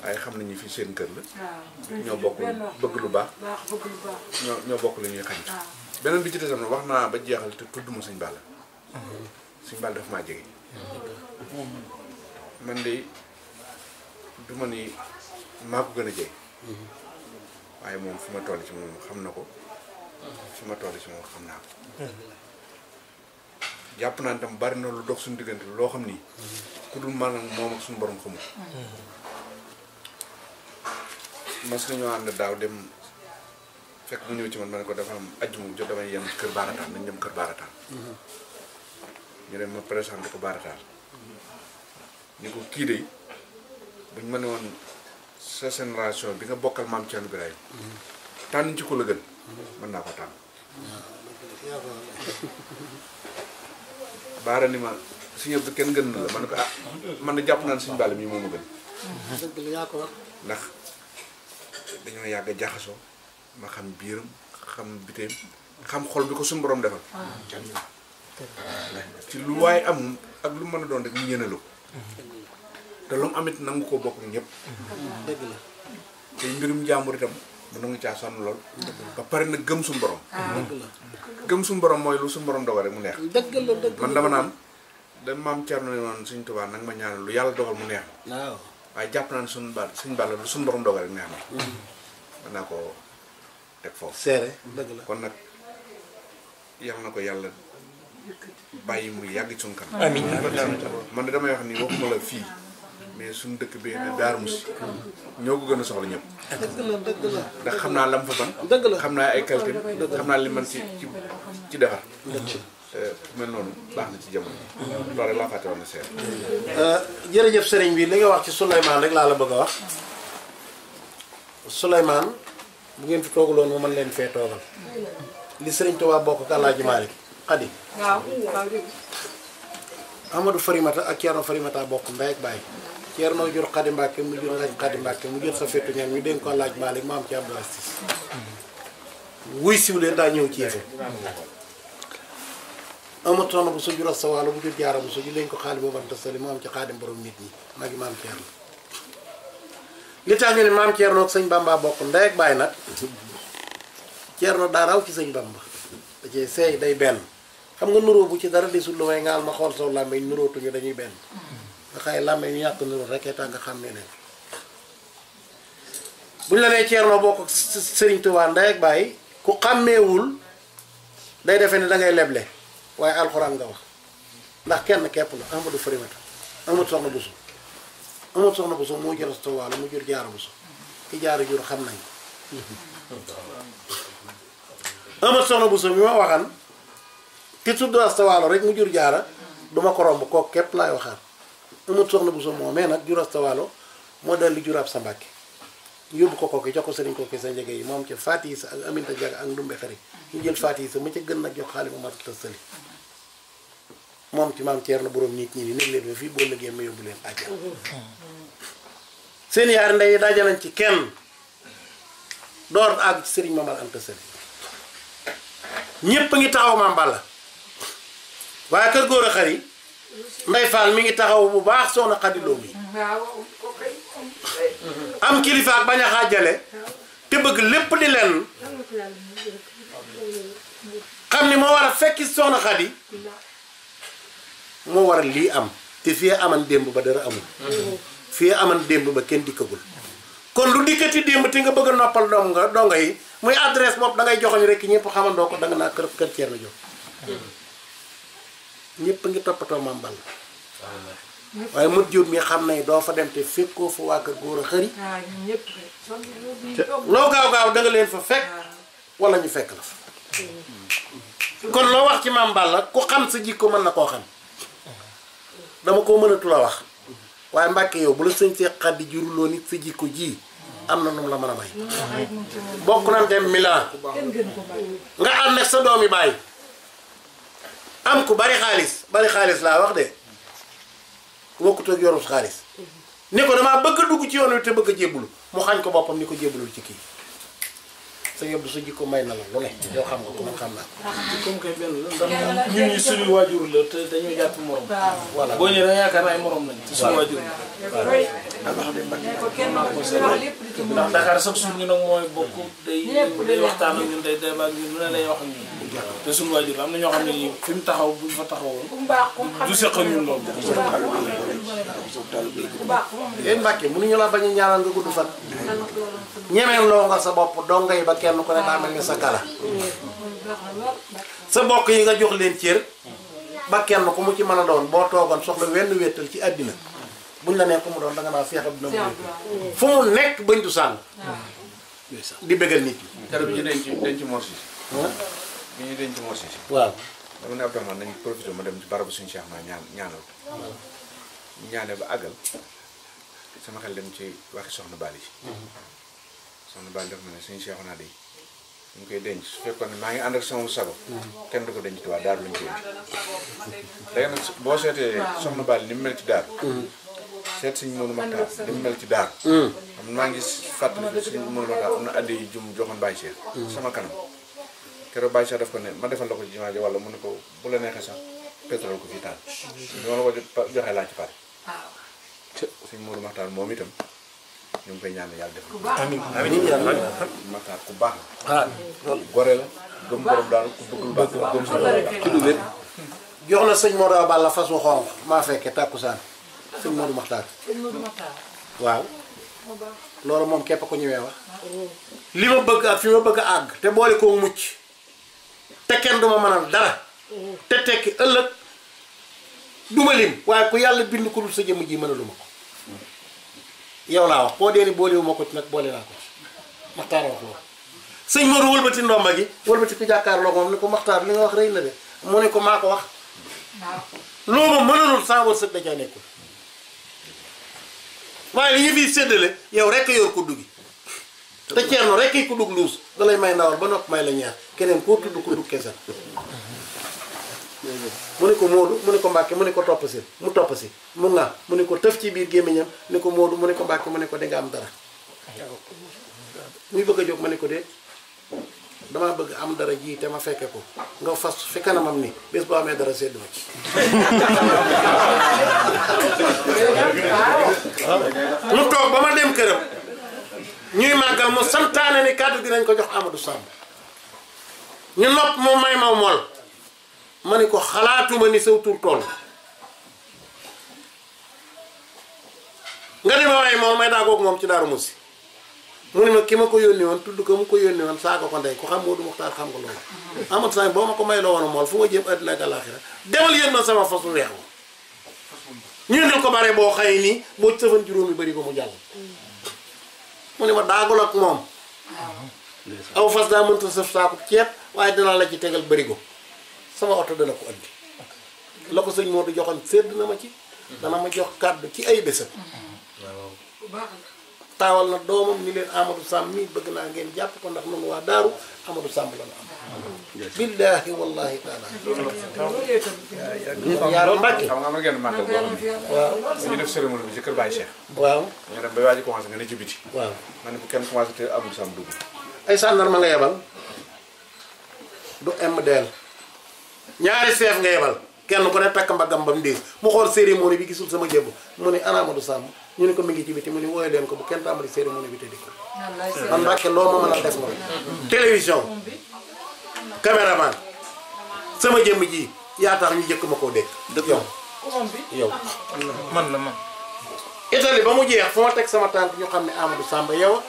waaye xam nañu fi seen kër la ñoo bokk bëgg lu baax ñoo ñoo bokk li ñuy xañ beneen bi ci desam na wax naa ba jeexal te tudduma suñ bàll suñ bàll dafa maa jege man de du ma ni maa ko gën a jege waaye moom fi ma toll ci moom xam na ko fi ma toll ci moom xam naa ko yàpp naa tam bari na lu dox suñu diggante loo xam ni ku dul maanaam moom ak suñu borom xamul mas nañoo ànd daaw dem fekk mu ñëw ci man ma ne ko dafa am ajjuma jot damay yem kër baarataan nañ dem kër baarataan ñu dem ma présenté ni ko kii de buñ ma ne woon sa génération bi nga bokkal maam bi Birahim tànn ci ko la gën mën naa ko tànn baara ni ma suñu Abdou kenn gën na la ma ne ko ah man na jàpp naan suñu bàll mi moom a gën. ndax dañoo yàgg a jaxasoo ma xam biiram xam biteem xam xol bi ko suñu defal. lu waay am ak lu mën a doon rek ñu yéene ko. te lu mu amit nangu ko bokk ñëpp. dëgg mbirum jàmbur itam. ba nangu caa sonn lool. ba pare nag gëm suñu borom. Ah, gëm suñu borom mooy lu sum borom dogal rek mu neex. dëgg la man dama naan da maam Thierno ne woon suñ tubaab nag ma ñaanal lu yàlla dogal mu neex. waaw jàpp naa ne ba suñu bàll lu suñu borom dogal rek neex na. Mm-hmm. mën naa koo teg foofu. la kon nag yal na ko yàlla bàyyi mu yàgg ci man de damay wax ni waxuma la fii. mais suñu dëkk bi ne Darou Mousty ñoo ko gën a soxla ñëpp. la ndax xam naa lam fa ban. dëgg la xam naa ay qualité xam naa li man ci ci ci defar. mel noonu baax na ci jamono. Euh, jërëjëf sëriñ bi li nga wax ci Souleymane rek laa la bëgg a wax Souleymane bu ngeen fi toogaloon mu mën leen fee toogal li sëriñ Tuubaa bokk ak Alaaji Maalik Xadi. waaw Amadou Farimata ak Thierno Farimata bokk ndey ak baay. Ceerno jur Xadi Mbàkke mu jur Laaj Xadi Mbàkke mu jur sa fetu ñaan ñu dénk ko Laaj Maalik maam ci Abdou wuy siw leen daa ñëw ci yëfe sa wàll bu jur jaara bu sujur lañ ko xaalis boobu ak nit ñi mag yi li tax ñu ne maam sëñ Bamba bokk ndey ak bàyyi nag Ceerno daa raw ci sëñ Bamba da cee seey day benn xam nga nuróo bu ci dara desul lu may ngaal ma xool soo làmbañ nuróotuñu dañuy benn nga xay làmmeñ yu ñàkk nuru rek tax nga xam ne leen buñ la nee Ceerno bokk ak Sëriñ Tuubaa ndey ak bàyyi ku xàmmeewul day defe ni dangay leble waaye alxuraan nga wax ndax kenn képp la Ahmadu Farimata Ahmadu Soxna Buso Ahmadu Soxna moo jël sa wàll mu jur Jaara Buso ki Jaara jur xam nañ Ahmadu Soxna Buso bi ma waxan ki tudd Asta Waalo rek mu jur Jaara duma ko romb kooku képp laay waxaat amut soxna bu so moomee nag juras tawaalo moo dal li juraab sa mbàkke yóbbu ko kooke jox ko sëriñ kooke sa njege yi moom ca faati sa ak aminta jaga ak ndumbe xari ñu jël faati sa ma ca gën nag jox xaali ma matata sëli moom ci maam borom nit ñi ni neg leen boo lëggee ma yóbbu leen àjjal seen yaar ndey dajalañ ci kenn door àgg ci sëriñ Mamadou Anta Sali ñépp ngi taxaw maam Balla waaye kër góor a xari Ndeye Fall mi ngi taxaw bu baax soxna Khady Lo bi am kilifa ak bañ te bëgg lépp di lenn xam ni moo war a fekki soxna Khady moo war a lii am te fii aman démb ba dara amul fii aman démb ba kenn dikkagul kon lu dikkati démb te nga bëgg noppal dong nga donga yi muy adresse boobu da ngay joxoñ rek ñëpp xamandoo ko da nga naa kër kër Thierno Diop ñëpp ngi toppatoo maam Balla. waaye mut jóob mi xam nañ doo fa dem te fekkoo fa waa kër góor a xëri. loo gaaw gaaw da leen fa fekk wala ñu fekk la fa. Mm. kon loo wax ci maam Balla ku xam sa jikko mën na koo xam dama koo mënatu la wax waaye Mbàkke yow bu la sëñ see xaddi juruloo nit sa jikko ji am na num la mën a may. Mm. bokk nañ dem Milan nga ànd ak sa doom yi bàyyi. am ko bari xaalis bari xaalis laa wax de ku bokkut ak yorus xaalis ni ko damaa bëgg a dugg ci yoon te bëgg a jébbalu mu xañ ko boppam ni ko jébbalul ci kii sa yóbbu sa jikko may na la lu ne yow xam nga ko man xam naa ko. comme que benn la ñun ñi suñu waajur la te boo ñëwee da nga yaakaar ay morom lañ. ci suñu waajur la. waaw ndax Dakar sax suñu nag mooy bokk day day waxtaan ak ñun day débat ak ñun ne te suñu waajur am na ñoo mu taxaw bu fa taxawoon du seq ñun loolu. yéen Mbàkke mënuñu la bañ a ñaanal nga gudd fan. ñemeen loo nga sa bopp donga yi ba kenn ko ne daa mel ni sa kala. sa bokk yi nga jox leen cër. ba kenn ku mu ci mën a doon boo toogoon soxla wenn wéttal ci àddina buñ la nekk mu doon danga naa feexe bu na fu mu nekk bañ du sàng di bëggal nit ñi. bi ñuy denc moo si si. waaw dama ne Abdourahmane nañu profité ma dem ci barabu suñu Cheikh ma ñaan ñaanal ko. ñu ba àggal sama xel dem ci waxi soxna Bali. Mm-hmm. soxna Bali dafa ne suñu Cheikh naa di ñu koy denc su ne maa ngi ànd ak sama kenn du ko denc tubaab lañ koy boo seetee soxna Bali ni mu mel ci daar. Mm-hmm. seet suñu mënu maxtaar ni mu mel ci daar. Mm-hmm. am maa ngi fàttali suñu mënu maxtaar am na addi yu jum joxoon bàyyi Cheikh. sama kanam. keroog bàyyi sax def ko ne ma defal la ko jumaa ji wala mu ne ko bu la neexee sax pétrole ko fii taal. li mm-hmm. ma la ko joxee laa ci pare. waaw. suñ Mourou Maxtaar moom itam ñu ngi koy ñaan yàlla def ko. amiin amiin yàlla Maxtaar ku baax la. gore la gëm borom daal ku bëgg lu baax la gëm sa borom jox na sëñ Modou Awa Balla fas wu xonq maa fekkee tàkkusaan sëñ Modou Maxtaar. sëñ Modou Maxtaar. waaw. loolu moom képp ko ñëwee wax. li ma bëgg ak fi ma bëgg a àgg te boole koo mucc. te kenn du mën mënal dara mm-hmm. te tekki ëllëg du ma lim waaye ku yàlla bind ko dul sa jëmm ji mënalu ma ko yow laa wax boo dee ni boolewu ma ko ci nag boole naa ko ci maxtaar wax loolu sëñ Modou wëlbati ndomba gi wëlbati ku jàkkaarloo moom ko maxtaar li nga wax rëy na de mu ko maa ko wax loo ma mënalul saa nekkul waaye li ñu fiy séddale yow rekk yor ko duggi te Thierno rek ki ku dugg luus da lay may ndawal ba noppi may la ñaar keneen koo tudd ku dugg kese mu ne ko Moodu mu ne ko Mbàkke mu ne ko topp si mu topp si mu nga mu ne ko tëf ci biir gémmiñam ne ko Moodu mu ne ko Mbàkke mu ne ko danga am dara bëgg a jóg ma ko de damaa bëgg am dara ji te ma fekke ko nga fas fi kanamam ni bés boo amee dara sedd ma ci lu toog ba ma dem këram ñuy màggal mu santaane ni kàddu dinañ ko jox amadu Samb ñu nopp mu may ma mool ma ni ko xalaatuma ni saw tur toll nga ni ma waaye moom may daa googu moom ci Daaru Musi mu ne ma ki ma ko yónni woon tudd ko mu ko yónni woon saaga ko ndey ko xam Moodu Muxtaar xam ko loolu Amadou Samb boo ma ko may loo woon mool fu ma jëm àddina ak àllaaxira demal yéen ma sama fas weexu ñu ne ko bare boo xëy nii boo ci safan juróom bari ko mu jàll mu ne ma daagul ak moom. aw fas daa mënta sëf saako ceeb waaye danaa la ji tegal bërigo sama oto dana ko andi. la ko sëñ Modou joxoon sedd na ma ci. dana ma jox kàddu ci ay bésam. waaw. taawal na doomam ni leen Amadou Samb mii bëgg naa ngeen jàpp ko ndax noonu waa Daaru Amadou Samb la am. billahi wallahi taala. loolu Mbacke nga am na genn màggal boo xam ne. waaw waaw ba waaj a commencé nga ne ci biti. waaw ma ne bu kenn commencé te amul sam dugg. ay sàndarma nga yebal du MDL ñaari chef nga yebal kenn ku ne takk mbaggam ba mu mu xool cérémonie bi gisul sama jëbb mu ne ana Amadou Samb ñu ne ko mi ngi ci biti mu ne wooyee leen ko bu kenn tàmbali cérémonie bi te ko. man Mbacke loo ma mën a def moom. télévision. caméraman sama jëmm ji yaa tax ñu jëkk ma koo dégg. dëgg yow yow. man la man. Italie ba mu jeex fu ma teg sama tànk ñu xam ne Amadou sàmba yow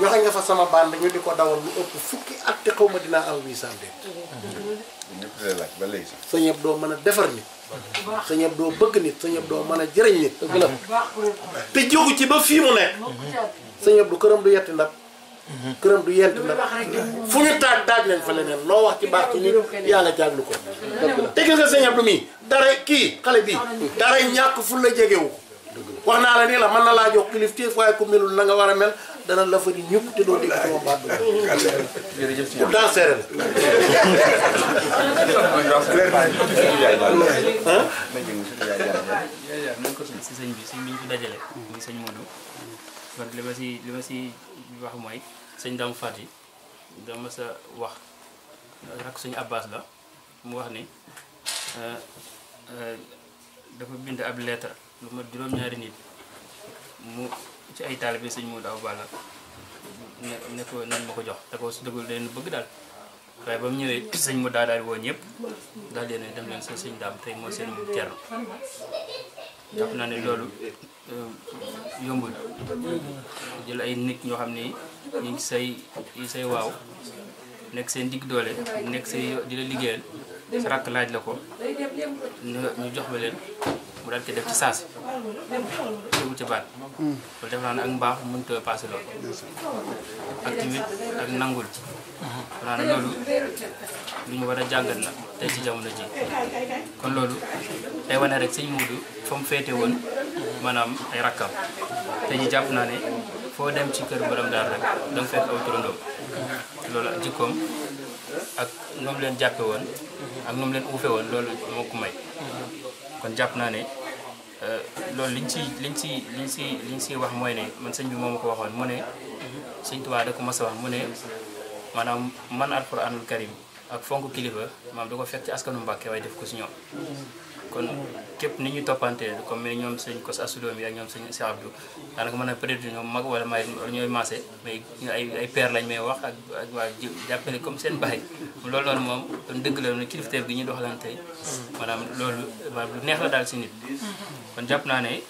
joxe nga fa sama bande ñu di ko dawal lu ëpp fukki at te xaw ma dinaa am huit cent ñëpp ba léegi sa ñëpp doo mën a defar nit. sa ñëpp doo bëgg nit sa ñëpp doo mën a jëriñ nit. dëgg la te jógu ci ba fii mu nekk. sa ñëpp du këram du yetti ndab. këram du yent nag fu ñu taaj taaj leen fa leneen loo wax ci baax ci nit yàlla jaaglu ko te gis nga sëñ Abdou mii dara kii xale bii dara ñàkk fu la jegewu wax naa la nii la mën na laa jox kilifteef waaye ku melul na nga war a mel dana la fa di ñëpp te doo dégg sama baat bi. jërëjëf si pourtant seere la. ah. ko si sëñ bi sëñ bi ñu ma si li si. bi wax mooy sëñ Dame Fati dama sa wax rak suñu abbaas la mu wax ni euh, euh, dafa bind ab lettre lu ma juróom-ñaari nit mu ci ay taalibe sëñ Modou Awa Balla ne ne ko nan ma ko jox te ko su dëggul leen bëgg daal waaye ba mu ñëwee sëñ mu daa daal woo ñëpp daal leen dem leen sa sëñ daam tey mooy seen mu teer jàpp naa ne loolu Euh, yombul jël ay nit ñoo xam ni ñu ngi say waaw nekk seen digg doole nekk say di la liggéeyal sa rakk laaj la ko ñu jox ma leen mu dal koy def ci saasi tegu ci baat hmm. loolu def naa ne ak mbaax mënut a paase loolu ak tamit ak nangul maanaam loolu lu ñu war a jàngat na tey ci jamono ji kon loolu day wane rek sëñ Muudu fa mu féete woon maanaam ay rakkam te jàpp naa ne foo dem ci kër borom daal rek danga fekk aw turandoom loolu ak jikkoom ak noom leen jàppe woon ak noom leen uufe woon loolu moo ko may kon jàpp naa ne euh, loolu liñ ci liñ ci liñ ci liñ ciy wax mooy ne man sëñ bi moom ma ko waxoon mu ne sëñ Tuubaa da ko mas wax mu ne maanaam man alquranul karim ak fonk kilifa maam da ko fekk ci askanu Mbàkke waaye def ko si ñoom kon képp ni ñu toppante comme ni ñoom sëñ Kos Asuloom yi ak ñoom sëñ Cheikh Abdou daanaka mën a peut-être ñoom mag wala may ñooy maase mais ay ay père lañ may wax ak ak waa jàppale comme seen baay loolu noonu moom kon dëgg la ne kilifteef gi ñu doxalante maanaam loolu maanaam lu neex la daal si nit kon jàpp naa ne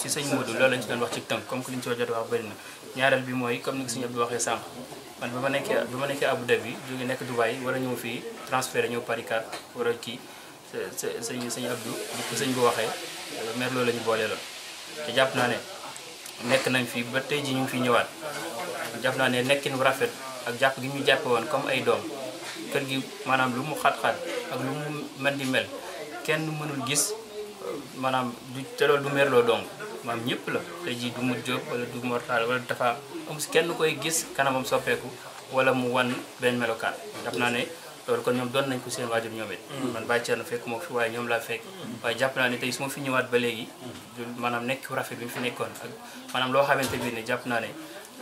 si sëñ Modou loolu lañ ci doon wax ci tënk comme que liñ soo jot wax bëri na ñaareel bi mooy comme ni ko sëñ Abdou waxee sànq man bi ma nekkee bi ma nekkee Abu Dhabi jóge nekk Dubaï war a ñëw fii transfer ñëw Paris 4 war a kii sa sëñ sëñ Abdou bi ko sëñ bu waxee euh, mer loolu la te jàpp naa ne nekk nañ fi ba tey ji ñu fi ñëwaat jàpp naa ne nekkin bu rafet ak jàpp gi ñu jàppe woon comme ay doom kër gi maanaam lu mu xat-xat ak lu mu man di mel kenn mënul gis euh, maanaam du te loolu du merloo dong maanaam ñëpp la tey ji du mu jóg wala du mortal wala dafa comme si kenn koy gis kanamam soppeeku wala mu wan benn melokaan jàpp naa ne loolu kon ñoom doon nañ ko seen waajur ñoom it mm. man bàyyi ceerno fekk moo fi waaye ñoom laa fekk mm. waaye naa ne tey su fi ñëwaat ba léegi maanaam nekk rafet bi mu fi nekkoon ak maanaam loo xamante bi ne jàpp naa ne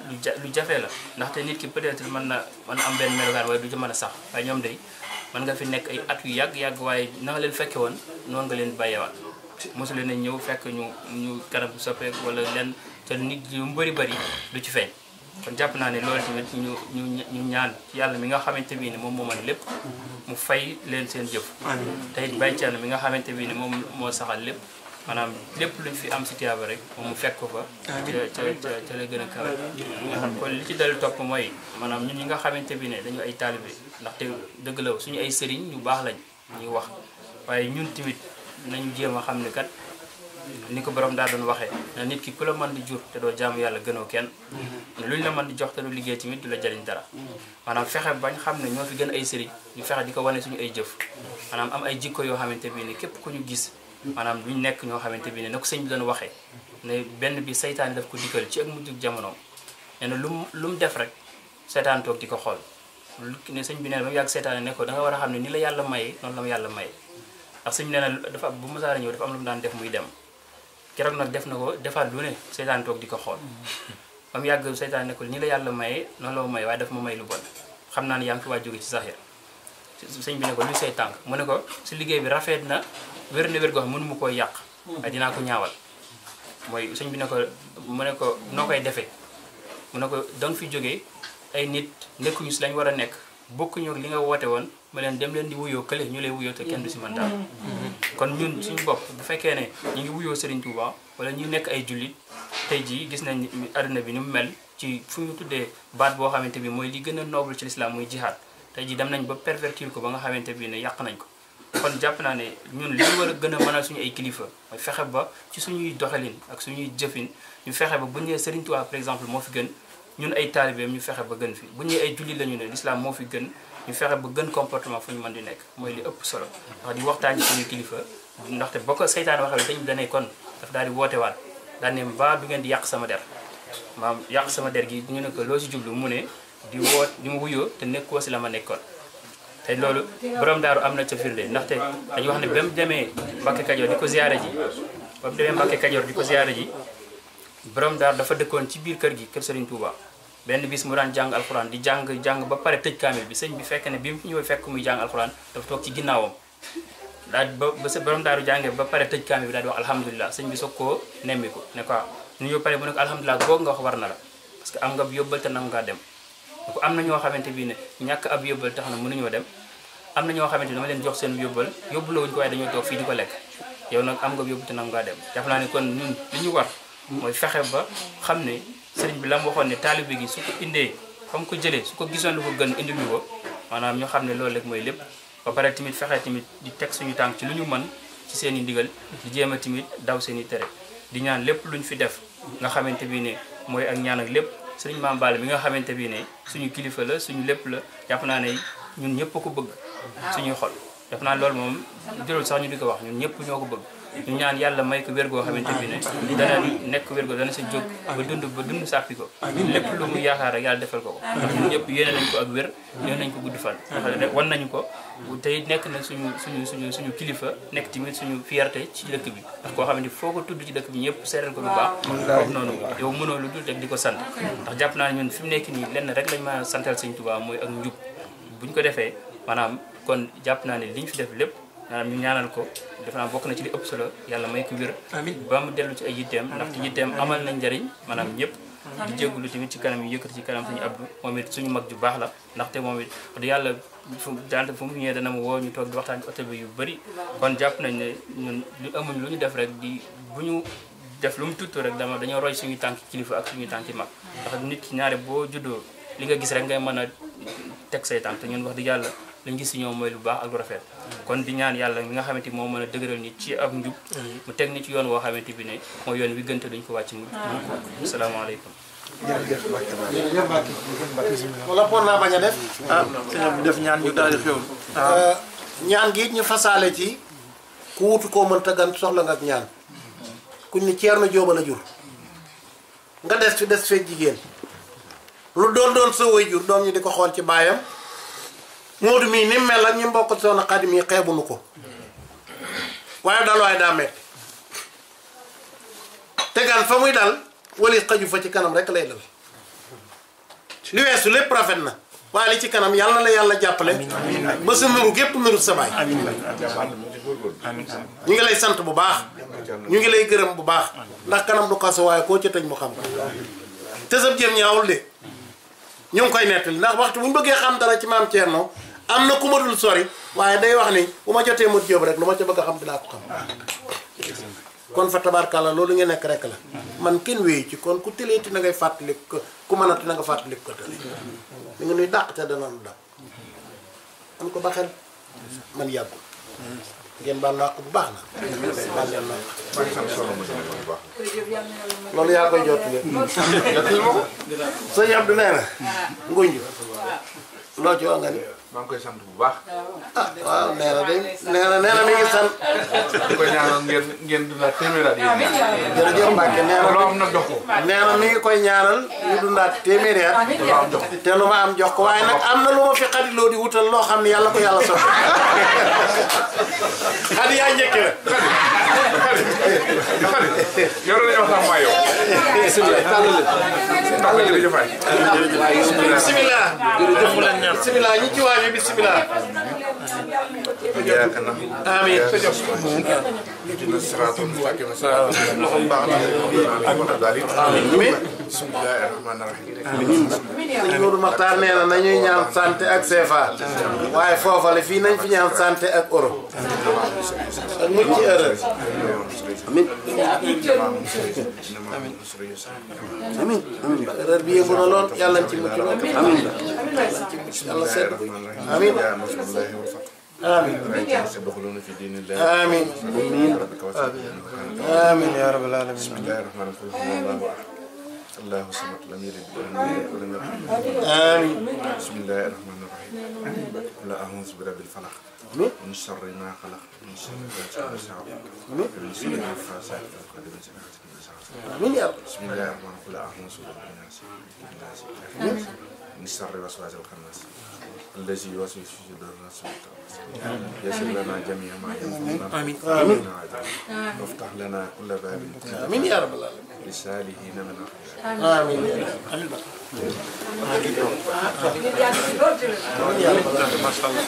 lu ja lu jafe la ndaxte nit ki peut-être mën na mën am benn melokaan waaye du ci mën a sax waaye ñoom day mën nga fi nekk ay at yu yàgg-yàgg waaye na leen fekke woon noonu nga leen bàyyeewaat mosu leen a ñëw fekk ñu ñu kanam bu soppeeku wala lenn te nit yu mu bëri bëri ci feeñ kon jàpp naa ne loolu tamit ñu ñu ñu ñaan yàlla mi nga xamante bi ne moom moo mën lépp mu fay leen seen jëf te it Baye Thierno mi nga xamante bi ne moom moo saxal lépp maanaam lépp luñ fi am si tiyaaba rek moom mu fekk ko fa ca ca ca la gën a kawe kon li ci dal topp mooy maanaam ñun ñi nga xamante bi ne dañu ay taalibe ndaxte dëgg la suñu ay sëriñ ñu baax lañ ñuy wax waaye ñun tamit nañ jéem a xam ne kat ni ko borom daa doon waxe na nit ki ku la mën di jur te doo jaamu yàlla gënoo kenn mm-hmm. lu ñu la mën di jox te du liggéey tamit du la jariñ dara mm-hmm. maanaam fexe bañ xam ne ñoo fi gën ay sëriñ ñu fexe di ko wane suñu ay jëf mm-hmm. maanaam am ay jikko yoo xamante bi ni képp ku ñu gis maanaam luñ nekk ñoo xamante bi ne na sëñ bi doon waxee ne benn bi saytaane daf ko dikkal ci ak mujjug jamono nee na lu mu lu mu def rek saytaan toog di ko xool ne sëñ bi neen ba mu yàgg saytaane ne ko a xam ne ni la yàlla maye noonu maye ndax sëñ nee na dafa bu musaara ñëw dafa am lu mu daan def muy dem keroog nag def na ko defaat lu ne seytaan toog di ko xool ba yàgg seytaan ne ko ñi la yàlla maye noonu la ma may waaye daf ma may lu bon xam naa ne yaa ngi waa jóge ci saxir sëñ bi ne ko luy say tànk mu ne ko si liggéey bi rafet na wér na wér goo xam mënu mu koy yàq waaye dinaa ko ñaawal mooy sëñ bi ne ko mu ne ko noo koy defee mu ne ko danga fi jóge ay nit nekkuñu si lañ war a nekk bokkuñu li nga woote woon ma leen dem leen di wuyoo kële ñu lay wuyoo te kenn du si man daal mm-hmm. mm-hmm. kon ñun suñu bopp bu fekkee ne ñu ngi wuyoo Serigne Touba wala ñu nekk ay jullit tey jii gis nañ àdduna bi ni mu mel ci fu ñu tuddee baat boo xamante bi mooy li gën a noble ci lislaam muy jihaad tey jii dem nañ ba pervertir ko ba nga xamante bi ne yàq nañ ko kon jàpp naa ne ñun li ñu war a gën a mënal suñu ay kilifa mooy fexe ba ci suñuy doxalin ak suñuy jëfin ñu fexe ba bu ñu nee Serigne par exemple moo fi gën ñun ay taalibeem ñu fexe ba gën fi bu ñu ay jullit la ñu ne lislaam moo fi gën ñu fexe ba gën comportement fu ñu man di nekk mooy li ëpp solo ndax di waxtaan ci suñu kilifa ndaxte boo ko seytaane waxee sëñ bi danay kon daf daal di woote waat daal ne mbaa du ngeen di yàq sama der maam yàq sama der gi ñu ne ko loo si jublu mu ne di woot di mu wuyoo te nekkoo si la ma nekkoon te loolu borom daaru am na ca firnde ndaxte dañu wax ne ba mu demee Mbàkke Kajoor di ko ziyaare ji ba mu demee Mbàkke Kajoor di ko ziyaare ji boroom daaru dafa dëkkoon ci biir kër gi kër Serigne Touba benn bis mu daan jàng alxuraan di jàng jàng ba pare tëj kaamil bi sëñ bi fekk ne bi mu fi ñëwee fekk muy jàng alxuraan dafa toog ci ginnaawam daal ba ba sa borom daaru jàngee ba pare tëj kaamil bi daal di wax alhamdulilah sëñ bi soog koo nemmi ko ne quoi ñu ñëw pare mu ne ko alhamdulilah googu nga wax war na la parce que am nga yóbbal te nangu ngaa dem ko am na ñoo xamante bi ne ñàkk ab yóbbal tax na mënuñoo dem am na ñoo xamante ni dama leen jox seen yóbbal yóbbuloo wuñ ko waaye ko lekk yow nag am nga yóbbu te nangu dem def naa ne kon ñu war mooy fexe ba xam ne sëriñ bi la mu waxoon ne taalibe gi su ko indee fa ko jëlee su ko gisoon lu ko gën indil ñu ko maanaam ñu xam ne loolu rek mooy lépp ba pare tamit fexe tamit di teg suñu tànk ci lu ñu mën ci seen i ndigal di jéem a tamit daw seen i tere di ñaan lépp luñ fi def nga xamante bi ne mooy ak ñaan ak lépp sëriñ Maam Balla mi nga xamante bi ne suñu kilifa la suñu lépp la jàpp naa ne ñun ñëpp ko bëgg suñuy xol jàpp naa loolu moom jërul sax ñu di ko wax ñun ñëpp ñoo ko bëgg ñu ñaan yàlla may ko wér goo xamante bi ne dana nekk wér goo dana sa jóg ba dund ba dund sàppi ko lépp lu mu yaakaar rek yàlla defal ko ko ndax ñun ñëpp yéene nañ wér yéene nañ ko gudd fan ndax wan nañu ko tey nekk na suñu suñu suñu suñu kilifa nekk tamit suñu fierté ci dëkk bi ndax koo xamante foo ko tudd ci dëkk bi ñëpp seeral ko bu baax foofu noonu yow mënoo lu dul rek di ko sant ndax jàpp naa ñun fi mu nekk nii lenn rek lañ ma santal sañ Tuubaa mooy ak njub ñu ko defee maanaam kon jàpp naa ne liñ fi def lépp maanaam ñaanal ko defe naa bokk na ci li ëpp solo yàlla may ko wér ba mu dellu ci ay yitteem ndaxte yitteem amal na njariñ maanaam ñëpp di jégalu tamit ci kanam yi yëkkati ci kanam suñu Abdou moom it suñu mag ju baax la ndaxte moom it wax dëgg yàlla fu daante fu mu ñëwee dana mu woo ñu toog di waxtaan ci hôtel bi yu bëri kon jàpp nañ ne ñun lu amuñ lu ñu def rek di bu ñu def lu mu tuttu rek dama dañoo roy suñu tànk kilifa ak suñu tànk mag ndax nit ki ñaare boo juddoo li a teg say tànk ñun lañ gis si ñoom mooy lu baax ak lu rafet kon di ñaan yàlla mi nga xamante moo mën a dëgëral nit ci ab njub mu teg ni ci yoon woo xamante bi ne mooy yoon wi gënte ko wàcc mu asalaamaaleykum jërëjëf Mbacke Mbacke wala pon naa bañ a def ah, def ñaan ñu daal ah. Ah. Euh, ñaan gi ñu fasaale ci ku wutu koo mën ta gan soxla nga ak ñaan kuñ ni ceerno jóoba la jur nga des fi des fee jigéen lu doon doon sa way jur doom ñi di ko xool ci baayam Moodu mii ni mel ak ñi mbokk Soxna Xadi mii xeebunu ko waaye dal waaye daa metti te gan fa muy dal wali xaju fa ci kanam rekk lay dal li weesu lépp rafet na waaye li ci kanam yàlla na la yàlla jàppale ba sa nuru gépp nuru sa baay ñu ngi lay sant bu baax ñu ngi lay gërëm bu baax ndax kanam du kaso waaye koo ca tëj xam ko te sab jëm ñaawul de ñu ngi koy nettali ndax waxtu bu ñu bëggee xam dara ci maam Thierno am na ku ma dul sori waaye day wax ni bu ma jotee Modou Diop rek lu ma ca bëgg a xam dinaa ko xam kon fa tabaarkàlla loolu nga nekk rek la man kenn wéyu ci kon ku tëleeti na ngay fàttali ko ku mënati na nga fàttali ko tële li nga nuy dàq te danaanu dàq am ko ba xel man yàggul ngeen baal naa ko bu baax na baal loolu yaa koy jot leen sëñ Abdou nee na nguñ loo ci wax nga ni maa ngi koy sant bu baax. ah waaw nee na de nee na nee na mi ngi sant. ngeen ngeen dundaat téeméeri at yéen. jërëjëf Mbacke loo am na jox ko. nee na mi ngi koy ñaanal ñu dundaat téeméeri te lu ma am jox ko waaye nag am na lu ma fi xarit loo di wutal loo xam ne yàlla ko yàlla so xarit yaa njëkk la. xarit leen. tàll yi bisimilah. iyyaaka na'budu ihdina siraatal mustaqiim bismillaahi rahmaani rahiim. Nuuru Maxtaar nee na nañuy ñaan santé ak CFA. waaye foofale fii nañ fi ñaan santé ak euro. ak mucc erreur. amiin amiin. erreur bi yëngu na lool yàlla ci mucc lool. amiin yàlla seet. آمين نصر الله والفتح آمين تدخلون في دين الله آمين آمين آمين يا رب العالمين بسم الله الرحمن الرحيم الله أحد الله صمد لم يلد ولم يولد ولم يكن له كفوا آمين بسم الله الرحمن الرحيم قل أعوذ برب الفلق من شر ما خلق من شر غاسق من شر النفاثات في العقد من شر آمين يا رب بسم الله الرحمن الرحيم قل أعوذ برب الناس من شر الوسواس الخناس الذي يوسوس في صدور الناس يسر لنا جميع ما ينفعنا امين امين وافتح لنا كل باب امين يا رب العالمين لسالهين من امين امين امين ما شاء الله